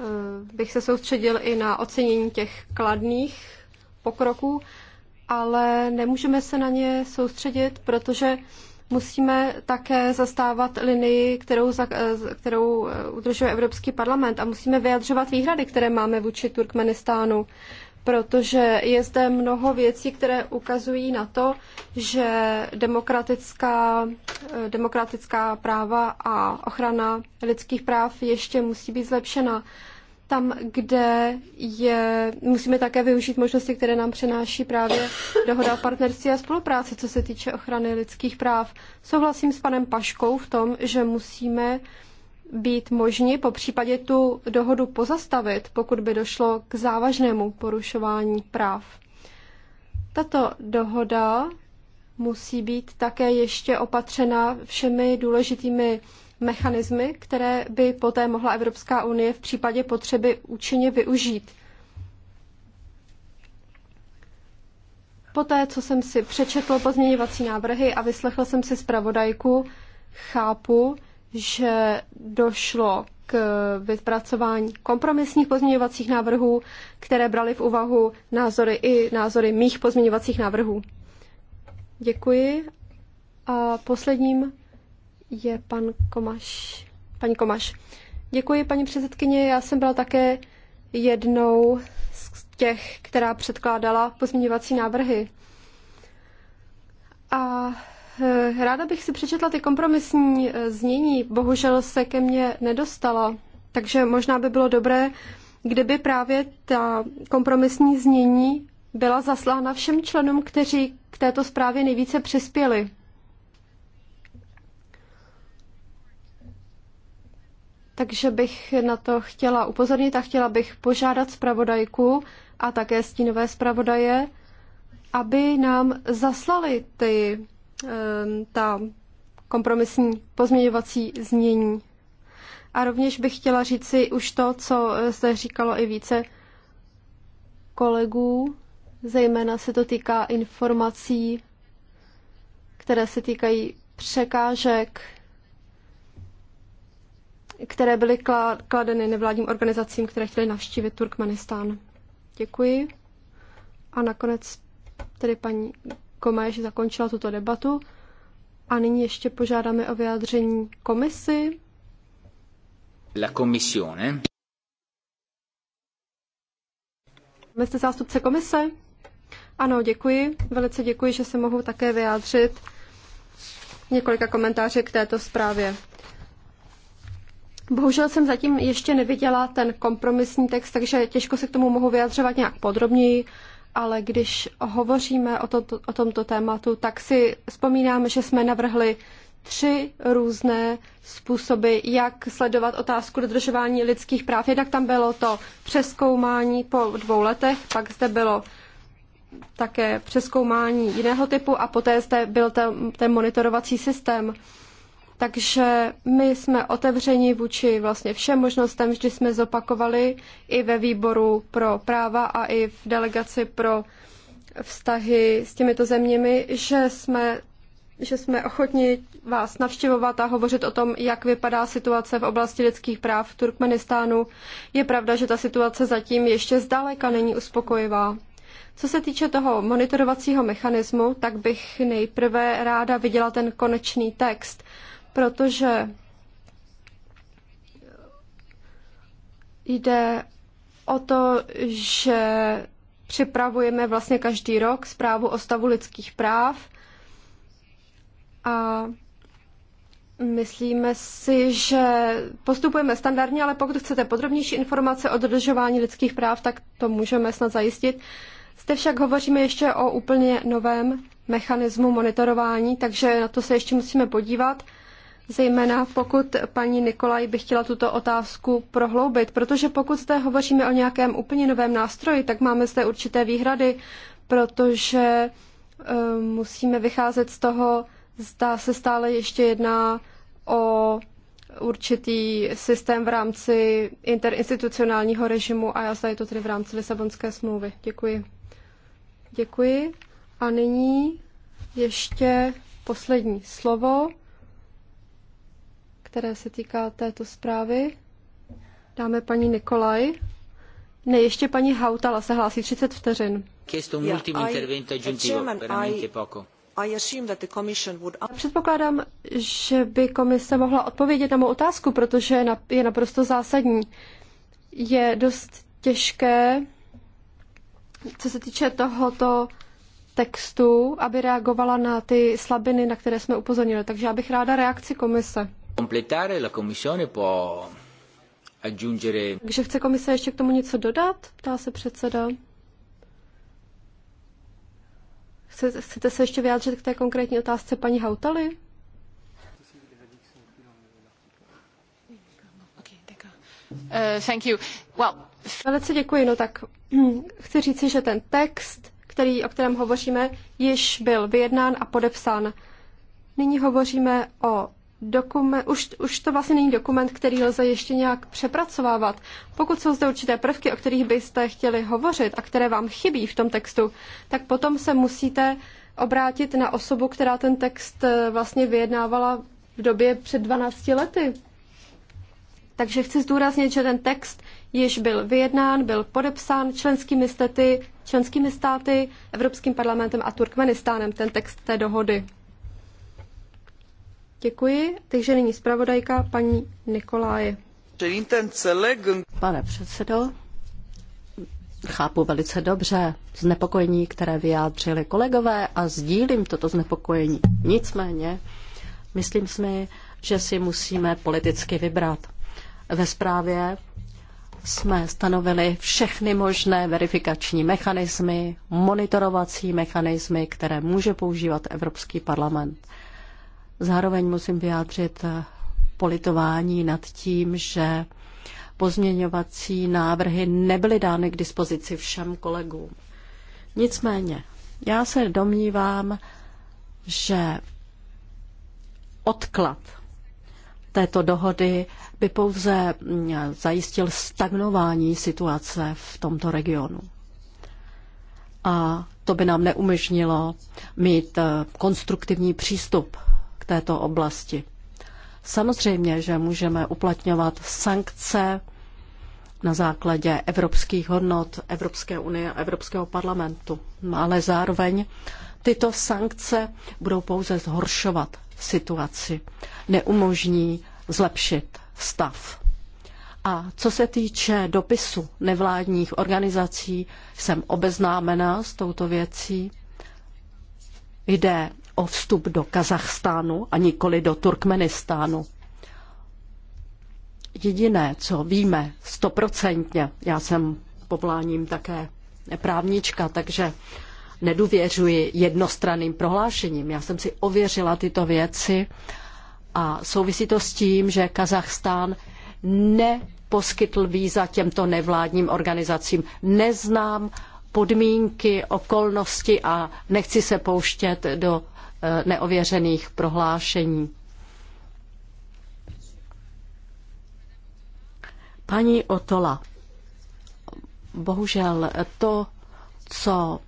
Eh, bych se soustředil i na ocenění těch kladných pokroků, ale nemůžeme se na ně soustředit, protože musíme také zastávat linii, kterou, za, eh, kterou eh, udržuje Evropský parlament a musíme vyjadřovat výhrady, které máme vůči Turkmenistánu protože je zde mnoho věcí, které ukazují na to, že demokratická, eh, demokratická práva a ochrana lidských práv ještě musí být zlepšena. Tam, kde je, musíme také využít možnosti, které nám přináší právě dohoda o partnerství a spolupráci, co se týče ochrany lidských práv. Souhlasím s panem Paškou v tom, že musíme uh, být možni po případě tu dohodu pozastavit, pokud by došlo k závažnému porušování práv. Tato dohoda musí být také ještě opatřena všemi důležitými mechanismy, které by poté mohla Evropská unie v případě potřeby účinně využít. Poté, co jsem si přečetl pozměňovací návrhy a vyslechl jsem si zpravodajku, chápu, že došlo k vypracování kompromisních pozměňovacích návrhů, které brali v úvahu názory i názory mých pozměňovacích návrhů. Děkuji. A posledním je pan Komaš. Paní Komaš. Děkuji, paní předsedkyně. Já jsem byla také jednou z těch, která předkládala pozměňovací návrhy. A Eh, ráda bych si přečetla ty kompromisní eh, znění. Bohužel se ke mně nedostala, takže možná by bylo dobré, kdyby právě ta kompromisní znění byla zaslána všem členům, kteří k této zprávě nejvíce přispěli. Takže bych na to chtěla upozornit a chtěla bych požádat zpravodajku a také stínové zpravodaje, aby nám zaslali ty Ehm, ta kompromisní pozměňovací znění. A rovněž bych chtěla říci už to, co eh, zde říkalo i více kolegů, zejména se to týká informací, které se týkají překážek, které byly kladeny nevládním organizacím, které chtěly navštívit Turkmenistán. Děkuji. A nakonec tedy paní Komeš zakončila tuto debatu. A nyní ještě požádáme o vyjádření komisi. La commissione. Vy jste zástupce komise? Ano, děkuji. Velice děkuji, že se mohu také vyjádřit několika komentáře k této zprávě. Bohužel jsem zatím ještě neviděla ten kompromisní text, takže těžko se k tomu mohu vyjadřovat nějak podrobněji, ale když hovoříme o, to, o tomto tématu, tak si vzpomínám, že jsme navrhli tři různé způsoby, jak sledovat otázku dodržování lidských práv. Jednak tam bylo to přeskoumání po dvou letech, pak zde bylo také přeskoumání jiného typu a poté zde byl ten, ten monitorovací systém. Takže my jsme otevřeni vůči vlastně všem možnostem, vždy jsme zopakovali i ve výboru pro práva a i v delegaci pro vztahy s těmito zeměmi, že jsme že jsme ochotni vás navštěvovat a hovořit o tom, jak vypadá situace v oblasti lidských práv v Turkmenistánu. Je pravda, že ta situace zatím ještě zdaleka není uspokojivá. Co se týče toho monitorovacího mechanismu, tak bych nejprve ráda viděla ten konečný text, protože jde o to, že připravujeme vlastně každý rok zprávu o stavu lidských práv a myslíme si, že postupujeme standardně, ale pokud chcete podrobnější informace o dodržování lidských práv, tak to můžeme snad zajistit. Zde však hovoříme ještě o úplně novém mechanismu monitorování, takže na to se ještě musíme podívat zejména pokud paní Nikolaj by chtěla tuto otázku prohloubit, protože pokud zde hovoříme o nějakém úplně novém nástroji, tak máme zde určité výhrady, protože eh, musíme vycházet z toho, zda se stále ještě jedná o určitý systém v rámci interinstitucionálního režimu a já zda je to tedy v rámci Lisabonské smlouvy. Děkuji. Děkuji. A nyní ještě poslední slovo které se týká této zprávy. Dáme paní Nikolaj. Ne, ještě paní Hautala se hlásí 30 vteřin. Uh, předpokládám, že by komise mohla odpovědět na mou otázku, protože je naprosto zásadní. Je dost těžké, co se týče tohoto textu, aby reagovala na ty slabiny, na které jsme upozornili. Takže já bych ráda reakci komise. Completare la commissione può aggiungere... Takže chce komise ještě k tomu něco dodat? Ptá se předseda. Chcete, se ještě vyjádřit k té konkrétní otázce paní Hautaly? Uh, well... Velice děkuji. No tak chci říci, že ten text, který, o kterém hovoříme, již byl vyjednán a podepsán. Nyní hovoříme o dokument, už, už to vlastně není dokument, který lze ještě nějak přepracovávat. Pokud jsou zde určité prvky, o kterých byste chtěli hovořit a které vám chybí v tom textu, tak potom se musíte obrátit na osobu, která ten text eh, vlastně vyjednávala v době před 12 lety. Takže chci zdůraznit, že ten text již byl vyjednán, byl podepsán členskými státy, členskými státy, Evropským parlamentem a Turkmenistánem, ten text té dohody. Děkuji. Takže nyní zpravodajka paní Nikoláje. Pane předsedo, chápu velice dobře znepokojení, které vyjádřili kolegové a sdílím toto znepokojení. Nicméně, myslím si, že si musíme politicky vybrat. Ve zprávě jsme stanovili všechny možné verifikační mechanismy, monitorovací mechanismy, které může používat Evropský parlament. Zároveň musím vyjádřit eh, politování nad tím, že pozměňovací návrhy nebyly dány k dispozici všem kolegům. Nicméně, já se domnívám, že odklad této dohody by pouze mm, zajistil stagnování situace v tomto regionu. A to by nám neumožnilo mít eh, konstruktivní přístup této oblasti. Samozřejmě, že můžeme uplatňovat sankce na základě evropských hodnot Evropské unie a Evropského parlamentu, no, ale zároveň tyto sankce budou pouze zhoršovat situaci, neumožní zlepšit stav. A co se týče dopisu nevládních organizací, jsem obeznámená s touto věcí. Jde o vstup do Kazachstánu a nikoli do Turkmenistánu. Jediné, co víme stoprocentně, já jsem povláním také právnička, takže nedůvěřuji jednostranným prohlášením. Já jsem si ověřila tyto věci a souvisí to s tím, že Kazachstán neposkytl víza těmto nevládním organizacím. Neznám podmínky, okolnosti a nechci se pouštět do Eh, neověřených prohlášení. Paní Otola, bohužel to, co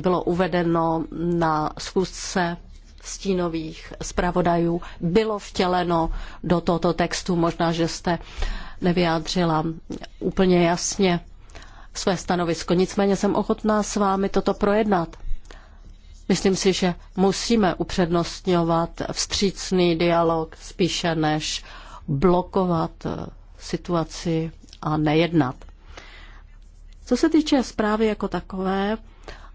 bylo uvedeno na schůzce stínových zpravodajů, bylo vtěleno do tohoto textu. Možná, že jste nevyjádřila úplně jasně své stanovisko. Nicméně jsem ochotná s vámi toto projednat. Myslím si, že musíme upřednostňovat vstřícný dialog spíše než blokovat eh, situaci a nejednat. Co se týče zprávy jako takové,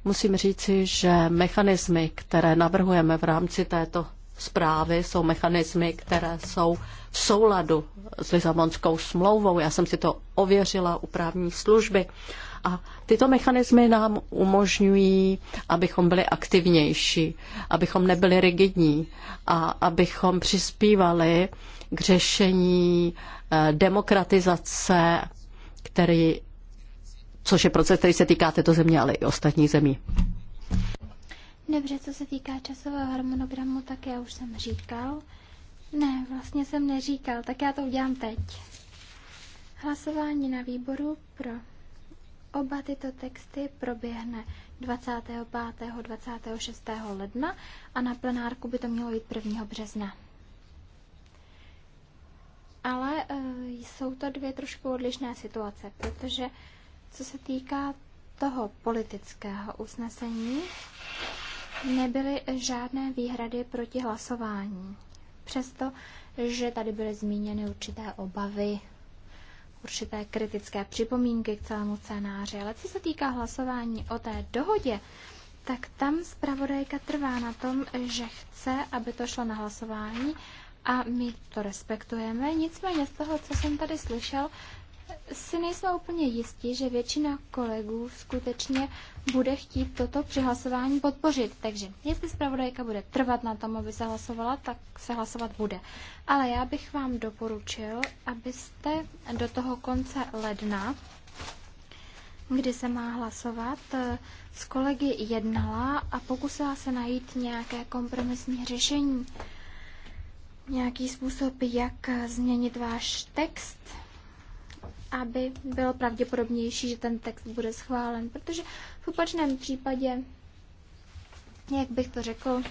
musím říci, že mechanismy, které navrhujeme v rámci této zprávy, jsou mechanismy, které jsou v souladu s Lizabonskou smlouvou. Já jsem si to ověřila u právní služby. A tyto mechanismy nám umožňují, abychom byli aktivnější, abychom nebyli rigidní a abychom přispívali k řešení eh, demokratizace, který, což je proces, který se týká této země, ale i ostatních zemí. Dobře, co se týká časového harmonogramu, tak já už jsem říkal. Ne, vlastně jsem neříkal, tak já to udělám teď. Hlasování na výboru pro Oba tyto texty proběhne 25. 26. ledna a na plenárku by to mělo jít 1. března. Ale e, jsou to dvě trošku odlišné situace, protože co se týká toho politického usnesení, nebyly žádné výhrady proti hlasování. Přesto, že tady byly zmíněny určité obavy určité kritické připomínky k celému scénáři, ale co se týká hlasování o té dohodě, tak tam zpravodajka trvá na tom, že chce, aby to šlo na hlasování a my to respektujeme. Nicméně z toho, co jsem tady slyšel, si nejsme úplně jistí, že většina kolegů skutečně bude chtít toto přihlasování podpořit. Takže jestli zpravodajka bude trvat na tom, aby se hlasovala, tak se hlasovat bude. Ale já bych vám doporučil, abyste do toho konce ledna, kdy se má hlasovat, eh, s kolegy jednala a pokusila se najít nějaké kompromisní řešení. Nějaký způsob, jak změnit váš text, aby bylo pravděpodobnější, že ten text bude schválen, protože v opačném případě, jak bych to řekl,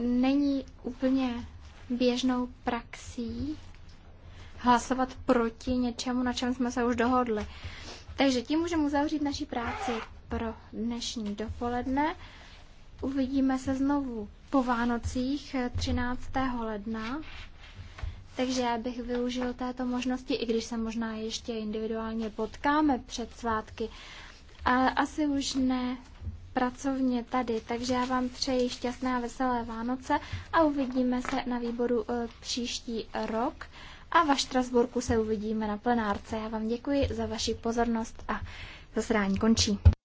není úplně běžnou praxí hlasovat proti něčemu, na čem jsme se už dohodli. Takže tím můžeme uzavřít naši práci pro dnešní dopoledne. Uvidíme se znovu po Vánocích 13. ledna. Takže já bych využil této možnosti, i když se možná ještě individuálně potkáme před svátky, ale asi už ne pracovně tady. Takže já vám přeji šťastné a veselé Vánoce a uvidíme se na výboru e, příští rok. A ve Štrasburku se uvidíme na plenárce. Já vám děkuji za vaši pozornost a zasedání končí.